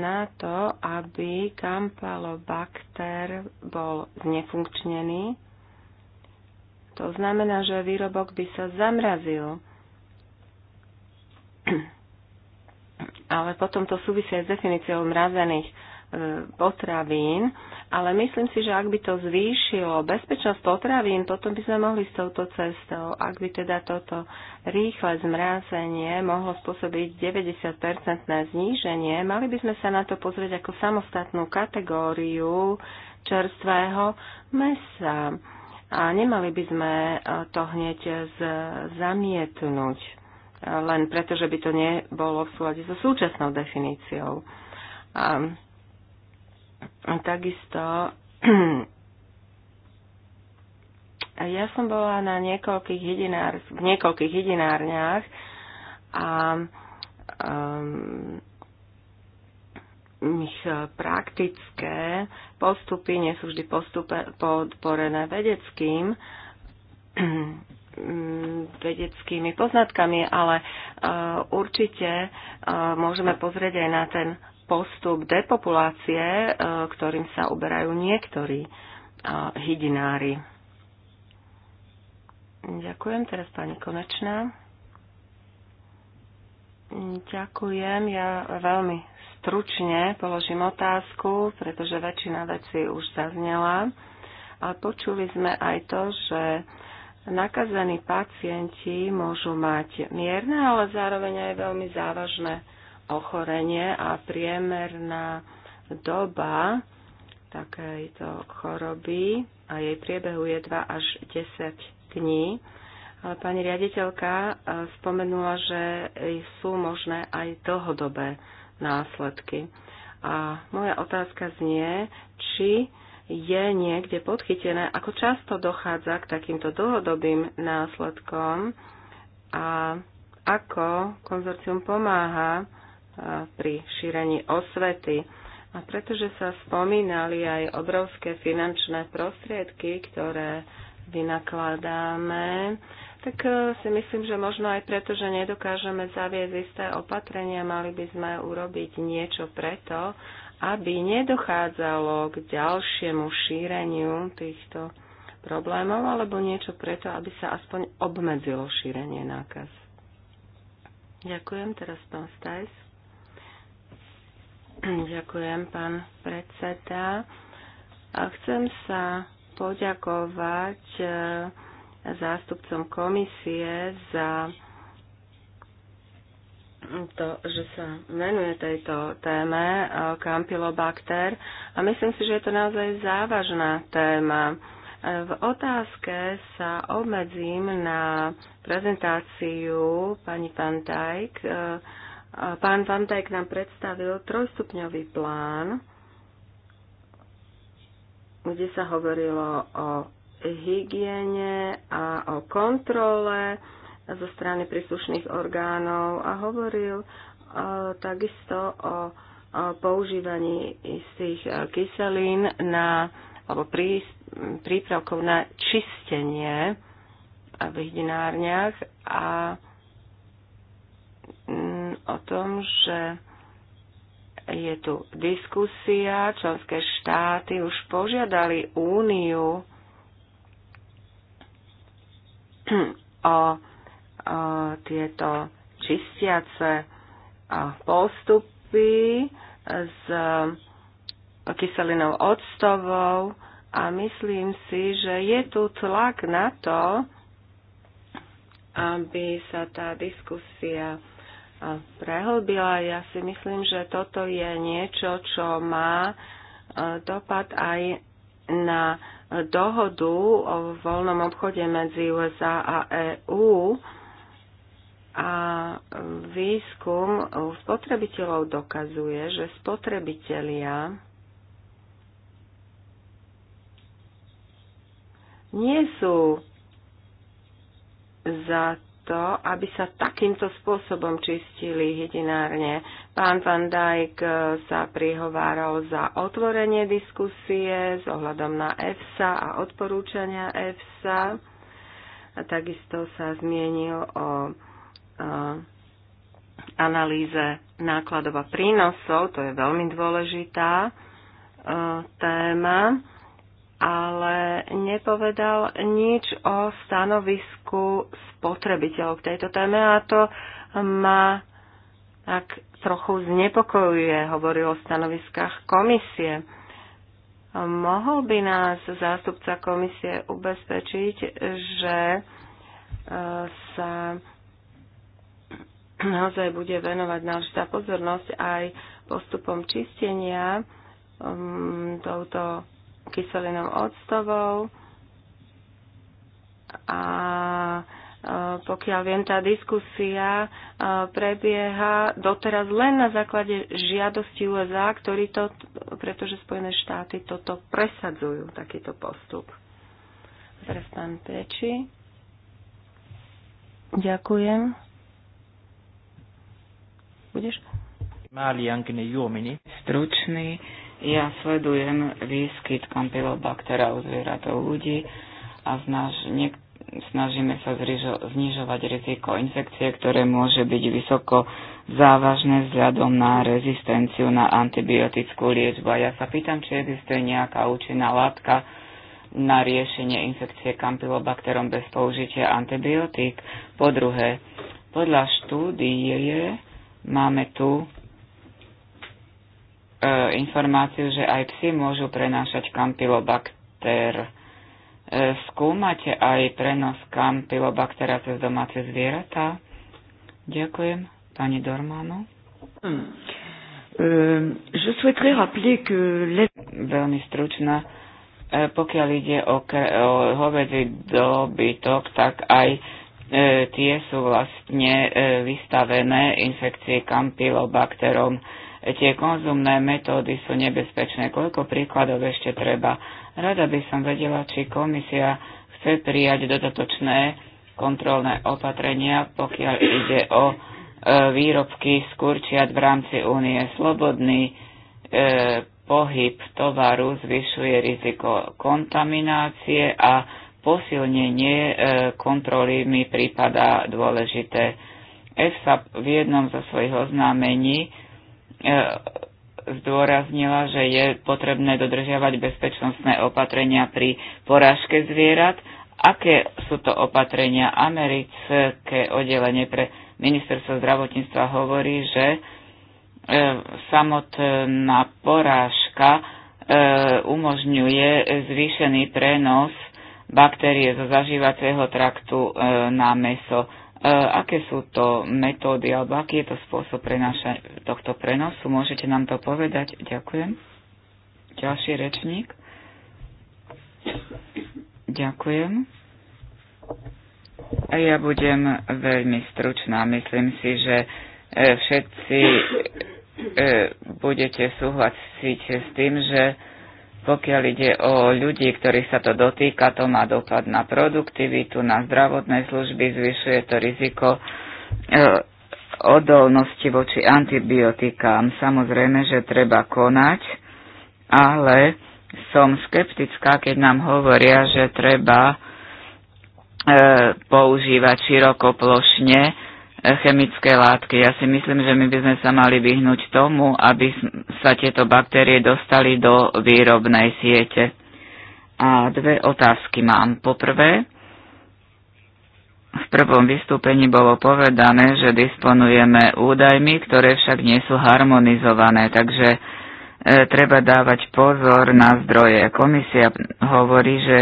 na to, aby kampalobakter bol znefunkčnený. To znamená, že výrobok by sa zamrazil. Ale potom to súvisí aj s definíciou mrazených potravín, ale myslím si, že ak by to zvýšilo bezpečnosť potravín, potom by sme mohli s touto cestou. Ak by teda toto rýchle zmrazenie mohlo spôsobiť 90-percentné zníženie, mali by sme sa na to pozrieť ako samostatnú kategóriu čerstvého mesa. A nemali by sme e, to hneď zamietnúť, e, len preto, že by to nebolo v súlade so súčasnou definíciou. A Takisto ja som bola na niekoľkých, jedinár, v niekoľkých jedinárniach a um, ich praktické postupy nie sú vždy postupe, podporené vedeckým vedeckými poznatkami, ale uh, určite uh, môžeme pozrieť aj na ten postup depopulácie, e, ktorým sa uberajú niektorí e, hydinári. Ďakujem. Teraz pani Konečná. Ďakujem. Ja veľmi stručne položím otázku, pretože väčšina vecí už zaznela. A počuli sme aj to, že nakazení pacienti môžu mať mierne, ale zároveň aj veľmi závažné ochorenie a priemerná doba takejto choroby a jej priebehu je 2 až 10 dní. Ale pani riaditeľka eh, spomenula, že sú možné aj dlhodobé následky. A moja otázka znie, či je niekde podchytené, ako často dochádza k takýmto dlhodobým následkom a ako konzorcium pomáha pri šírení osvety. A pretože sa spomínali aj obrovské finančné prostriedky, ktoré vynakladáme, tak e, si myslím, že možno aj preto, že nedokážeme zaviesť isté opatrenia, mali by sme urobiť niečo preto, aby nedochádzalo k ďalšiemu šíreniu týchto problémov, alebo niečo preto, aby sa aspoň obmedzilo šírenie nákaz. Ďakujem, teraz pán Stajs. Ďakujem, pán predseda. A chcem sa poďakovať e, zástupcom komisie za to, že sa venuje tejto téme e, Campylobacter a myslím si, že je to naozaj závažná téma. E, v otázke sa obmedzím na prezentáciu pani Pantajk. Dijk, Pán Van Dijk nám predstavil trojstupňový plán, kde sa hovorilo o hygiene a o kontrole zo strany príslušných orgánov a hovoril e, takisto o používaní istých e, kyselín na, alebo prí, prípravkov na čistenie v hydinárniach a o tom, že je tu diskusia, členské štáty už požiadali úniu o, o tieto čistiace postupy s e, kyselinou octovou a myslím si, že je tu tlak na to, aby sa tá diskusia prehlbila. Ja si myslím, že toto je niečo, čo má e, dopad aj na dohodu o voľnom obchode medzi USA a EÚ a výskum spotrebiteľov dokazuje, že spotrebitelia nie sú za to, aby sa takýmto spôsobom čistili hydinárne. Pán Van Dijk e, sa prihováral za otvorenie diskusie s ohľadom na EFSA a odporúčania EFSA. A takisto sa zmienil o e, analýze nákladov a prínosov, to je veľmi dôležitá e, téma, ale nepovedal nič o stanovisku otázku spotrebiteľov k tejto téme a to ma tak trochu znepokojuje, hovorí o stanoviskách komisie. Mohol by nás zástupca komisie ubezpečiť, že e, sa naozaj bude venovať náležitá pozornosť aj postupom čistenia mm, touto kyselinou octovou a e, pokiaľ viem, tá diskusia e, prebieha doteraz len na základe žiadosti USA, ktorý to, pretože Spojené štáty toto presadzujú, takýto postup. Teraz pán Peči. Ďakujem. Budeš? Mali anche negli Stručný. Ja sledujem výskyt kampylobaktera u zvieratov ľudí a snaž, ne, snažíme sa zrižo, znižovať riziko infekcie, ktoré môže byť vysoko závažné vzhľadom na rezistenciu na antibiotickú liečbu. A ja sa pýtam, či existuje nejaká účinná látka na riešenie infekcie kampylobakterom bez použitia antibiotík. Po druhé, podľa štúdie máme tu e, informáciu, že aj psi môžu prenášať kampylobakter skúmate aj prenos kampylobactera cez domáce zvieratá? Ďakujem, pani Dormano. Hmm. je souhaiterais rappeler que Veľmi stručná. E, pokiaľ ide o, o dobytok, tak aj e, tie sú vlastne e, vystavené infekcie kampylobakterom. E, tie konzumné metódy sú nebezpečné. Koľko príkladov ešte treba Rada by som vedela, či komisia chce prijať dodatočné kontrolné opatrenia, pokiaľ ide o e, výrobky z kurčiat v rámci únie. Slobodný e, pohyb tovaru zvyšuje riziko kontaminácie a posilnenie e, kontroly mi prípada dôležité. EFSA v jednom zo svojich oznámení e, zdôraznila, že je potrebné dodržiavať bezpečnostné opatrenia pri porážke zvierat. Aké sú to opatrenia? Americké oddelenie pre ministerstvo zdravotníctva hovorí, že e, samotná porážka e, umožňuje zvýšený prenos baktérie zo zažívacieho traktu e, na meso. E, aké sú to metódy alebo aký je to spôsob prenáša, tohto prenosu. Môžete nám to povedať? Ďakujem. Ďalší rečník. Ďakujem. A ja budem veľmi stručná. Myslím si, že e, všetci e, budete súhlasiť s tým, že pokiaľ ide o ľudí, ktorých sa to dotýka, to má dopad na produktivitu, na zdravotné služby, zvyšuje to riziko e, odolnosti voči antibiotikám. Samozrejme, že treba konať, ale som skeptická, keď nám hovoria, že treba e, používať širokoplošne chemické látky. Ja si myslím, že my by sme sa mali vyhnúť tomu, aby sa tieto baktérie dostali do výrobnej siete. A dve otázky mám. Poprvé, v prvom vystúpení bolo povedané, že disponujeme údajmi, ktoré však nie sú harmonizované, takže e, treba dávať pozor na zdroje. Komisia hovorí, že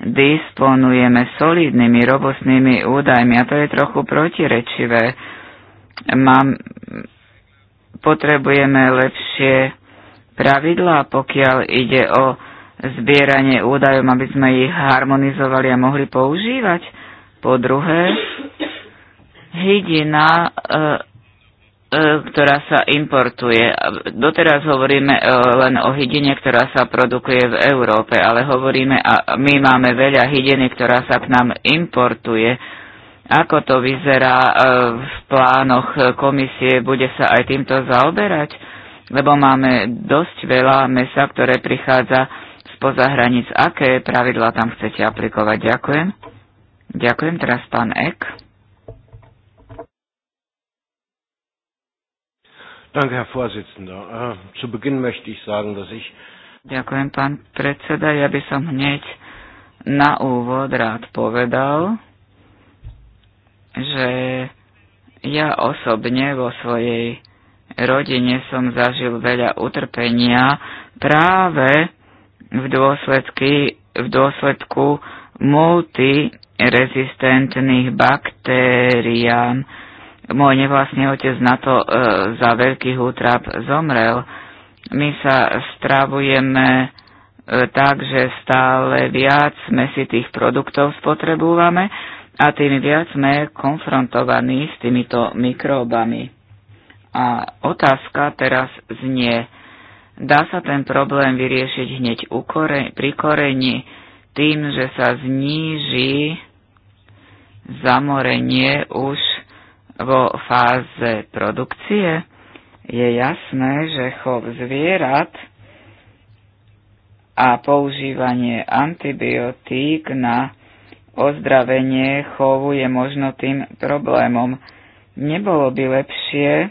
disponujeme solidnými, robustnými údajmi a to je trochu protirečivé. Mám, potrebujeme lepšie pravidlá, pokiaľ ide o zbieranie údajov, aby sme ich harmonizovali a mohli používať. Po druhé, hydina e, E, ktorá sa importuje. Doteraz hovoríme e, len o hydine, ktorá sa produkuje v Európe, ale hovoríme, a my máme veľa hydiny, ktorá sa k nám importuje. Ako to vyzerá e, v plánoch komisie? Bude sa aj týmto zaoberať? Lebo máme dosť veľa mesa, ktoré prichádza spoza hranic. Aké pravidlá tam chcete aplikovať? Ďakujem. Ďakujem teraz pán Ek. Danke, Herr Vorsitzender. Äh, zu Beginn möchte ich sagen, dass ich... Ďakujem, pán predseda. Ja by som hneď na úvod rád povedal, že ja osobne vo svojej rodine som zažil veľa utrpenia práve v, dôsledky, v dôsledku multirezistentných baktériám, môj nevlastný otec na to e, za veľký útrap zomrel. My sa stravujeme e, tak, že stále viac sme si tých produktov spotrebúvame a tým viac sme konfrontovaní s týmito mikróbami. A otázka teraz znie, dá sa ten problém vyriešiť hneď u kore- pri koreni tým, že sa zníži zamorenie už vo fáze produkcie, je jasné, že chov zvierat a používanie antibiotík na ozdravenie chovu je možno tým problémom. Nebolo by lepšie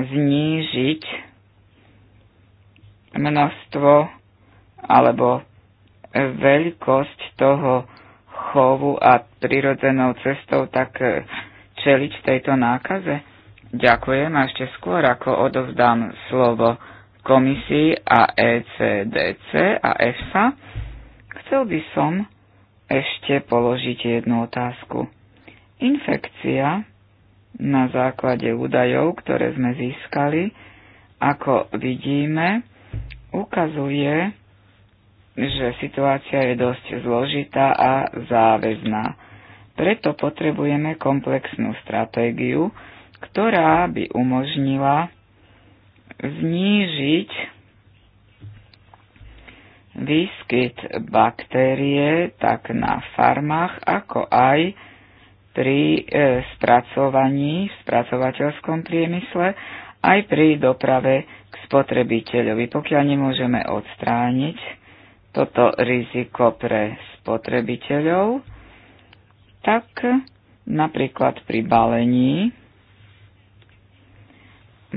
znížiť množstvo alebo veľkosť toho chovu a prirodzenou cestou tak e, čeliť tejto nákaze? Ďakujem a ešte skôr, ako odovzdám slovo komisii a ECDC a EFSA, chcel by som ešte položiť jednu otázku. Infekcia na základe údajov, ktoré sme získali, ako vidíme, ukazuje že situácia je dosť zložitá a záväzná. Preto potrebujeme komplexnú stratégiu, ktorá by umožnila znížiť výskyt baktérie tak na farmách, ako aj pri e, spracovaní v spracovateľskom priemysle, aj pri doprave k spotrebiteľovi. Pokiaľ nemôžeme odstrániť toto riziko pre spotrebiteľov, tak napríklad pri balení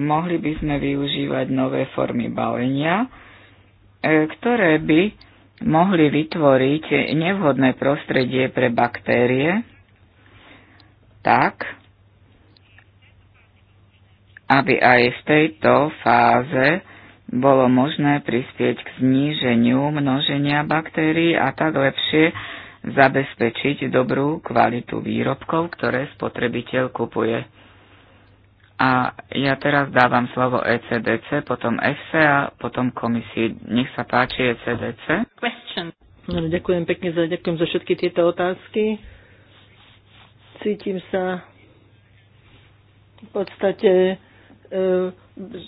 mohli by sme využívať nové formy balenia, e, ktoré by mohli vytvoriť nevhodné prostredie pre baktérie, tak, aby aj v tejto fáze bolo možné prispieť k zníženiu množenia baktérií a tak lepšie zabezpečiť dobrú kvalitu výrobkov, ktoré spotrebiteľ kupuje. A ja teraz dávam slovo ECDC, potom e FC a potom komisii. Nech sa páči ECDC. Question. No, ďakujem pekne za, ďakujem za všetky tieto otázky. Cítim sa v podstate E,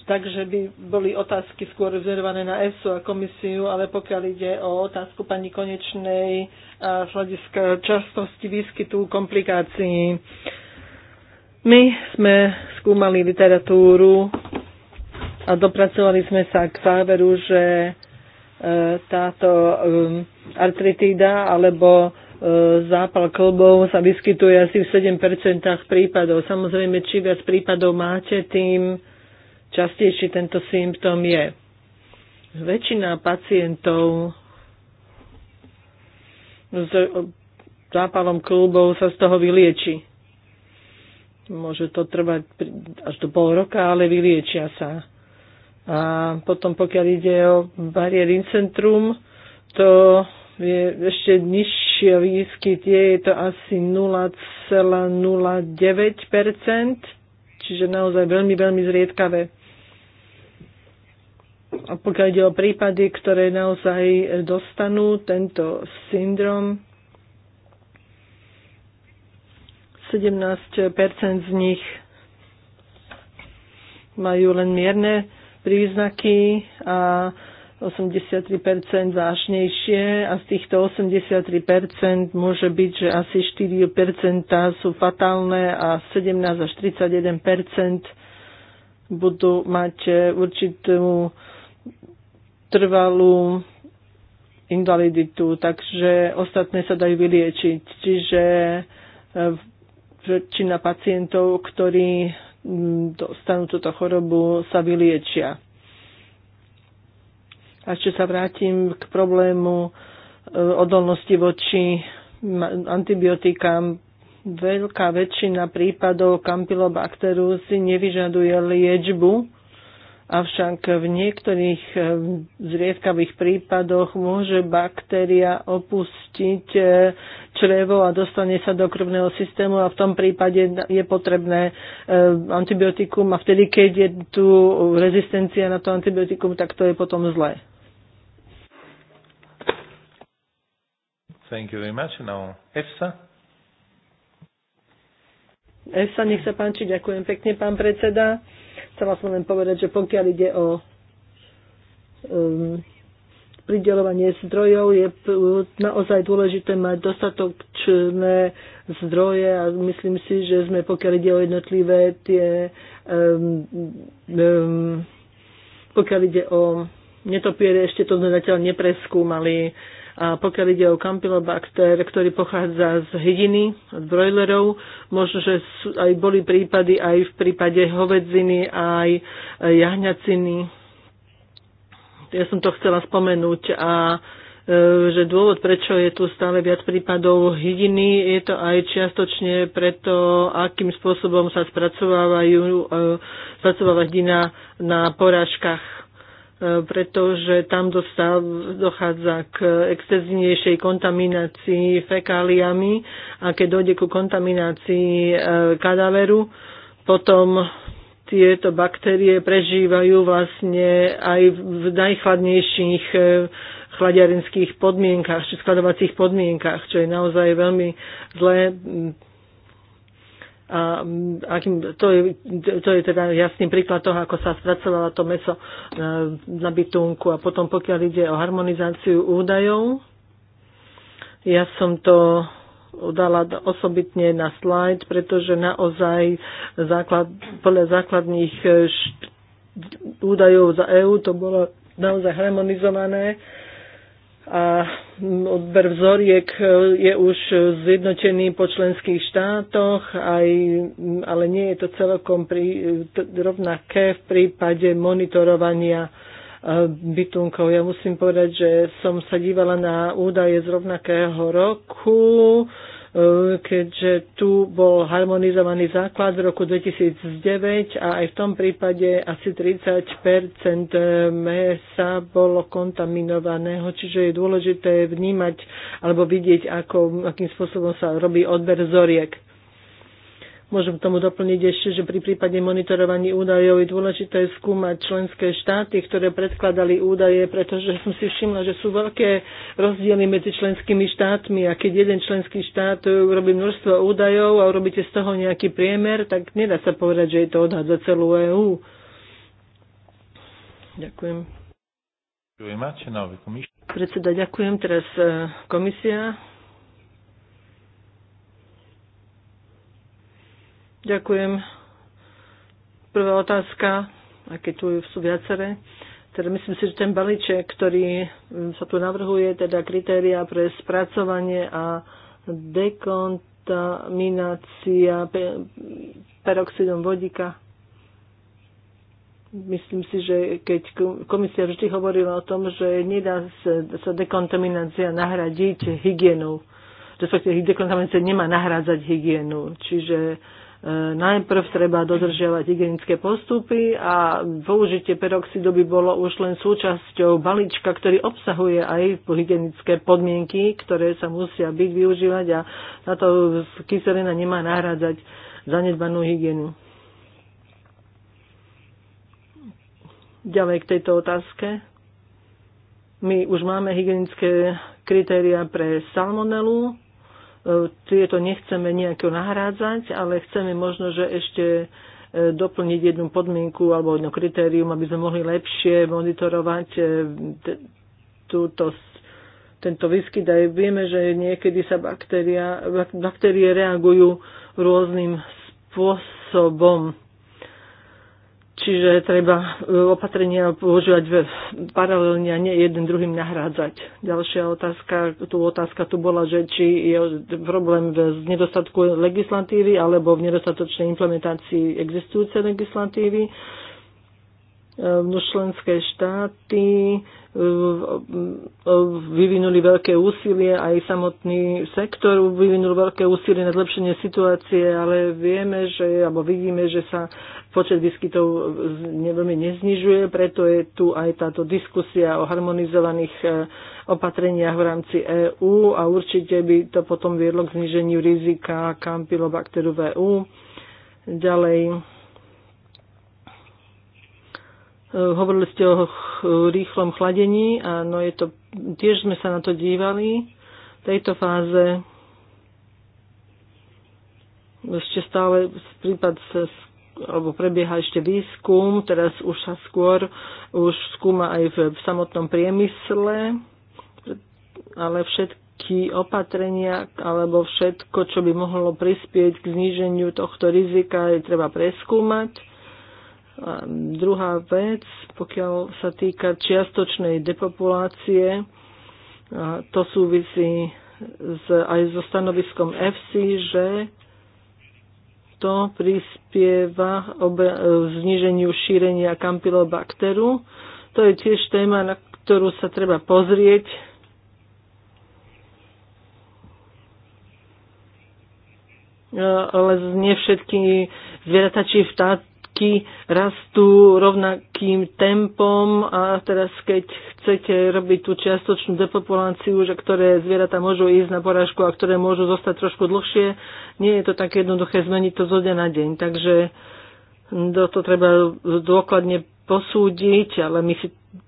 takže by boli otázky skôr rezervované na ESU a komisiu, ale pokiaľ ide o otázku pani Konečnej a z hľadiska častosti výskytu komplikácií, my sme skúmali literatúru a dopracovali sme sa k záveru, že e, táto e, artritída alebo zápal klbov sa vyskytuje asi v 7% prípadov. Samozrejme, či viac prípadov máte, tým častejší tento symptóm je. Väčšina pacientov s zápalom klubov sa z toho vylieči. Môže to trvať až do pol roka, ale vyliečia sa. A potom, pokiaľ ide o bariérin centrum, to je ešte nižšie najvyššie výskyt je, je to asi 0,09%, čiže naozaj veľmi, veľmi zriedkavé. A pokiaľ ide o prípady, ktoré naozaj dostanú tento syndrom, 17% z nich majú len mierne príznaky a 83% vážnejšie a z týchto 83% môže byť, že asi 4% sú fatálne a 17 až 31% budú mať určitú trvalú invaliditu, takže ostatné sa dajú vyliečiť. Čiže e, väčšina pacientov, ktorí dostanú túto chorobu, sa vyliečia. A ešte sa vrátim k problému e, odolnosti voči antibiotikám. Veľká väčšina prípadov kampylobakteru si nevyžaduje liečbu, avšak v niektorých e, zriedkavých prípadoch môže baktéria opustiť e, črevo a dostane sa do krvného systému a v tom prípade je potrebné antibiotikum a vtedy, keď je tu rezistencia na to antibiotikum, tak to je potom zlé. Thank you very much. Now EFSA. EFSA, nech sa páči, ďakujem pekne, pán predseda. Chcela som len povedať, že pokiaľ ide o um, pridelovanie zdrojov, je naozaj dôležité mať dostatočné zdroje a myslím si, že sme, pokiaľ ide o jednotlivé tie, um, um, pokiaľ ide o netopiere, ešte to zatiaľ nepreskúmali. Uh, a pokiaľ ide o Campylobacter, ktorý pochádza z hydiny, od brojlerov, možno, že sú, aj boli prípady aj v prípade hovedziny, aj e, jahňaciny. Ja som to chcela spomenúť a e, že dôvod, prečo je tu stále viac prípadov hydiny, je to aj čiastočne preto, akým spôsobom sa spracovávajú, e, spracováva hydina na porážkach E, pretože tam dostav, dochádza k extenzívnejšej kontaminácii fekáliami a keď dojde ku kontaminácii e, kadaveru, potom tieto baktérie prežívajú vlastne aj v najchladnejších e, chladiarenských podmienkach či skladovacích podmienkach, čo je naozaj veľmi zlé a akým, to, je, to je teda jasný príklad toho, ako sa spracovala to meso na, e, na bytunku. A potom, pokiaľ ide o harmonizáciu údajov, ja som to dala osobitne na slajd, pretože naozaj základ, podľa základných e, št, údajov za EÚ to bolo naozaj harmonizované a odber vzoriek e, je už zjednotený po členských štátoch, aj, ale nie je to celkom pri, rovnaké v prípade monitorovania e, bytunkov. Ja musím povedať, že som sa dívala na údaje z rovnakého roku Eh, keďže tu bol harmonizovaný základ v roku 2009 a aj v tom prípade asi 30 mesa bolo kontaminovaného, čiže je dôležité vnímať alebo vidieť, ako, akým spôsobom sa robí odber zoriek. Môžem tomu doplniť ešte, že pri prípade monitorovaní údajov je dôležité skúmať členské štáty, ktoré predkladali údaje, pretože som si všimla, že sú veľké rozdiely medzi členskými štátmi a keď jeden členský štát robí množstvo údajov a urobíte z toho nejaký priemer, tak nedá sa povedať, že je to odhad za celú EÚ. Ďakujem. Predseda, ďakujem. Teraz e, komisia. Ďakujem. Prvá otázka, aké tu sú viaceré. Teda myslím si, že ten balíček, ktorý sa tu navrhuje, teda kritéria pre spracovanie a dekontaminácia peroxidom vodíka. Myslím si, že keď komisia vždy hovorila o tom, že nedá sa dekontaminácia nahradiť hygienou, respektíve dekontaminácia nemá nahrádzať hygienu. Čiže najprv treba dodržiavať hygienické postupy a použitie peroxidu by bolo už len súčasťou balíčka, ktorý obsahuje aj hygienické podmienky, ktoré sa musia byť využívať a na to kyselina nemá nahrádzať zanedbanú hygienu. Ďalej k tejto otázke. My už máme hygienické kritéria pre salmonelu, E, tieto nechceme nejako nahrádzať, ale chceme možno, že ešte e, doplniť jednu podmienku alebo jedno kritérium, aby sme mohli lepšie monitorovať e, túto tento výskyt aj vieme, že niekedy sa baktéria, baktérie reagujú rôznym spôsobom. Čiže treba e, opatrenia používať paralelne a nie jeden druhým nahrádzať. Ďalšia otázka, tu otázka tu bola, že či je problém v nedostatku legislatívy alebo v nedostatočnej implementácii existujúcej legislatívy. E, no, členské štáty vyvinuli veľké úsilie, aj samotný sektor vyvinul veľké úsilie na zlepšenie situácie, ale vieme, že, alebo vidíme, že sa počet výskytov veľmi neznižuje, preto je tu aj táto diskusia o harmonizovaných e, opatreniach v rámci EÚ a určite by to potom viedlo k zniženiu rizika kampylobakteru v EÚ. Ďalej Hovorili ste o rýchlom chladení, a no je to, tiež sme sa na to dívali. V tejto fáze ešte stále prípad sa alebo prebieha ešte výskum, teraz už sa skôr už skúma aj v, v samotnom priemysle, ale všetky opatrenia alebo všetko, čo by mohlo prispieť k zníženiu tohto rizika, je treba preskúmať a druhá vec, pokiaľ sa týka čiastočnej depopulácie, to súvisí s, aj so stanoviskom FC, že to prispieva obe, e, zniženiu šírenia kampylobakteru. To je tiež téma, na ktorú sa treba pozrieť. E, ale nie všetky zvieratá či vtáci výdavky rastú rovnakým tempom a teraz keď chcete robiť tú čiastočnú depopuláciu, že ktoré zvieratá môžu ísť na porážku a ktoré môžu zostať trošku dlhšie, nie je to tak jednoduché zmeniť to zo dňa na deň. Takže to treba dôkladne posúdiť, ale my si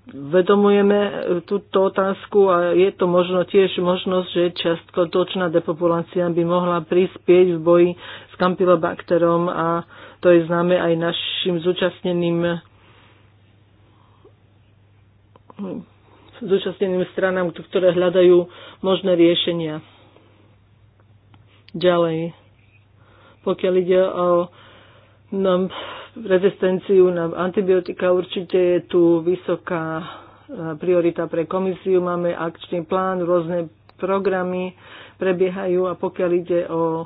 vedomujeme túto otázku a je to možno tiež možnosť, že čiastkotočná depopulácia by mohla prispieť v boji Campylobacterom a to je známe aj našim zúčastneným zúčastneným stranám, ktoré hľadajú možné riešenia. Ďalej, pokiaľ ide o no, rezistenciu na antibiotika, určite je tu vysoká e, priorita pre komisiu. Máme akčný plán, rôzne programy, prebiehajú a pokiaľ ide o, e,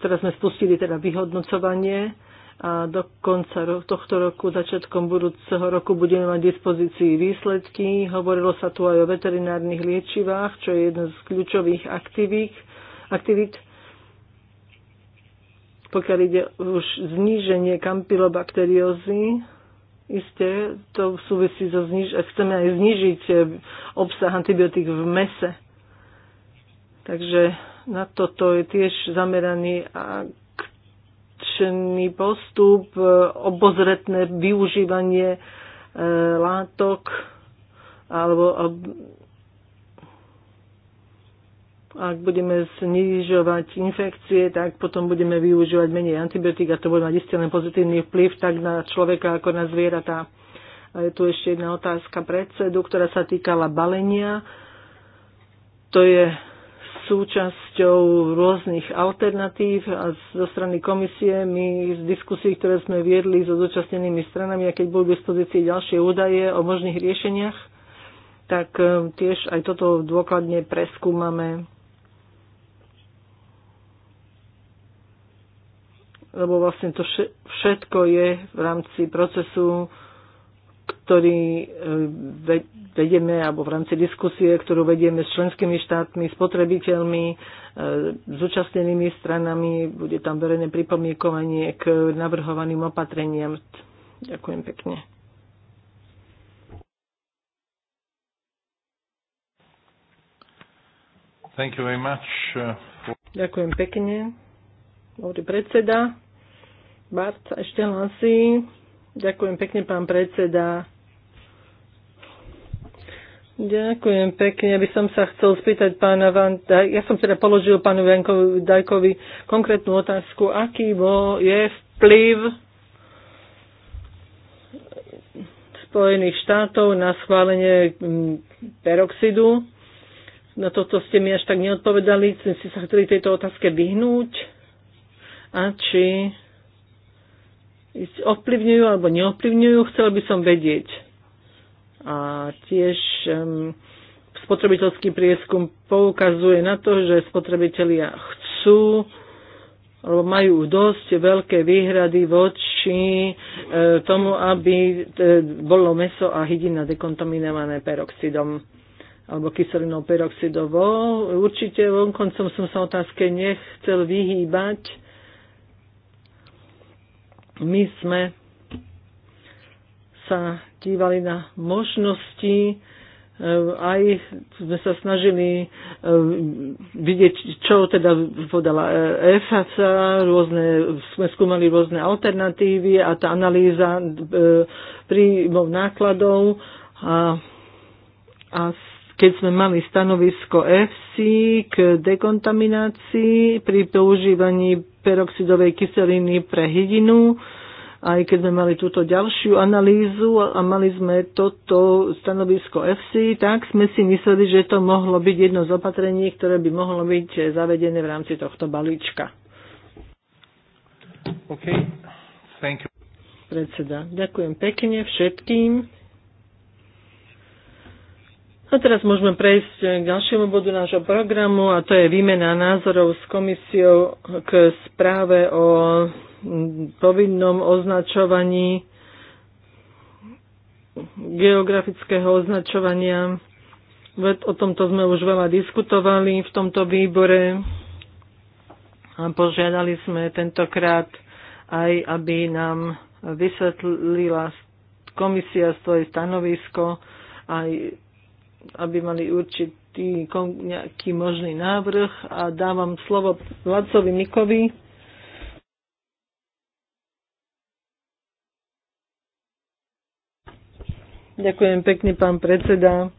teraz sme spustili teda vyhodnocovanie a do konca tohto roku, začiatkom budúceho roku budeme mať v dispozícii výsledky. Hovorilo sa tu aj o veterinárnych liečivách, čo je jedna z kľúčových aktivít. aktivít pokiaľ ide už zníženie kampylobakteriózy, isté to súvisí so zniž- chceme aj znižiť e, obsah antibiotík v mese. Takže na toto je tiež zameraný akčný postup, obozretné využívanie e, látok alebo ak budeme znižovať infekcie, tak potom budeme využívať menej antibiotík a to bude mať isté len pozitívny vplyv tak na človeka ako na zvieratá. A je tu ešte jedna otázka predsedu, ktorá sa týkala balenia. To je súčasťou rôznych alternatív a zo strany komisie my z diskusí, ktoré sme viedli so zúčastnenými stranami a keď budú k dispozícii ďalšie údaje o možných riešeniach, tak e, tiež aj toto dôkladne preskúmame. Lebo vlastne to všetko je v rámci procesu ktorý eh, vedieme, alebo v rámci diskusie, ktorú vedieme s členskými štátmi, spotrebiteľmi, eh, zúčastnenými stranami, bude tam verejné pripomienkovanie k navrhovaným opatreniam. Ďakujem pekne. Thank you very much eh, for... Ďakujem pekne. Dobrý predseda. Bart ešte hlasí. Ďakujem pekne, pán predseda. Ďakujem pekne. Ja by som sa chcel spýtať pána Van Daj, Ja som teda položil pánu Jankovi Dajkovi konkrétnu otázku, aký bol, je vplyv Spojených štátov na schválenie mm, peroxidu. Na toto ste mi až tak neodpovedali. Ste sa chceli tejto otázke vyhnúť? A či ovplyvňujú alebo neovplyvňujú, chcel by som vedieť. A tiež um, spotrebiteľský prieskum poukazuje na to, že spotrebitelia chcú alebo majú dosť veľké výhrady voči e, tomu, aby e, bolo meso a hydina dekontaminované peroxidom alebo kyselinou peroxidovou. Určite vonkoncom som sa otázke nechcel vyhýbať, my sme sa dívali na možnosti, e, aj sme sa snažili e, vidieť, čo teda podala EFACA, rôzne, sme skúmali rôzne alternatívy a tá analýza e, príjmov nákladov a, a keď sme mali stanovisko EFSI k dekontaminácii pri používaní peroxidovej kyseliny pre hydinu, aj keď sme mali túto ďalšiu analýzu a mali sme toto stanovisko FC, tak sme si mysleli, že to mohlo byť jedno z opatrení, ktoré by mohlo byť zavedené v rámci tohto balíčka. Okay. Thank you. Predseda, ďakujem pekne všetkým. A teraz môžeme prejsť k ďalšiemu bodu nášho programu a to je výmena názorov s komisiou k správe o povinnom označovaní geografického označovania. O tomto sme už veľa diskutovali v tomto výbore a požiadali sme tentokrát aj, aby nám vysvetlila komisia svoje stanovisko aj aby mali určitý nejaký možný návrh a dávam slovo Vladcovi Mikovi. Ďakujem pekne, pán predseda.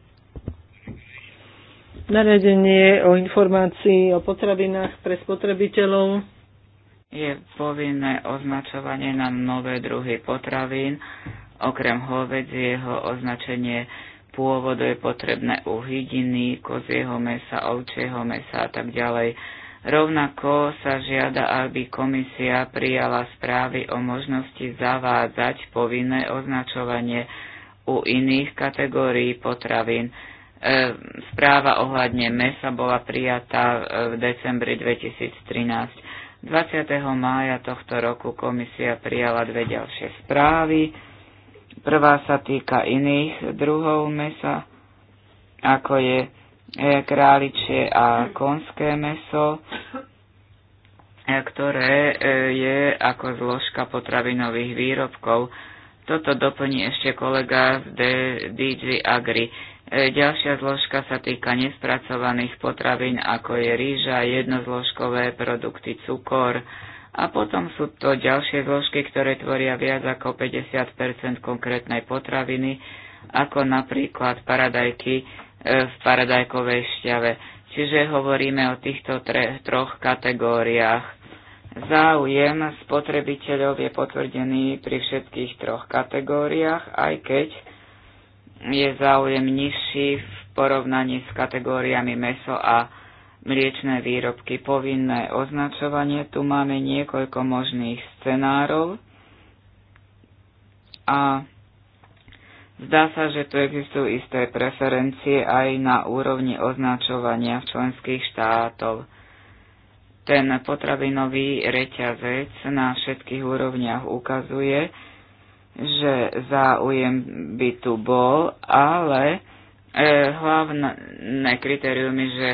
Nariadenie o informácii o potravinách pre spotrebiteľov je povinné označovanie na nové druhy potravín, okrem hovedzieho označenie pôvodu je potrebné uhydiny, kozieho mesa, ovčieho mesa a tak ďalej. Rovnako sa žiada, aby komisia prijala správy o možnosti zavádzať povinné označovanie u iných kategórií potravín. E, správa ohľadne mesa bola prijatá e, v decembri 2013. 20. mája tohto roku komisia prijala dve ďalšie správy Prvá sa týka iných druhov mesa, ako je e, králičie a konské meso, e, ktoré e, je ako zložka potravinových výrobkov. Toto doplní ešte kolega z DG Agri. Ďalšia zložka sa týka nespracovaných potravín, ako je rýža, jednozložkové produkty, cukor, a potom sú to ďalšie zložky, ktoré tvoria viac ako 50 konkrétnej potraviny, ako napríklad paradajky e, v paradajkovej šťave. Čiže hovoríme o týchto tre, troch kategóriách. Záujem spotrebiteľov je potvrdený pri všetkých troch kategóriách, aj keď je záujem nižší v porovnaní s kategóriami meso a mliečné výrobky, povinné označovanie. Tu máme niekoľko možných scenárov a zdá sa, že tu existujú isté preferencie aj na úrovni označovania v členských štátov. Ten potravinový reťazec na všetkých úrovniach ukazuje, že záujem by tu bol, ale e, hlavné kritérium je, že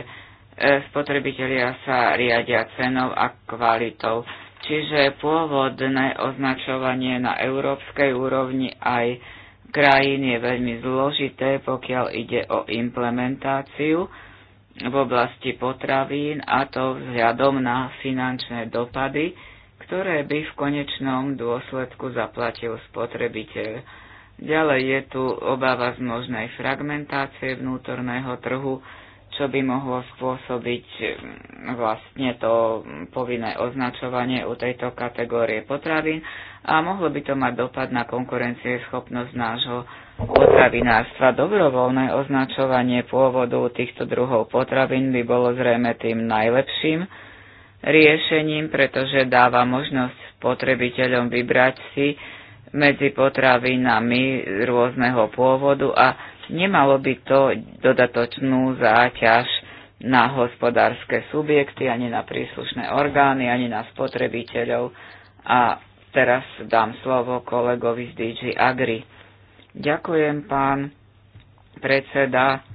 E, spotrebitelia sa riadia cenou a kvalitou. Čiže pôvodné označovanie na európskej úrovni aj krajín je veľmi zložité, pokiaľ ide o implementáciu v oblasti potravín a to vzhľadom na finančné dopady, ktoré by v konečnom dôsledku zaplatil spotrebiteľ. Ďalej je tu obava z možnej fragmentácie vnútorného trhu, čo by mohlo spôsobiť mm, vlastne to povinné označovanie u tejto kategórie potravín a mohlo by to mať dopad na schopnosť nášho potravinárstva. Dobrovoľné označovanie pôvodu týchto druhov potravín by bolo zrejme tým najlepším riešením, pretože dáva možnosť spotrebiteľom vybrať si medzi potravinami rôzneho pôvodu a Nemalo by to dodatočnú záťaž na hospodárske subjekty, ani na príslušné orgány, ani na spotrebiteľov. A teraz dám slovo kolegovi z DG Agri. Ďakujem, pán predseda.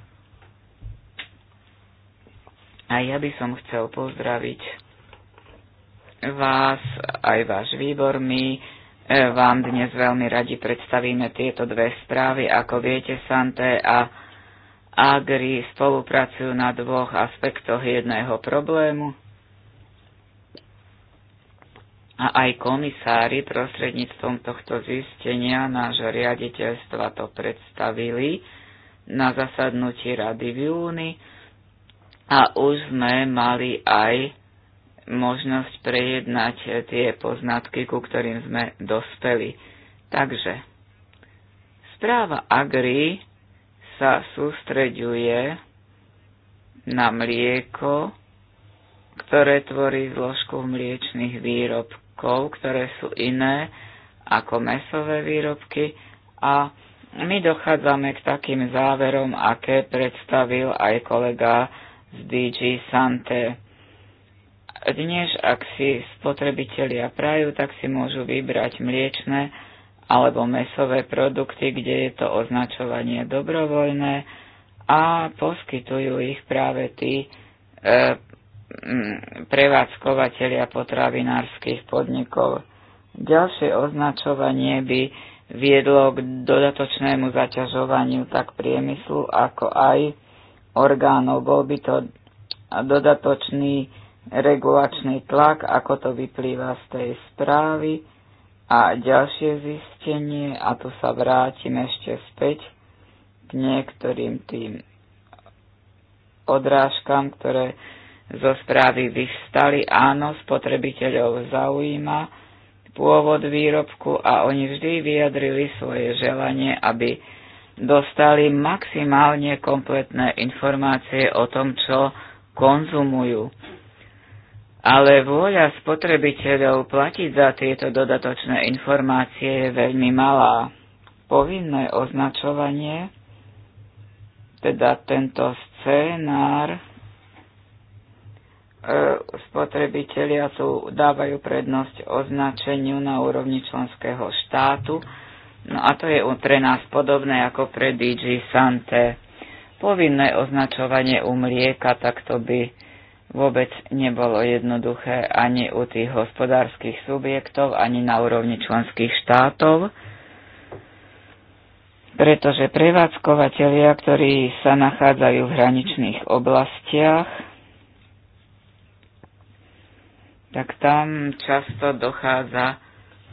A ja by som chcel pozdraviť vás, aj váš výbor. My E, vám dnes veľmi radi predstavíme tieto dve správy. Ako viete, Santé a Agri spolupracujú na dvoch aspektoch jedného problému. A aj komisári prostredníctvom tohto zistenia nášho riaditeľstva to predstavili na zasadnutí rady v júni a už sme mali aj možnosť prejednať eh, tie poznatky, ku ktorým sme dospeli. Takže správa Agri sa sústreďuje na mlieko, ktoré tvorí zložku mliečných výrobkov, ktoré sú iné ako mesové výrobky a my dochádzame k takým záverom, aké predstavil aj kolega z DG Sante dnes, ak si spotrebitelia prajú, tak si môžu vybrať mliečne alebo mesové produkty, kde je to označovanie dobrovoľné a poskytujú ich práve tí e, prevádzkovateľia potravinárskych podnikov. Ďalšie označovanie by viedlo k dodatočnému zaťažovaniu tak priemyslu, ako aj orgánov. Bol by to dodatočný regulačný tlak, ako to vyplýva z tej správy a ďalšie zistenie, a tu sa vrátim ešte späť k niektorým tým odrážkam, ktoré zo správy vyvstali. Áno, spotrebiteľov zaujíma pôvod výrobku a oni vždy vyjadrili svoje želanie, aby dostali maximálne kompletné informácie o tom, čo konzumujú ale vôľa spotrebiteľov platiť za tieto dodatočné informácie je veľmi malá. Povinné označovanie, teda tento scénár, e, spotrebitelia tu dávajú prednosť označeniu na úrovni členského štátu, no a to je pre nás podobné ako pre DG Sante. Povinné označovanie u mlieka, tak to by vôbec nebolo jednoduché ani u tých hospodárskych subjektov, ani na úrovni členských štátov, pretože prevádzkovateľia, ktorí sa nachádzajú v hraničných oblastiach, tak tam často dochádza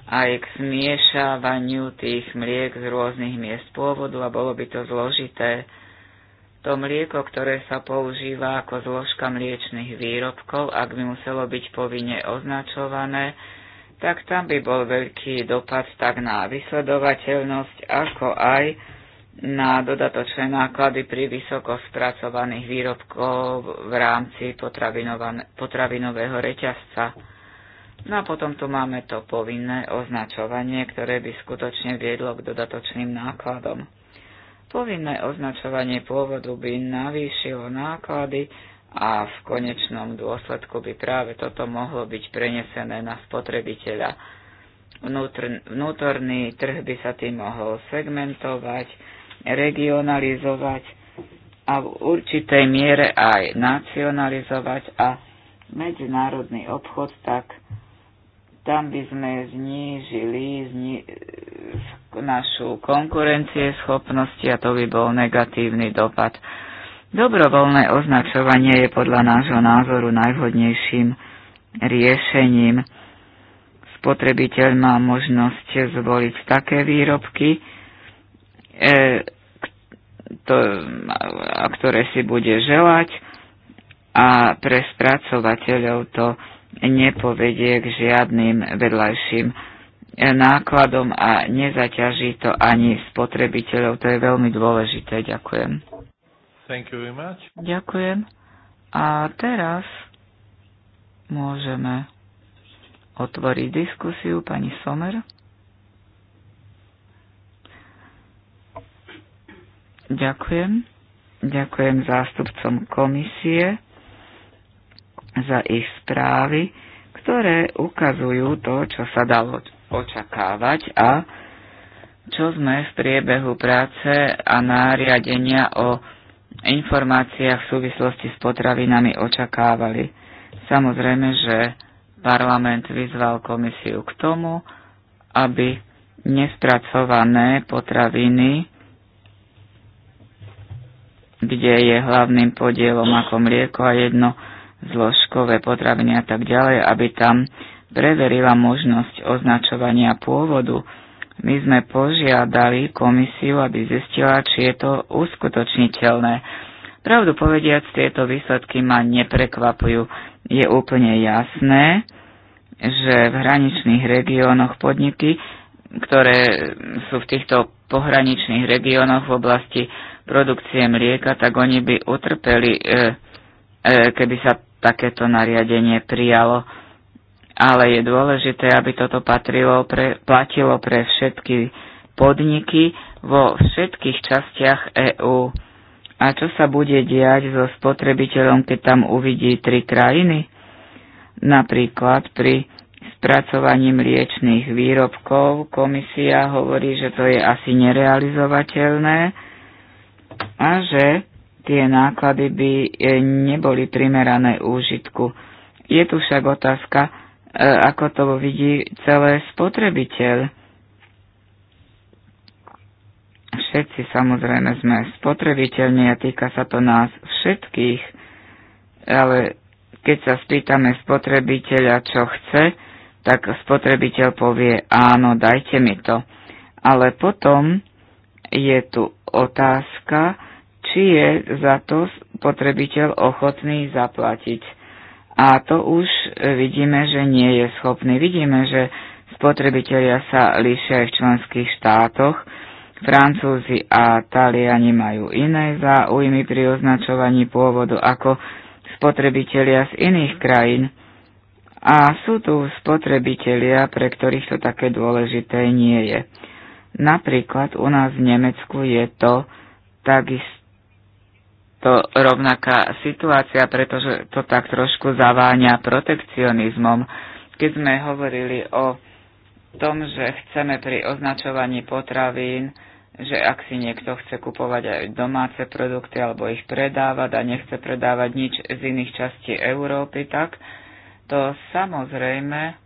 aj k smiešávaniu tých mliek z rôznych miest pôvodu a bolo by to zložité to mlieko, ktoré sa používa ako zložka mliečných výrobkov, ak by muselo byť povinne označované, tak tam by bol veľký dopad tak na vysledovateľnosť, ako aj na dodatočné náklady pri vysoko spracovaných výrobkov v rámci potravinového reťazca. No a potom tu máme to povinné označovanie, ktoré by skutočne viedlo k dodatočným nákladom. Povinné označovanie pôvodu by navýšilo náklady a v konečnom dôsledku by práve toto mohlo byť prenesené na spotrebiteľa. Vnútr, vnútorný trh by sa tým mohol segmentovať, regionalizovať a v určitej miere aj nacionalizovať a medzinárodný obchod tak tam by sme znížili zni, našu schopnosti a to by bol negatívny dopad. Dobrovoľné označovanie je podľa nášho názoru najvhodnejším riešením. Spotrebiteľ má možnosť zvoliť také výrobky, e, to, a ktoré si bude želať a pre spracovateľov to nepovedie k žiadnym vedľajším nákladom a nezaťaží to ani spotrebiteľov. To je veľmi dôležité. Ďakujem. Thank you very much. Ďakujem. A teraz môžeme otvoriť diskusiu. Pani Somer. Ďakujem. Ďakujem zástupcom komisie za ich správy, ktoré ukazujú to, čo sa dalo očakávať a čo sme v priebehu práce a nariadenia o informáciách v súvislosti s potravinami očakávali. Samozrejme, že parlament vyzval komisiu k tomu, aby nespracované potraviny, kde je hlavným podielom ako mlieko a jedno zložkové potraviny a tak ďalej, aby tam preverila možnosť označovania pôvodu. My sme požiadali komisiu, aby zistila, či je to uskutočniteľné. Pravdu povediac, tieto výsledky ma neprekvapujú. Je úplne jasné, že v hraničných regiónoch podniky, ktoré sú v týchto pohraničných regiónoch v oblasti produkcie mlieka, tak oni by utrpeli, e, e, keby sa takéto nariadenie prijalo. Ale je dôležité, aby toto patrilo pre, platilo pre všetky podniky vo všetkých častiach EÚ. A čo sa bude diať so spotrebiteľom, keď tam uvidí tri krajiny? Napríklad pri spracovaní mliečných výrobkov komisia hovorí, že to je asi nerealizovateľné a že tie náklady by e, neboli primerané úžitku. Je tu však otázka, e, ako to vidí celé spotrebiteľ. Všetci samozrejme sme spotrebiteľní a týka sa to nás všetkých, ale keď sa spýtame spotrebiteľa, čo chce, tak spotrebiteľ povie, áno, dajte mi to. Ale potom je tu otázka, či je za to spotrebiteľ ochotný zaplatiť. A to už vidíme, že nie je schopný. Vidíme, že spotrebitelia sa líšia aj v členských štátoch. Francúzi a Taliani majú iné záujmy pri označovaní pôvodu ako spotrebitelia z iných krajín. A sú tu spotrebitelia, pre ktorých to také dôležité nie je. Napríklad u nás v Nemecku je to takisto to rovnaká situácia, pretože to tak trošku zaváňa protekcionizmom. Keď sme hovorili o tom, že chceme pri označovaní potravín, že ak si niekto chce kupovať aj domáce produkty alebo ich predávať a nechce predávať nič z iných častí Európy, tak to samozrejme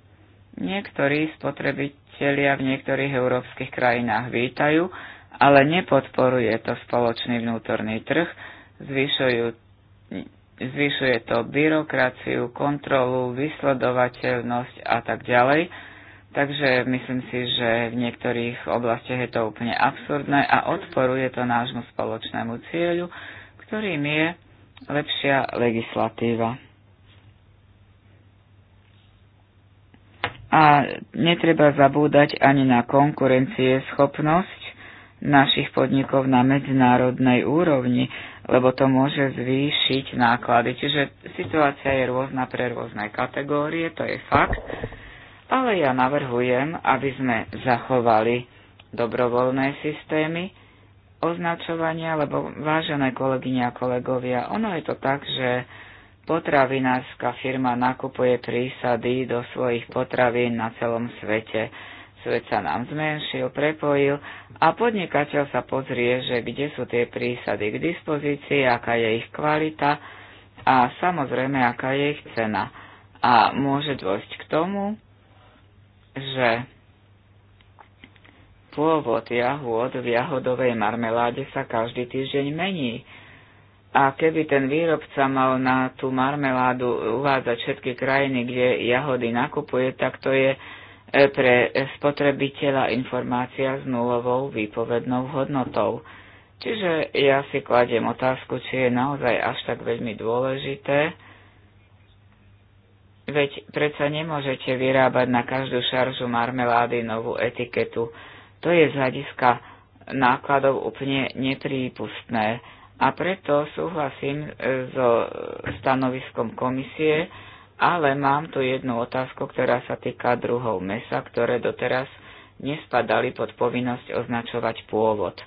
niektorí spotrebitelia v niektorých európskych krajinách vítajú, ale nepodporuje to spoločný vnútorný trh, zvyšujú, zvyšuje to byrokraciu, kontrolu, vysledovateľnosť a tak ďalej. Takže myslím si, že v niektorých oblastiach je to úplne absurdné a odporuje to nášmu spoločnému cieľu, ktorým je lepšia legislatíva. A netreba zabúdať ani na konkurencie schopnosť našich podnikov na medzinárodnej úrovni lebo to môže zvýšiť náklady. Čiže situácia je rôzna pre rôzne kategórie, to je fakt, ale ja navrhujem, aby sme zachovali dobrovoľné systémy označovania, lebo vážené kolegyne a kolegovia, ono je to tak, že potravinárska firma nakupuje prísady do svojich potravín na celom svete svet sa nám zmenšil, prepojil a podnikateľ sa pozrie, že kde sú tie prísady k dispozícii, aká je ich kvalita a samozrejme, aká je ich cena. A môže dôjsť k tomu, že pôvod jahôd v jahodovej marmeláde sa každý týždeň mení. A keby ten výrobca mal na tú marmeládu uvádzať všetky krajiny, kde jahody nakupuje, tak to je E, pre spotrebiteľa informácia s nulovou výpovednou hodnotou. Čiže ja si kladiem otázku, či je naozaj až tak veľmi dôležité, veď predsa nemôžete vyrábať na každú šaržu marmelády novú etiketu. To je z hľadiska nákladov úplne neprípustné. A preto súhlasím e, so stanoviskom komisie, ale mám tu jednu otázku, ktorá sa týka druhov mesa, ktoré doteraz nespadali pod povinnosť označovať pôvod.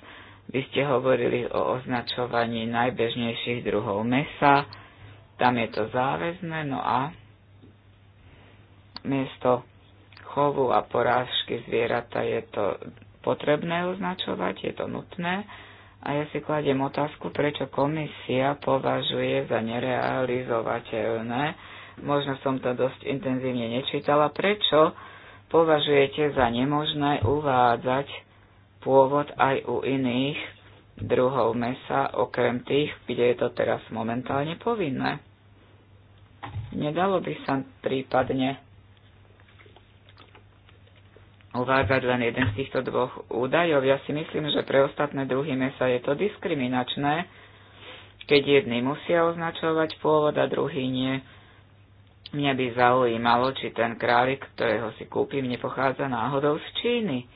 Vy ste hovorili o označovaní najbežnejších druhov mesa, tam je to záväzné, no a miesto chovu a porážky zvierata je to potrebné označovať, je to nutné. A ja si kladiem otázku, prečo komisia považuje za nerealizovateľné možno som to dosť intenzívne nečítala, prečo považujete za nemožné uvádzať pôvod aj u iných druhov mesa, okrem tých, kde je to teraz momentálne povinné. Nedalo by sa prípadne uvádzať len jeden z týchto dvoch údajov. Ja si myslím, že pre ostatné druhy mesa je to diskriminačné, keď jedni musia označovať pôvod a druhý nie. Mňa by zaujímalo, či ten králik, ktorého si kúpim, nepochádza náhodou z Číny.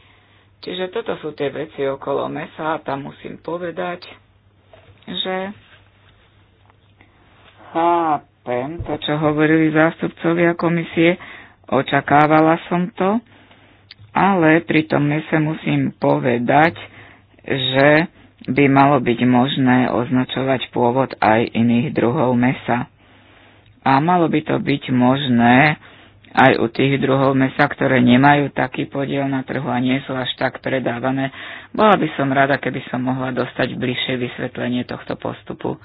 Čiže toto sú tie veci okolo mesa a tam musím povedať, že chápem to, čo hovorili zástupcovia komisie, očakávala som to, ale pri tom mese musím povedať, že by malo byť možné označovať pôvod aj iných druhov mesa a malo by to byť možné aj u tých druhov mesa, ktoré nemajú taký podiel na trhu a nie sú až tak predávané. Bola by som rada, keby som mohla dostať bližšie vysvetlenie tohto postupu.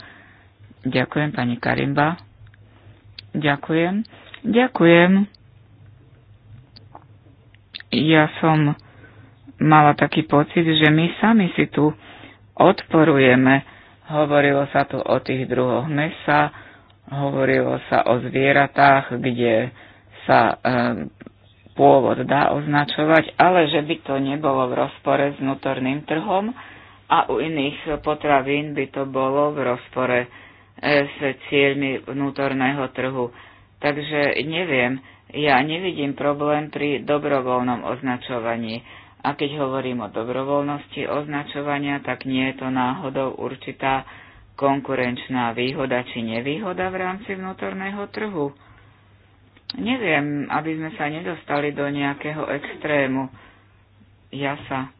Ďakujem, pani Karimba. Ďakujem. Ďakujem. Ja som mala taký pocit, že my sami si tu odporujeme. Hovorilo sa tu o tých druhoch mesa, Hovorilo sa o zvieratách, kde sa e, pôvod dá označovať, ale že by to nebolo v rozpore s vnútorným trhom a u iných potravín by to bolo v rozpore e, s cieľmi vnútorného trhu. Takže neviem, ja nevidím problém pri dobrovoľnom označovaní. A keď hovorím o dobrovoľnosti označovania, tak nie je to náhodou určitá konkurenčná výhoda či nevýhoda v rámci vnútorného trhu. Neviem, aby sme sa nedostali do nejakého extrému. Ja sa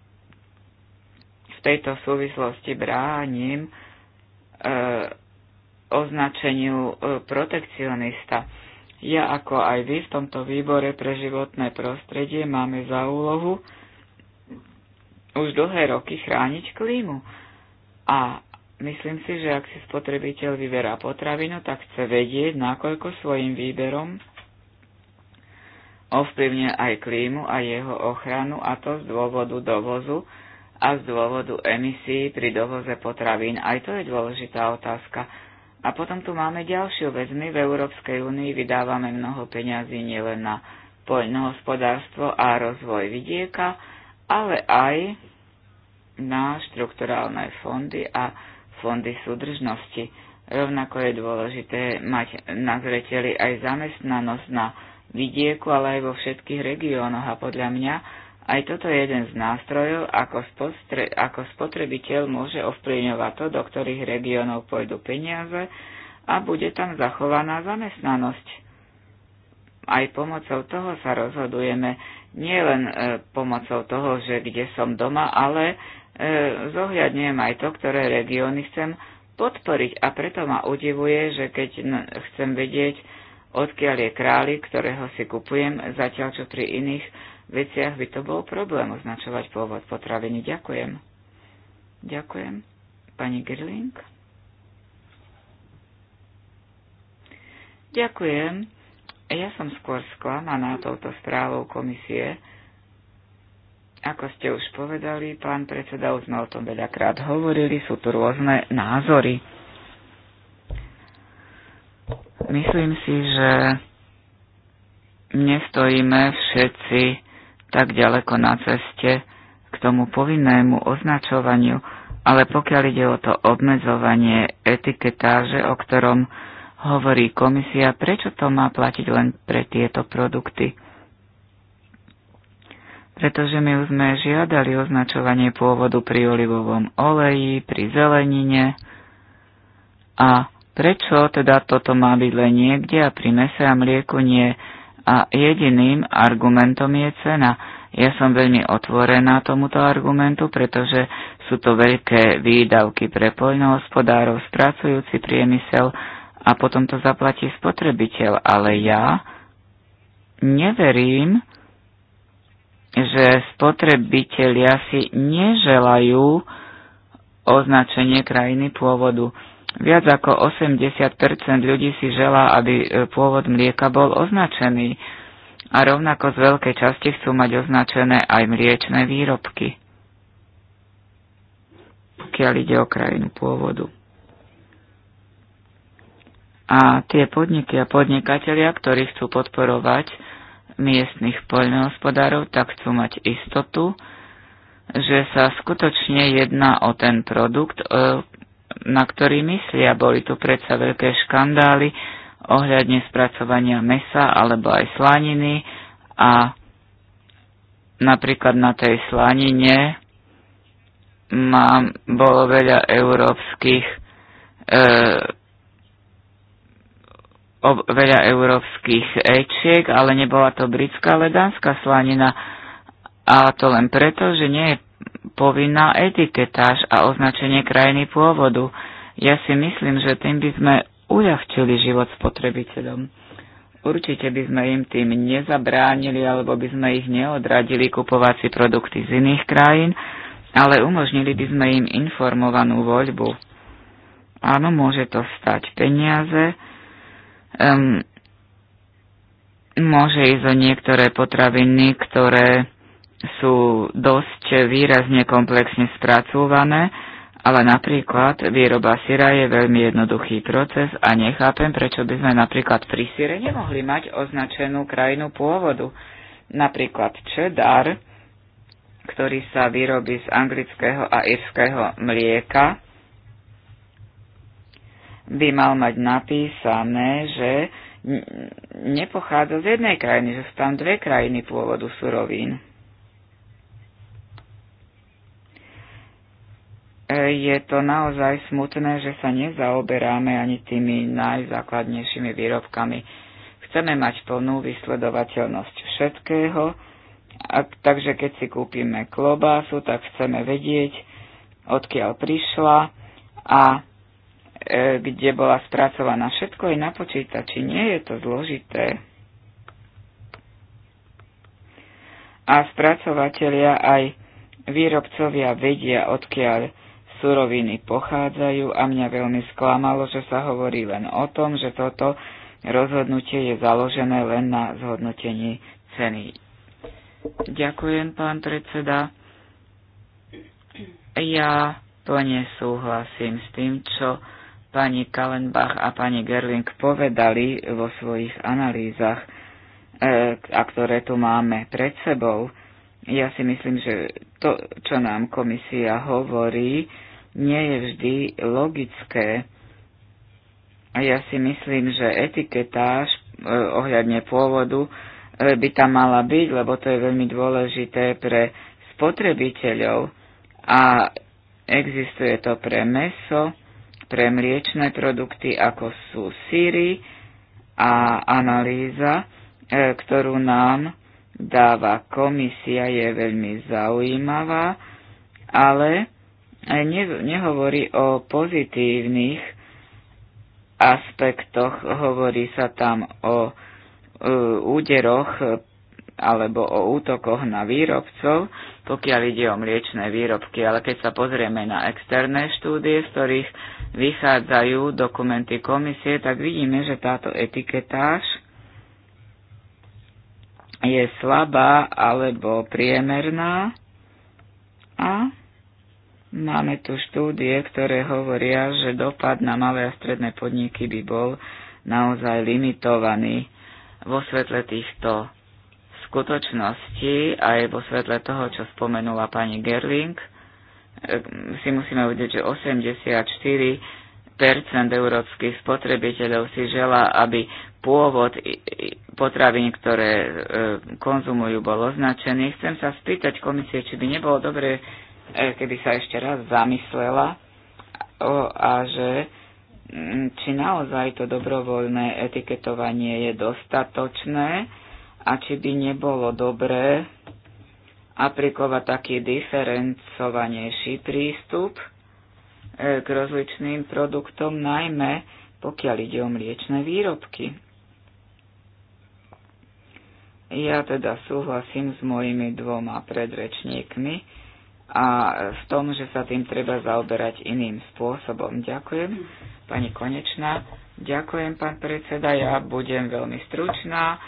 v tejto súvislosti bránim e, označeniu e, protekcionista. Ja ako aj vy v tomto výbore pre životné prostredie máme za úlohu už dlhé roky chrániť klímu. A Myslím si, že ak si spotrebiteľ vyberá potravinu, tak chce vedieť, nakoľko svojim výberom ovplyvňuje aj klímu a jeho ochranu, a to z dôvodu dovozu a z dôvodu emisí pri dovoze potravín. Aj to je dôležitá otázka. A potom tu máme ďalšiu vec. My v Európskej únii vydávame mnoho peňazí nielen na poľnohospodárstvo a rozvoj vidieka, ale aj na štrukturálne fondy a fondy súdržnosti. Rovnako je dôležité mať na zreteli aj zamestnanosť na vidieku, ale aj vo všetkých regiónoch a podľa mňa aj toto je jeden z nástrojov, ako, spostre, ako spotrebiteľ môže ovplyvňovať to, do ktorých regiónov pôjdu peniaze a bude tam zachovaná zamestnanosť. Aj pomocou toho sa rozhodujeme, nielen e, pomocou toho, že kde som doma, ale E, zohľadňujem aj to, ktoré regióny chcem podporiť. A preto ma udivuje, že keď chcem vedieť, odkiaľ je králik, ktorého si kupujem, zatiaľ čo pri iných veciach by to bol problém označovať pôvod potraviny. Ďakujem. Ďakujem. Pani Girling? Ďakujem. Ja som skôr sklamaná touto správou komisie, ako ste už povedali, pán predseda, už sme o tom veľakrát hovorili, sú tu rôzne názory. Myslím si, že nestojíme všetci tak ďaleko na ceste k tomu povinnému označovaniu, ale pokiaľ ide o to obmedzovanie etiketáže, o ktorom hovorí komisia, prečo to má platiť len pre tieto produkty? pretože my už sme žiadali označovanie pôvodu pri olivovom oleji, pri zelenine. A prečo teda toto má byť len niekde a pri mese a mlieku nie? A jediným argumentom je cena. Ja som veľmi otvorená tomuto argumentu, pretože sú to veľké výdavky pre poľnohospodárov, spracujúci priemysel a potom to zaplatí spotrebiteľ. Ale ja neverím, že spotrebitelia si neželajú označenie krajiny pôvodu. Viac ako 80 ľudí si želá, aby e, pôvod mlieka bol označený a rovnako z veľkej časti chcú mať označené aj mliečne výrobky, pokiaľ ide o krajinu pôvodu. A tie podniky a podnikatelia, ktorí chcú podporovať miestnych poľnohospodárov, tak chcú mať istotu, že sa skutočne jedná o ten produkt, e, na ktorý myslia. Boli tu predsa veľké škandály ohľadne spracovania mesa alebo aj slaniny a napríklad na tej slanine mám, bolo veľa európskych e, veľa európskych ečiek, ale nebola to britská, ale dánska slanina. A to len preto, že nie je povinná etiketáž a označenie krajiny pôvodu. Ja si myslím, že tým by sme uľahčili život spotrebiteľom. Určite by sme im tým nezabránili alebo by sme ich neodradili kupovať si produkty z iných krajín, ale umožnili by sme im informovanú voľbu. Áno, môže to stať peniaze, um, môže ísť o niektoré potraviny, ktoré sú dosť výrazne komplexne spracúvané, ale napríklad výroba syra je veľmi jednoduchý proces a nechápem, prečo by sme napríklad pri syre nemohli mať označenú krajinu pôvodu. Napríklad čedar, ktorý sa vyrobí z anglického a irského mlieka, by mal mať napísané, že nepochádza z jednej krajiny, že sú tam dve krajiny pôvodu surovín. E, je to naozaj smutné, že sa nezaoberáme ani tými najzákladnejšími výrobkami. Chceme mať plnú vysledovateľnosť všetkého, a, takže keď si kúpime klobásu, tak chceme vedieť, odkiaľ prišla a E, kde bola spracovaná všetko je na počítači. Nie je to zložité. A spracovateľia aj výrobcovia vedia, odkiaľ suroviny pochádzajú a mňa veľmi sklamalo, že sa hovorí len o tom, že toto rozhodnutie je založené len na zhodnotení ceny. Ďakujem, pán predseda. Ja plne súhlasím s tým, čo Pani Kalenbach a pani Gerling povedali vo svojich analýzach, e, a ktoré tu máme pred sebou, ja si myslím, že to, čo nám komisia hovorí, nie je vždy logické. A ja si myslím, že etiketáž e, ohľadne pôvodu e, by tam mala byť, lebo to je veľmi dôležité pre spotrebiteľov a existuje to pre meso pre mliečne produkty, ako sú síry a analýza, e, ktorú nám dáva komisia, je veľmi zaujímavá, ale e, ne, nehovorí o pozitívnych aspektoch, hovorí sa tam o e, úderoch alebo o útokoch na výrobcov, pokiaľ ide o mliečné výrobky, ale keď sa pozrieme na externé štúdie, z ktorých vychádzajú dokumenty komisie, tak vidíme, že táto etiketáž je slabá alebo priemerná a máme tu štúdie, ktoré hovoria, že dopad na malé a stredné podniky by bol naozaj limitovaný. Vo svetle týchto skutočnosti aj vo svetle toho, čo spomenula pani Gerling, e, si musíme uvedieť, že 84 európskych spotrebiteľov si želá, aby pôvod potravín, ktoré e, konzumujú, bol označený. Chcem sa spýtať komisie, či by nebolo dobre, e, keby sa ešte raz zamyslela o, a že či naozaj to dobrovoľné etiketovanie je dostatočné a či by nebolo dobré aplikovať taký diferencovanejší prístup e, k rozličným produktom, najmä pokiaľ ide o mliečne výrobky. Ja teda súhlasím s mojimi dvoma predrečníkmi a v tom, že sa tým treba zaoberať iným spôsobom. Ďakujem, pani Konečná. Ďakujem, pán predseda. Ja budem veľmi stručná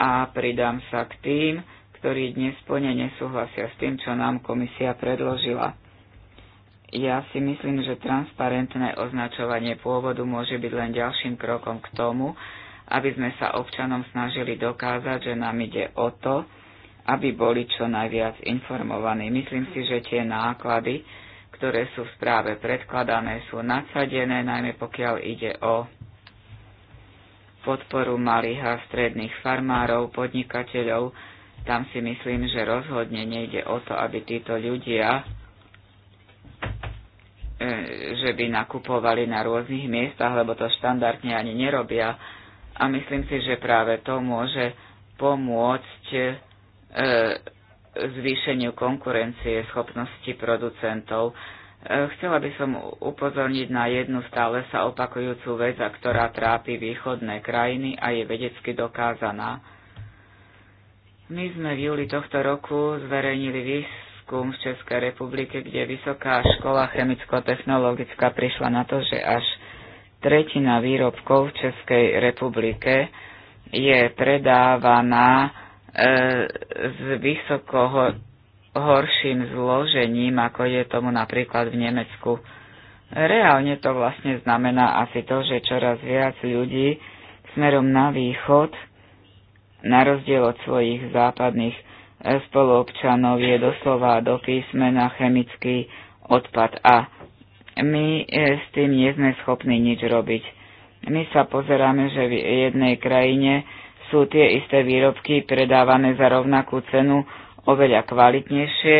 a pridám sa k tým, ktorí dnes plne nesúhlasia s tým, čo nám komisia predložila. Ja si myslím, že transparentné označovanie pôvodu môže byť len ďalším krokom k tomu, aby sme sa občanom snažili dokázať, že nám ide o to, aby boli čo najviac informovaní. Myslím si, že tie náklady, ktoré sú v správe predkladané, sú nadsadené, najmä pokiaľ ide o podporu malých a stredných farmárov, podnikateľov. Tam si myslím, že rozhodne nejde o to, aby títo ľudia e, že by nakupovali na rôznych miestach, lebo to štandardne ani nerobia. A myslím si, že práve to môže pomôcť e, zvýšeniu konkurencie schopnosti producentov. Chcela by som upozorniť na jednu stále sa opakujúcu vec, ktorá trápi východné krajiny a je vedecky dokázaná. My sme v júli tohto roku zverejnili výskum z Českej republiky, kde Vysoká škola chemicko-technologická prišla na to, že až tretina výrobkov v Českej republike je predávaná e, z vysokoho horším zložením, ako je tomu napríklad v Nemecku. Reálne to vlastne znamená asi to, že čoraz viac ľudí smerom na východ, na rozdiel od svojich západných spoluobčanov, je doslova do písmena chemický odpad a my e, s tým nie sme schopní nič robiť. My sa pozeráme, že v jednej krajine sú tie isté výrobky predávané za rovnakú cenu oveľa kvalitnejšie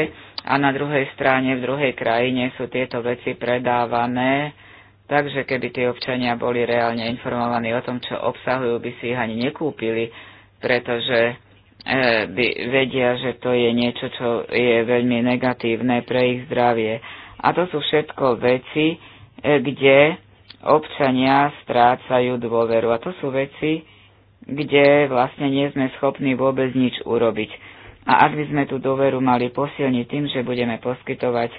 a na druhej strane v druhej krajine sú tieto veci predávané, takže keby tie občania boli reálne informovaní o tom, čo obsahujú, by si ich ani nekúpili, pretože e, by vedia, že to je niečo, čo je veľmi negatívne pre ich zdravie. A to sú všetko veci, e, kde občania strácajú dôveru. A to sú veci, kde vlastne nie sme schopní vôbec nič urobiť. A ak by sme tú dôveru mali posilniť tým, že budeme poskytovať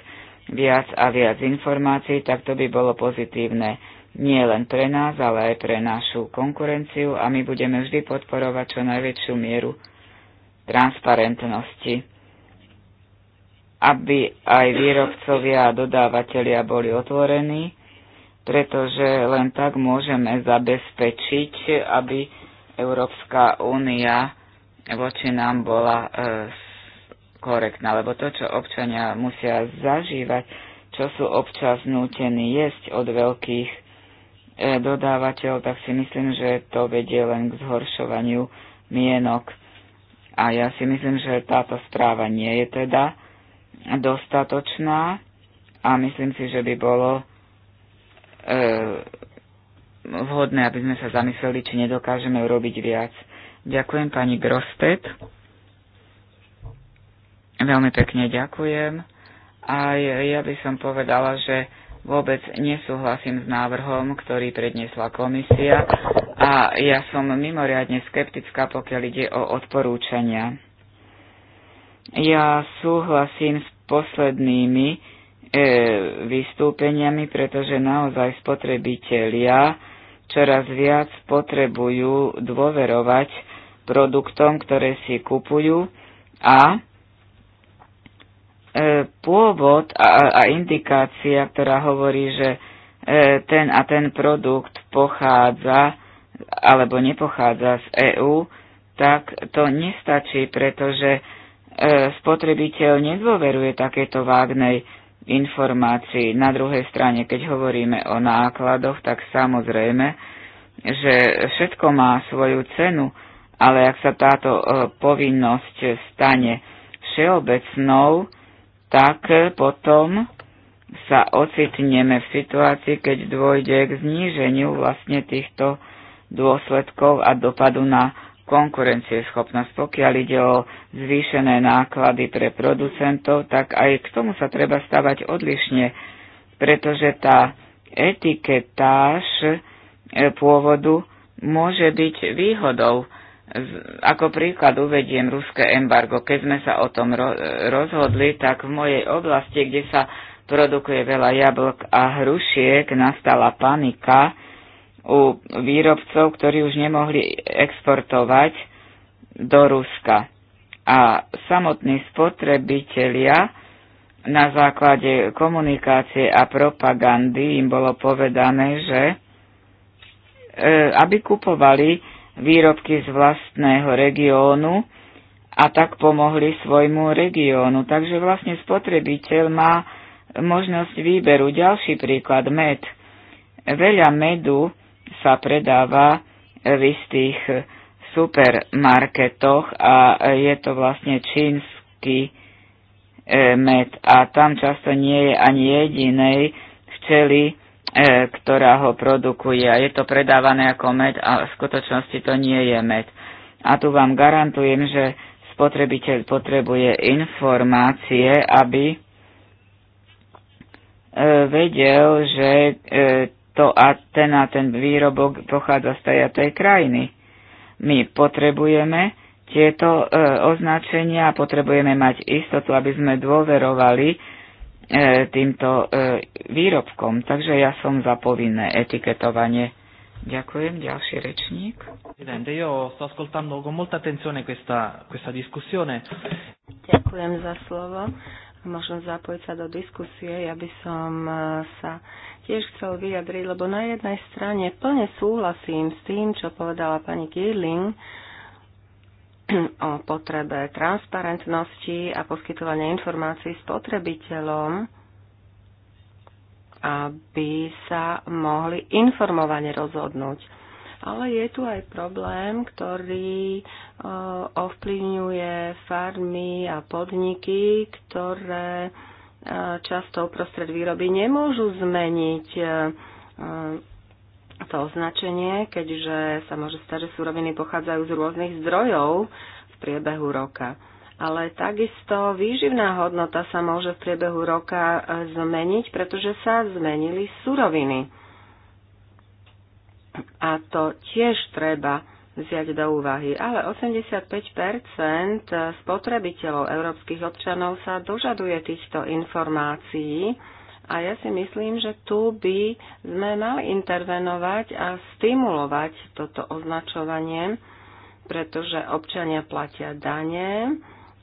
viac a viac informácií, tak to by bolo pozitívne nie len pre nás, ale aj pre našu konkurenciu a my budeme vždy podporovať čo najväčšiu mieru transparentnosti, aby aj výrobcovia a dodávateľia boli otvorení, pretože len tak môžeme zabezpečiť, aby Európska únia voči nám bola e, korektná, lebo to, čo občania musia zažívať, čo sú občas nútení jesť od veľkých e, dodávateľov, tak si myslím, že to vedie len k zhoršovaniu mienok. A ja si myslím, že táto správa nie je teda dostatočná a myslím si, že by bolo e, vhodné, aby sme sa zamysleli, či nedokážeme urobiť viac. Ďakujem pani Grostet. Veľmi pekne ďakujem. A ja by som povedala, že vôbec nesúhlasím s návrhom, ktorý predniesla komisia a ja som mimoriadne skeptická, pokiaľ ide o odporúčania. Ja súhlasím s poslednými e, vystúpeniami, pretože naozaj spotrebitelia čoraz viac potrebujú dôverovať produktom, ktoré si kupujú a e, pôvod a, a indikácia, ktorá hovorí, že e, ten a ten produkt pochádza alebo nepochádza z EÚ, tak to nestačí, pretože e, spotrebiteľ nedôveruje takéto vágnej informácii. Na druhej strane, keď hovoríme o nákladoch, tak samozrejme, že všetko má svoju cenu ale ak sa táto e, povinnosť stane všeobecnou, tak e, potom sa ocitneme v situácii, keď dôjde k zníženiu vlastne týchto dôsledkov a dopadu na konkurencieschopnosť. Pokiaľ ide o zvýšené náklady pre producentov, tak aj k tomu sa treba stavať odlišne, pretože tá etiketáž e, pôvodu môže byť výhodou ako príklad uvediem ruské embargo. Keď sme sa o tom rozhodli, tak v mojej oblasti, kde sa produkuje veľa jablk a hrušiek, nastala panika u výrobcov, ktorí už nemohli exportovať do Ruska. A samotní spotrebitelia na základe komunikácie a propagandy im bolo povedané, že e, aby kupovali výrobky z vlastného regiónu a tak pomohli svojmu regiónu. Takže vlastne spotrebiteľ má možnosť výberu. Ďalší príklad, med. Veľa medu sa predáva v istých supermarketoch a je to vlastne čínsky eh, med a tam často nie je ani jedinej včely E, ktorá ho produkuje a je to predávané ako med a v skutočnosti to nie je med. A tu vám garantujem, že spotrebiteľ potrebuje informácie, aby e, vedel, že e, to a ten a ten výrobok pochádza z tej a tej krajiny. My potrebujeme tieto označenia a potrebujeme mať istotu, aby sme dôverovali E, týmto e, výrobkom. Takže ja som za povinné etiketovanie. Ďakujem, ďalší rečník. Ďakujem za slovo. Môžem zapojiť sa do diskusie. Ja by som e, sa tiež chcel vyjadriť, lebo na jednej strane plne súhlasím s tým, čo povedala pani Kirling. o potrebe transparentnosti a poskytovania informácií spotrebiteľom, aby sa mohli informovane rozhodnúť. Ale je tu aj problém, ktorý ovplyvňuje farmy a podniky, ktoré e, často uprostred výroby nemôžu zmeniť e, to označenie, keďže sa môže stať, že súroviny pochádzajú z rôznych zdrojov v priebehu roka. Ale takisto výživná hodnota sa môže v priebehu roka e, zmeniť, pretože sa zmenili suroviny. A to tiež treba vziať do úvahy. Ale 85 spotrebiteľov európskych občanov sa dožaduje týchto informácií a ja si myslím, že tu by sme mali intervenovať a stimulovať toto označovanie, pretože občania platia dane,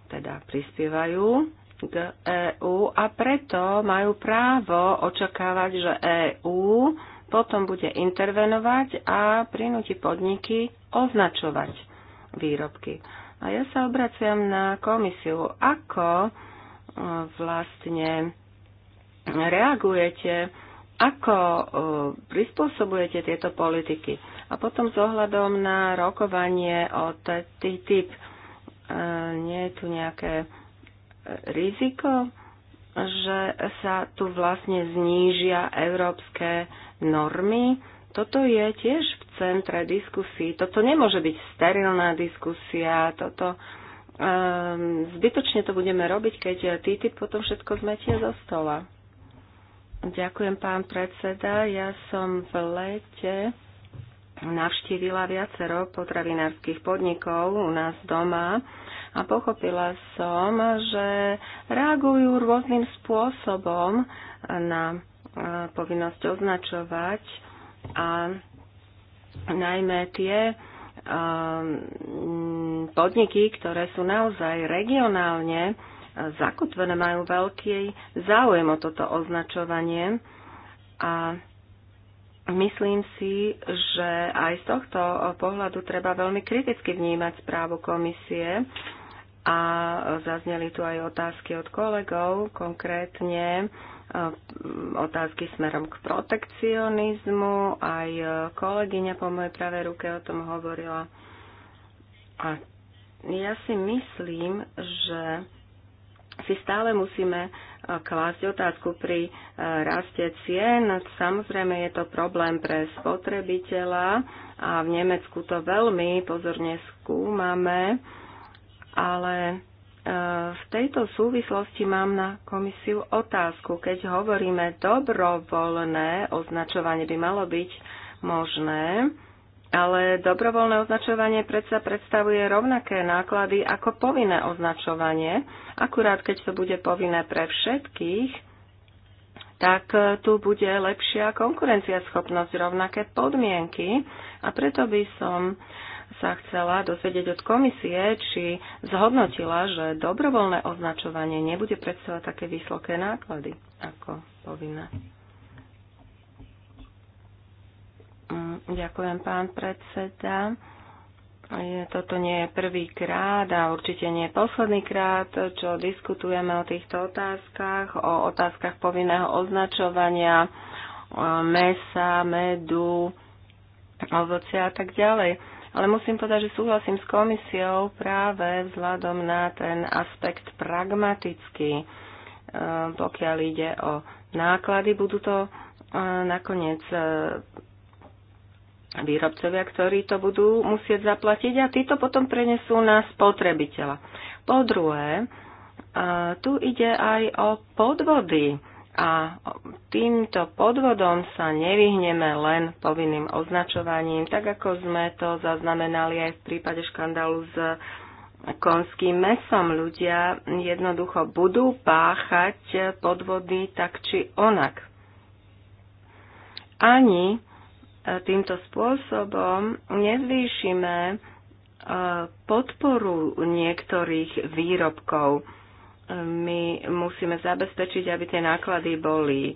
teda prispievajú k EÚ a preto majú právo očakávať, že EÚ potom bude intervenovať a prinúti podniky označovať výrobky. A ja sa obraciam na komisiu, ako e, vlastne reagujete, ako e, prispôsobujete tieto politiky. A potom s ohľadom na rokovanie o TTIP, e, nie je tu nejaké e, riziko, že sa tu vlastne znížia európske normy. Toto je tiež v centre diskusí. Toto nemôže byť sterilná diskusia. Toto, um, zbytočne to budeme robiť, keď TTIP potom všetko zmetie zo stola. Ďakujem, pán predseda. Ja som v lete navštívila viacero potravinárskych podnikov u nás doma a pochopila som, že reagujú rôznym spôsobom na povinnosť označovať a najmä tie podniky, ktoré sú naozaj regionálne zakotvené, majú veľký záujem o toto označovanie a myslím si, že aj z tohto pohľadu treba veľmi kriticky vnímať správu komisie a zazneli tu aj otázky od kolegov, konkrétne e, otázky smerom k protekcionizmu. Aj e, kolegyňa po mojej pravej ruke o tom hovorila. A ja si myslím, že si stále musíme e, klásť otázku pri e, raste cien. Samozrejme je to problém pre spotrebiteľa a v Nemecku to veľmi pozorne skúmame, ale e, v tejto súvislosti mám na komisiu otázku. Keď hovoríme dobrovoľné, označovanie by malo byť možné, ale dobrovoľné označovanie predsa predstavuje rovnaké náklady ako povinné označovanie. Akurát keď to bude povinné pre všetkých, tak tu bude lepšia konkurenciaschopnosť, rovnaké podmienky. A preto by som sa chcela dozvedieť od komisie, či zhodnotila, že dobrovoľné označovanie nebude predstavovať také vysoké náklady ako povinné. Ďakujem, pán predseda. Toto nie je prvý krát a určite nie je posledný krát, čo diskutujeme o týchto otázkach, o otázkach povinného označovania mesa, medu, ovocia a tak ďalej. Ale musím povedať, že súhlasím s komisiou práve vzhľadom na ten aspekt pragmatický. E, pokiaľ ide o náklady, budú to e, nakoniec e, výrobcovia, ktorí to budú musieť zaplatiť a títo potom prenesú na spotrebiteľa. Po druhé, tu ide aj o podvody a týmto podvodom sa nevyhneme len povinným označovaním, tak ako sme to zaznamenali aj v prípade škandálu s konským mesom. Ľudia jednoducho budú páchať podvody tak či onak. Ani E, týmto spôsobom nezvýšime e, podporu niektorých výrobkov. E, my musíme zabezpečiť, aby tie náklady boli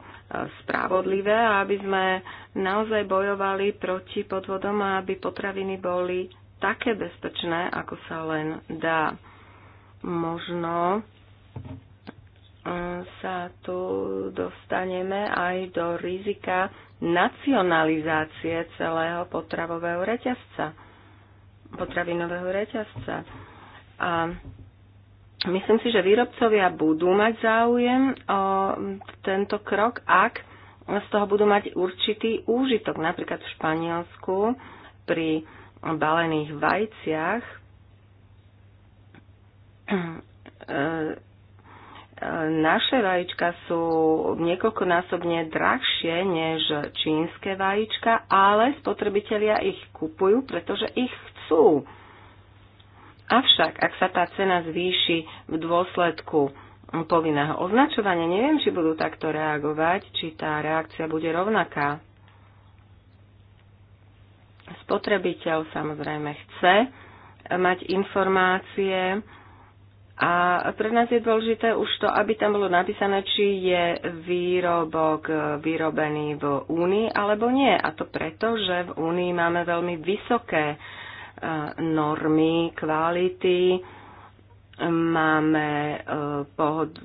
spravodlivé a aby sme naozaj bojovali proti podvodom a aby potraviny boli také bezpečné, ako sa len dá. Možno sa tu dostaneme aj do rizika nacionalizácie celého potravového reťazca, potravinového reťazca. A myslím si, že výrobcovia budú mať záujem o tento krok, ak z toho budú mať určitý úžitok. Napríklad v Španielsku pri balených vajciach e, naše vajíčka sú niekoľkonásobne drahšie než čínske vajíčka, ale spotrebitelia ich kupujú, pretože ich chcú. Avšak, ak sa tá cena zvýši v dôsledku povinného označovania, neviem, či budú takto reagovať, či tá reakcia bude rovnaká. Spotrebiteľ samozrejme chce mať informácie, a pre nás je dôležité už to, aby tam bolo napísané, či je výrobok e, vyrobený v Únii alebo nie. A to preto, že v Únii máme veľmi vysoké e, normy kvality, máme e, pohod,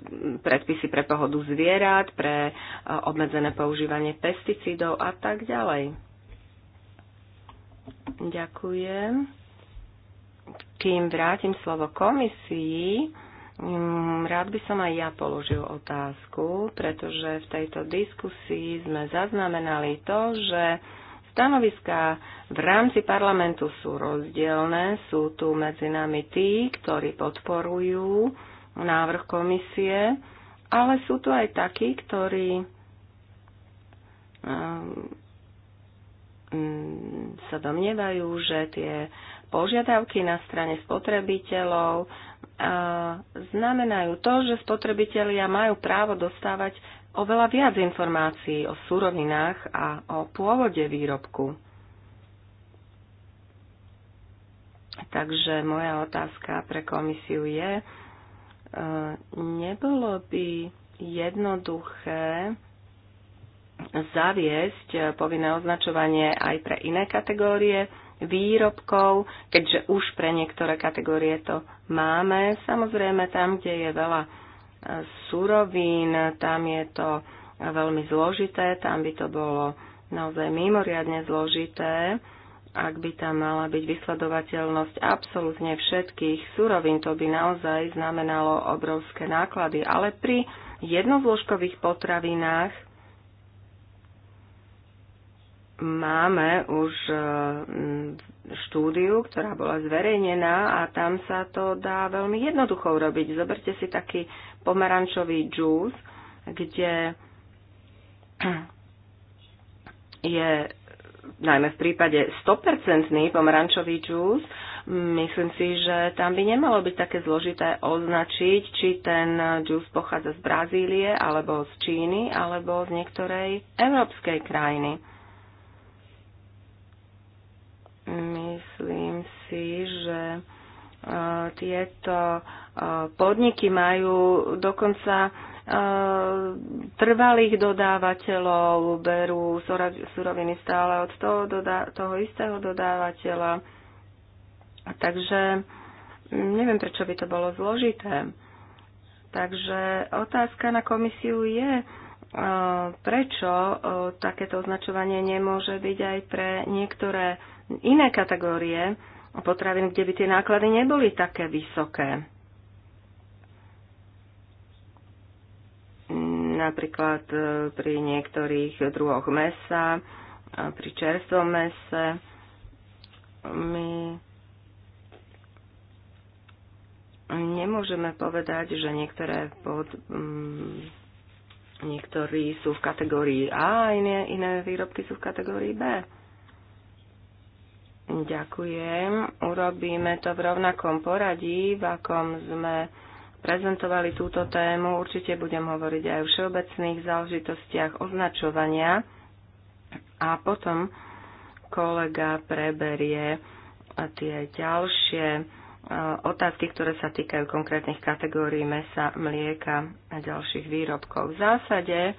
predpisy pre pohodu zvierat, pre obmedzené používanie pesticídov a tak ďalej. Ďakujem kým vrátim slovo komisii, mm, rád by som aj ja položil otázku, pretože v tejto diskusii sme zaznamenali to, že stanoviská v rámci parlamentu sú rozdielne. Sú tu medzi nami tí, ktorí podporujú návrh komisie, ale sú tu aj takí, ktorí mm, mm, sa domnievajú, že tie požiadavky na strane spotrebiteľov znamenajú to, že spotrebitelia majú právo dostávať oveľa viac informácií o súrovinách a o pôvode výrobku. Takže moja otázka pre komisiu je, e, nebolo by jednoduché zaviesť povinné označovanie aj pre iné kategórie výrobkov, keďže už pre niektoré kategórie to máme. Samozrejme, tam, kde je veľa e, surovín, tam je to veľmi zložité, tam by to bolo naozaj mimoriadne zložité, ak by tam mala byť vysledovateľnosť absolútne všetkých surovín, to by naozaj znamenalo obrovské náklady. Ale pri jednozložkových potravinách máme už e, štúdiu, ktorá bola zverejnená a tam sa to dá veľmi jednoducho urobiť. Zoberte si taký pomarančový džús, kde je najmä v prípade 100% pomarančový džús, myslím si, že tam by nemalo byť také zložité označiť, či ten džús pochádza z Brazílie, alebo z Číny, alebo z niektorej európskej krajiny. že e, tieto e, podniky majú dokonca e, trvalých dodávateľov, berú suroviny stále od toho, toho istého dodávateľa. Takže neviem, prečo by to bolo zložité. Takže otázka na komisiu je, prečo takéto označovanie nemôže byť aj pre niektoré iné kategórie, potravin, kde by tie náklady neboli také vysoké. Napríklad e, pri niektorých druhoch mesa, pri čerstvom mese. My nemôžeme povedať, že niektoré pod, mm, niektorí sú v kategórii A a iné, iné výrobky sú v kategórii B. Ďakujem. Urobíme to v rovnakom poradí, v akom sme prezentovali túto tému. Určite budem hovoriť aj o všeobecných záležitostiach označovania a potom kolega preberie tie ďalšie e, otázky, ktoré sa týkajú konkrétnych kategórií mesa, mlieka a ďalších výrobkov. V zásade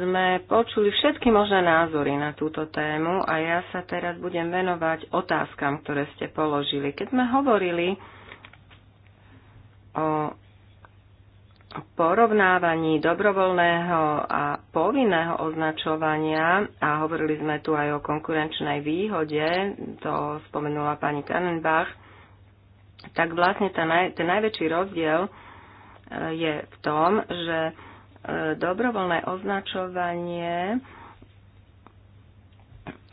sme počuli všetky možné názory na túto tému a ja sa teraz budem venovať otázkam, ktoré ste položili. Keď sme hovorili o porovnávaní dobrovoľného a povinného označovania a hovorili sme tu aj o konkurenčnej výhode, to spomenula pani Kannenbach, tak vlastne ten najväčší rozdiel eh, je v tom, že dobrovoľné označovanie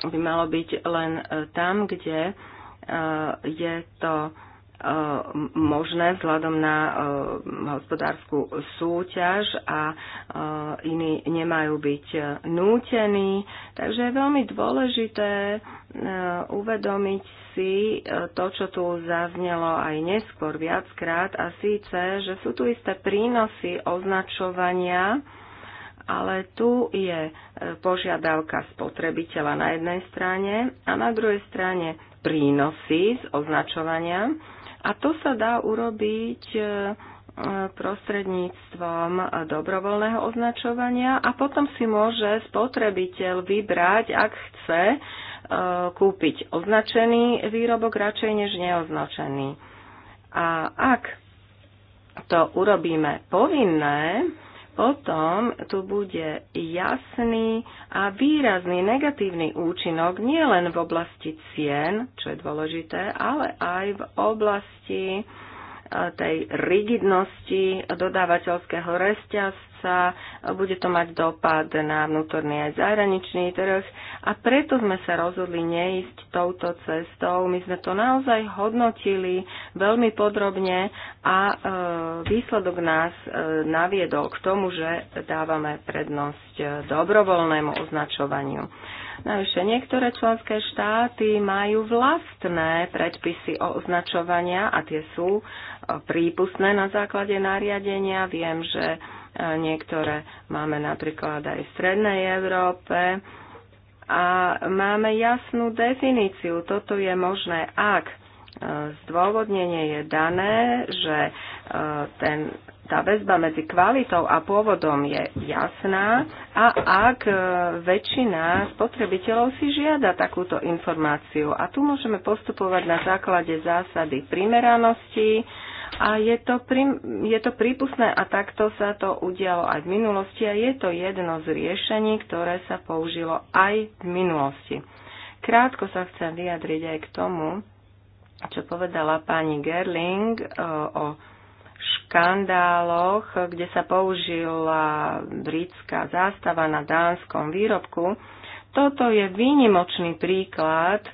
by malo byť len e, tam, kde e, je to e, možné vzhľadom na hospodárskú súťaž a iní nemajú byť nútení. Takže je veľmi dôležité uvedomiť si e, to, čo tu zaznelo aj neskôr viackrát, a síce, že sú tu isté prínosy označovania, ale tu je e, požiadavka spotrebiteľa na jednej strane a na druhej strane prínosy z označovania. A to sa dá urobiť e, prostredníctvom dobrovoľného označovania a potom si môže spotrebiteľ vybrať, ak chce, kúpiť označený výrobok radšej než neoznačený. A ak to urobíme povinné, potom tu bude jasný a výrazný negatívny účinok nielen v oblasti cien, čo je dôležité, ale aj v oblasti eh, tej rigidnosti dodávateľského reťazca, sa, bude to mať dopad na vnútorný aj zahraničný trh a preto sme sa rozhodli neísť touto cestou. My sme to naozaj hodnotili veľmi podrobne a e, výsledok nás e, naviedol k tomu, že dávame prednosť e, dobrovoľnému označovaniu. Najvyššie no niektoré členské štáty majú vlastné predpisy o označovania a tie sú prípustné na základe nariadenia. Viem, že niektoré máme napríklad aj v Strednej Európe a máme jasnú definíciu. Toto je možné, ak e, zdôvodnenie je dané, že e, ten, tá väzba medzi kvalitou a pôvodom je jasná a ak e, väčšina spotrebiteľov si žiada takúto informáciu. A tu môžeme postupovať na základe zásady primeranosti, a je to, prim, je to prípustné a takto sa to udialo aj v minulosti a je to jedno z riešení, ktoré sa použilo aj v minulosti. Krátko sa chcem vyjadriť aj k tomu, čo povedala pani Gerling e, o škandáloch, kde sa použila britská zástava na dánskom výrobku. Toto je výnimočný príklad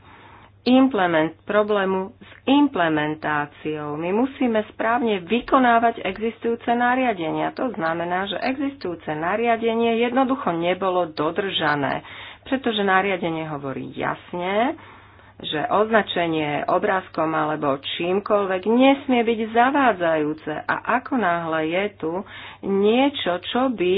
implement, problému s implementáciou. My musíme správne vykonávať existujúce nariadenia. To znamená, že existujúce nariadenie jednoducho nebolo dodržané, pretože nariadenie hovorí jasne, že označenie obrázkom alebo čímkoľvek nesmie byť zavádzajúce a ako náhle je tu niečo, čo by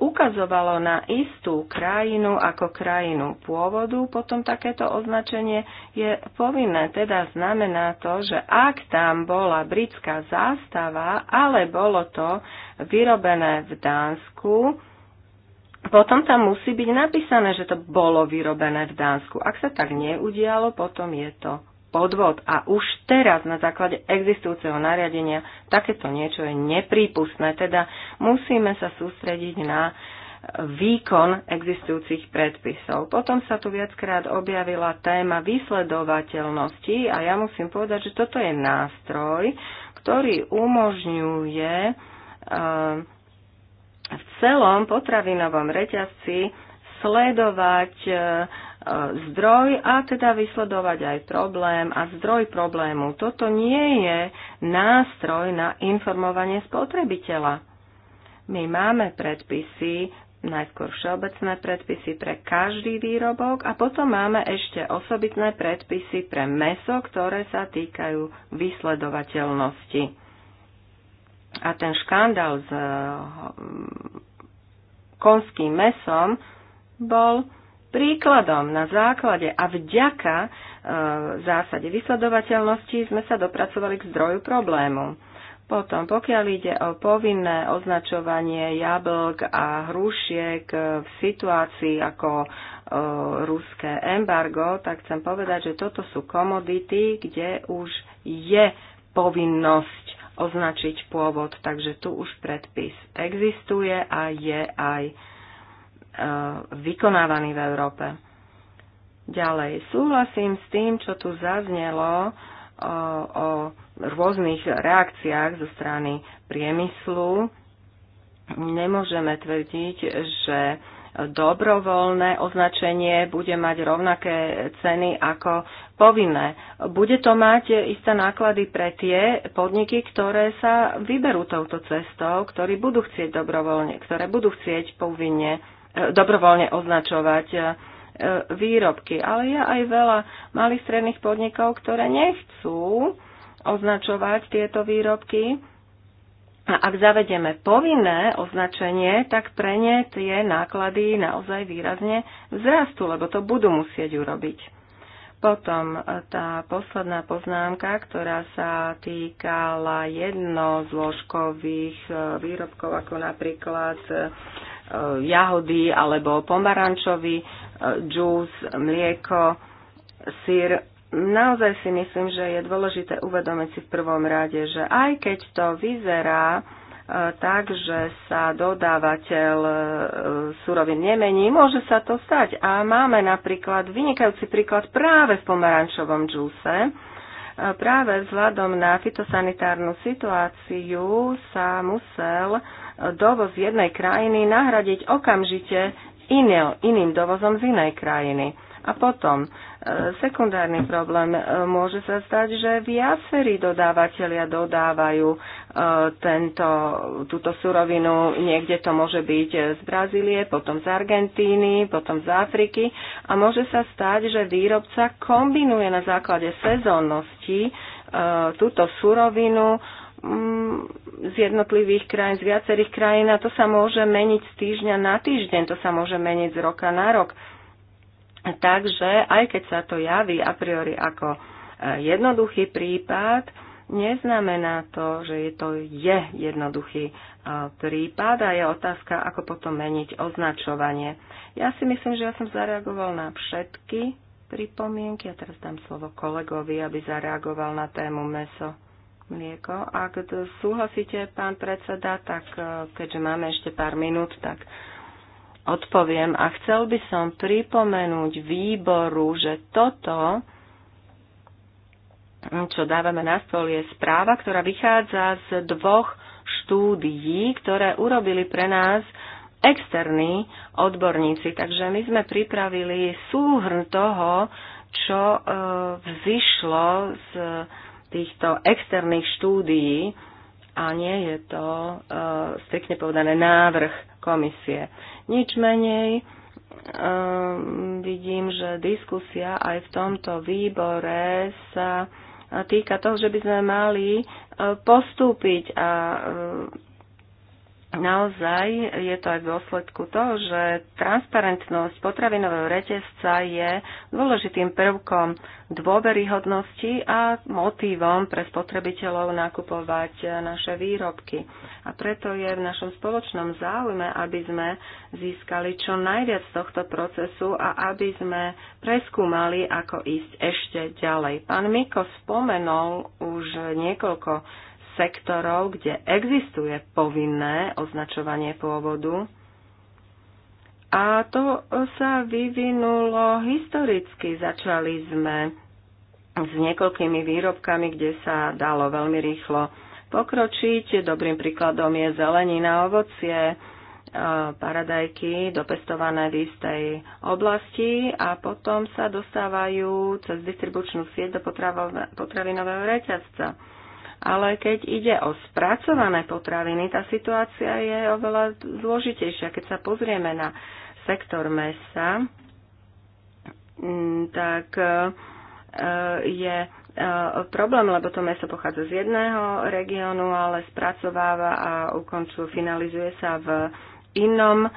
ukazovalo na istú krajinu ako krajinu pôvodu, potom takéto označenie je povinné. Teda znamená to, že ak tam bola britská zástava, ale bolo to vyrobené v Dánsku, potom tam musí byť napísané, že to bolo vyrobené v Dánsku. Ak sa tak neudialo, potom je to podvod. A už teraz na základe existujúceho nariadenia takéto niečo je neprípustné. Teda musíme sa sústrediť na výkon existujúcich predpisov. Potom sa tu viackrát objavila téma vysledovateľnosti a ja musím povedať, že toto je nástroj, ktorý umožňuje uh, v celom potravinovom reťazci sledovať e, e, zdroj a teda vysledovať aj problém a zdroj problému. Toto nie je nástroj na informovanie spotrebiteľa. My máme predpisy, najskôr všeobecné predpisy pre každý výrobok a potom máme ešte osobitné predpisy pre meso, ktoré sa týkajú vysledovateľnosti. A ten škandál s eh, konským mesom bol príkladom na základe a vďaka eh, zásade vysledovateľnosti sme sa dopracovali k zdroju problému. Potom, pokiaľ ide o povinné označovanie jablk a hrušiek eh, v situácii ako e, ruské embargo, tak chcem povedať, že toto sú komodity, kde už je povinnosť označiť pôvod. Takže tu už predpis existuje a je aj e, vykonávaný v Európe. Ďalej, súhlasím s tým, čo tu zaznelo o, e, o rôznych reakciách zo strany priemyslu. Nemôžeme tvrdiť, že dobrovoľné označenie bude mať rovnaké ceny ako povinné. Bude to mať isté náklady pre tie podniky, ktoré sa vyberú touto cestou, ktorí budú chcieť dobrovoľne, ktoré budú chcieť povinne, e, dobrovoľne označovať e, výrobky. Ale je aj veľa malých stredných podnikov, ktoré nechcú označovať tieto výrobky a ak zavedieme povinné označenie, tak pre ne tie náklady naozaj výrazne vzrastú, lebo to budú musieť urobiť. Potom e, tá posledná poznámka, ktorá sa týkala jednozložkových e, výrobkov, ako napríklad e, jahody alebo pomarančový džús, mlieko, syr naozaj si myslím, že je dôležité uvedomiť si v prvom rade, že aj keď to vyzerá e, tak, že sa dodávateľ e, surovín nemení, môže sa to stať. A máme napríklad vynikajúci príklad práve v pomarančovom džúse. E, práve vzhľadom na fitosanitárnu situáciu sa musel dovoz jednej krajiny nahradiť okamžite iným, iným dovozom z inej krajiny. A potom, e, sekundárny problém, e, môže sa stať, že viacerí dodávateľia dodávajú e, tento, túto surovinu. Niekde to môže byť z Brazílie, potom z Argentíny, potom z Afriky. A môže sa stať, že výrobca kombinuje na základe sezónnosti túto surovinu mm, z jednotlivých krajín, z viacerých krajín a to sa môže meniť z týždňa na týždeň, to sa môže meniť z roka na rok Takže aj keď sa to javí a priori ako e, jednoduchý prípad, neznamená to, že je to je jednoduchý e, prípad a je otázka, ako potom meniť označovanie. Ja si myslím, že ja som zareagoval na všetky pripomienky a ja teraz dám slovo kolegovi, aby zareagoval na tému meso mlieko. Ak súhlasíte, pán predseda, tak e, keďže máme ešte pár minút, tak odpoviem a chcel by som pripomenúť výboru, že toto, čo dávame na stôl, je správa, ktorá vychádza z dvoch štúdií, ktoré urobili pre nás externí odborníci. Takže my sme pripravili súhrn toho, čo e, vzýšlo z týchto externých štúdií a nie je to e, strikne povedané návrh komisie. Nič menej ehm, vidím, že diskusia aj v tomto výbore sa týka toho, že by sme mali eh, postúpiť a eh, naozaj je to aj v dôsledku toho, že transparentnosť potravinového reťazca je dôležitým prvkom dôveryhodnosti a motívom pre spotrebiteľov nakupovať naše výrobky. A preto je v našom spoločnom záujme, aby sme získali čo najviac z tohto procesu a aby sme preskúmali, ako ísť ešte ďalej. Pán Miko spomenul už niekoľko sektorov, kde existuje povinné označovanie pôvodu. A to sa vyvinulo historicky. Začali sme s niekoľkými výrobkami, kde sa dalo veľmi rýchlo pokročiť. Dobrým príkladom je zelenina, ovocie, paradajky dopestované v istej oblasti a potom sa dostávajú cez distribučnú sieť do potravinového reťazca. Ale keď ide o spracované potraviny, tá situácia je oveľa zložitejšia. Keď sa pozrieme na sektor mesa, mm, tak e, je e, problém, lebo to meso pochádza z jedného regiónu, ale spracováva a ukončuje, finalizuje sa v inom e,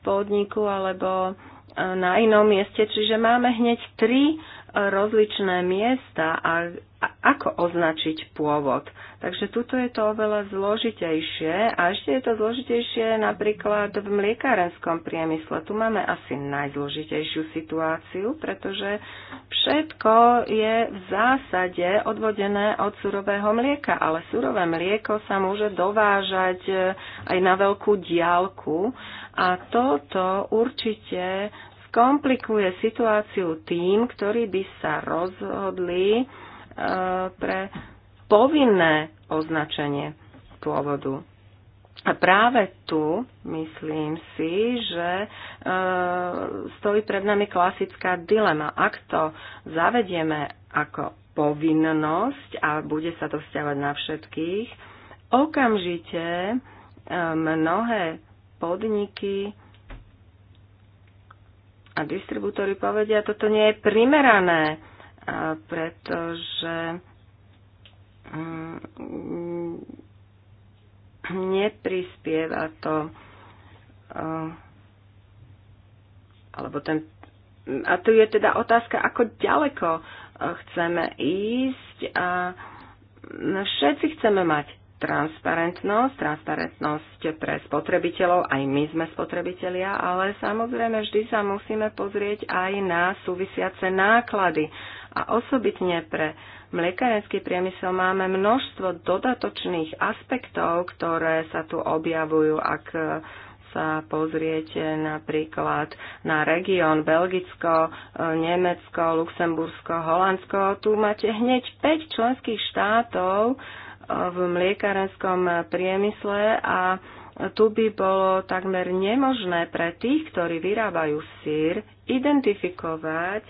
podniku alebo na inom mieste. Čiže máme hneď tri rozličné miesta a ako označiť pôvod. Takže tuto je to oveľa zložitejšie a ešte je to zložitejšie napríklad v mliekárenskom priemysle. Tu máme asi najzložitejšiu situáciu, pretože všetko je v zásade odvodené od surového mlieka, ale surové mlieko sa môže dovážať e, aj na veľkú diálku a toto určite skomplikuje situáciu tým, ktorí by sa rozhodli, pre povinné označenie pôvodu. A práve tu myslím si, že e, stojí pred nami klasická dilema. Ak to zavedieme ako povinnosť a bude sa to vzťahovať na všetkých, okamžite e, mnohé podniky a distribútory povedia, toto nie je primerané pretože mm, neprispieva to eh, alebo ten a tu je teda otázka, ako ďaleko eh, chceme ísť a všetci chceme mať transparentnosť, transparentnosť pre spotrebiteľov, aj my sme spotrebitelia, ale samozrejme vždy sa musíme pozrieť aj na súvisiace náklady a osobitne pre mliekarenský priemysel máme množstvo dodatočných aspektov, ktoré sa tu objavujú, ak sa pozriete napríklad na región Belgicko, Nemecko, Luxembursko, Holandsko. Tu máte hneď 5 členských štátov eh, v mliekarenskom priemysle a tu by bolo takmer nemožné pre tých, ktorí vyrábajú sír, identifikovať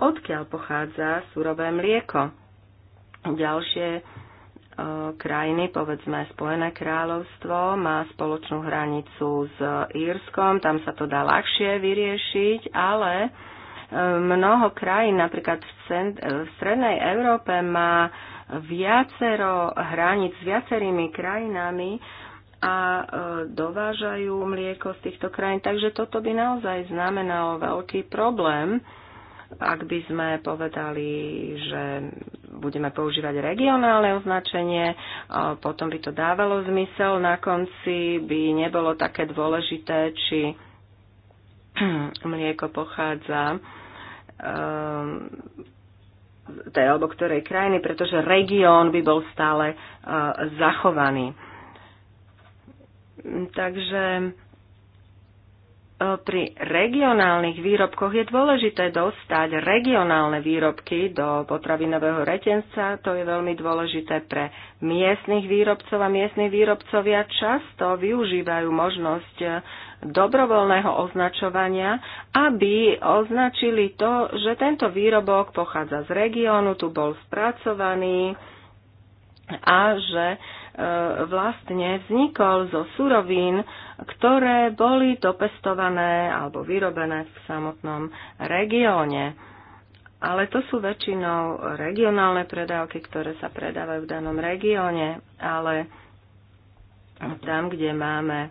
odkiaľ pochádza surové mlieko. Ďalšie e, krajiny, povedzme Spojené kráľovstvo, má spoločnú hranicu s Írskom, tam sa to dá ľahšie vyriešiť, ale e, mnoho krajín, napríklad v, cent- e, v Strednej Európe, má viacero hraníc s viacerými krajinami, a e, dovážajú mlieko z týchto krajín. Takže toto by naozaj znamenalo veľký problém ak by sme povedali, že budeme používať regionálne označenie, potom by to dávalo zmysel. Na konci by nebolo také dôležité, či mlieko pochádza ehm, tej alebo ktorej krajiny, pretože región by bol stále e, zachovaný. Takže E, pri regionálnych výrobkoch je dôležité dostať regionálne výrobky do potravinového retenca. To je veľmi dôležité pre miestnych výrobcov a miestni výrobcovia často využívajú možnosť e, dobrovoľného označovania, aby označili to, že tento výrobok pochádza z regiónu, tu bol spracovaný a že uh, E, vlastne vznikol zo surovín, ktoré boli dopestované alebo vyrobené v samotnom regióne. Ale to sú väčšinou regionálne predávky, ktoré sa predávajú v danom regióne, ale tam, kde máme e,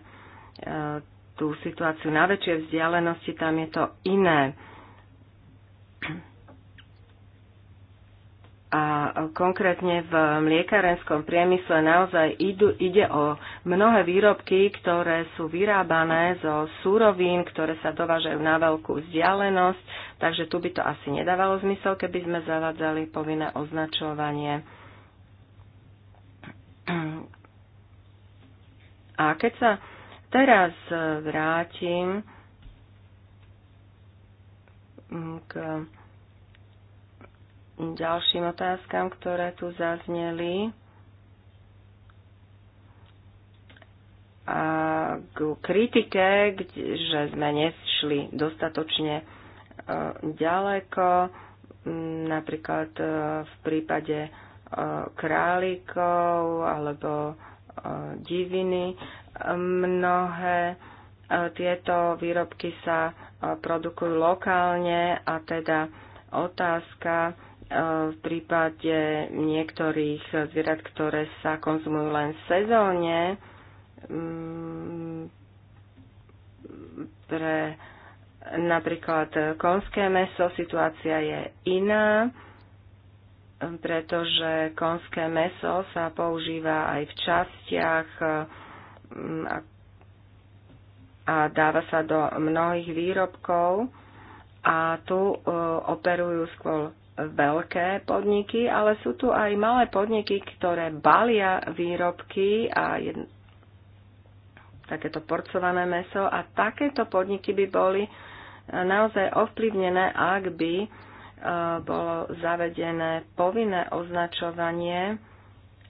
tú situáciu na väčšie vzdialenosti, tam je to iné. a konkrétne v mliekarenskom priemysle naozaj idu, ide o mnohé výrobky, ktoré sú vyrábané zo súrovín, ktoré sa dovážajú na veľkú vzdialenosť, takže tu by to asi nedávalo zmysel, keby sme zavadzali povinné označovanie. A keď sa teraz vrátim k ďalším otázkam, ktoré tu zazneli. A k kritike, že sme nešli dostatočne e, ďaleko, napríklad e, v prípade e, králikov alebo diviny. Mnohé tieto výrobky sa produkujú lokálne a teda otázka E, v prípade niektorých zvierat, ktoré sa konzumujú len sezónne, mm, pre napríklad konské meso situácia je iná, pretože konské meso sa používa aj v častiach mm, a dáva sa do mnohých výrobkov a tu e, operujú skôr veľké podniky, ale sú tu aj malé podniky, ktoré balia výrobky a jed... takéto porcované meso a takéto podniky by boli e, naozaj ovplyvnené, ak by e, bolo zavedené povinné označovanie,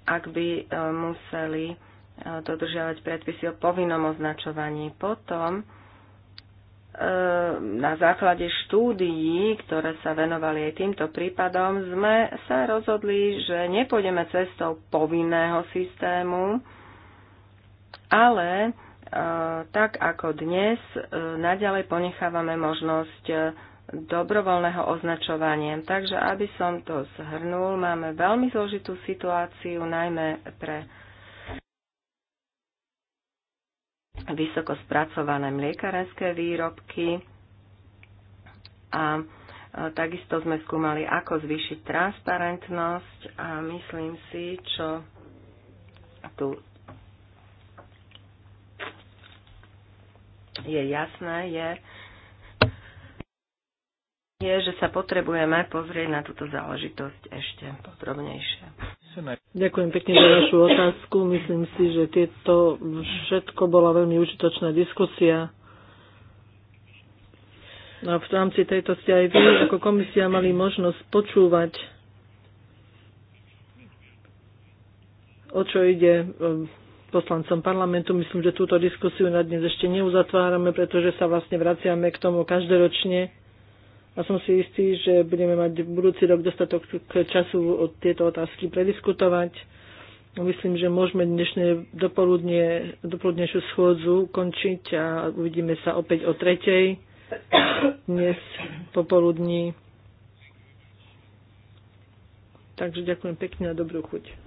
ak by e, museli dodržiavať predpisy o povinnom označovaní. Potom Ehm, na základe štúdií, ktoré sa venovali aj týmto prípadom, sme sa rozhodli, že nepôjdeme cestou povinného systému, ale e, tak ako dnes, e, naďalej ponechávame možnosť e, dobrovoľného označovania. Takže aby som to zhrnul, máme veľmi zložitú situáciu, najmä pre vysoko spracované mliekarenské výrobky a takisto sme skúmali, ako zvýšiť transparentnosť a myslím si, čo tu je jasné, je, je, že sa potrebujeme pozrieť na túto záležitosť ešte podrobnejšie. Ďakujem pekne za vašu otázku. Myslím si, že tieto všetko bola veľmi užitočná diskusia. A v rámci tejto ste aj vy ako komisia mali možnosť počúvať, o čo ide e, poslancom parlamentu. Myslím, že túto diskusiu na dnes ešte neuzatvárame, pretože sa vlastne vraciame k tomu každoročne a som si istý, že budeme mať v budúci rok dostatok času od tieto otázky prediskutovať. Myslím, že môžeme dnešné dopoludne, dopoludnejšiu schôdzu ukončiť a uvidíme sa opäť o tretej dnes popoludní. Takže ďakujem pekne a dobrú chuť.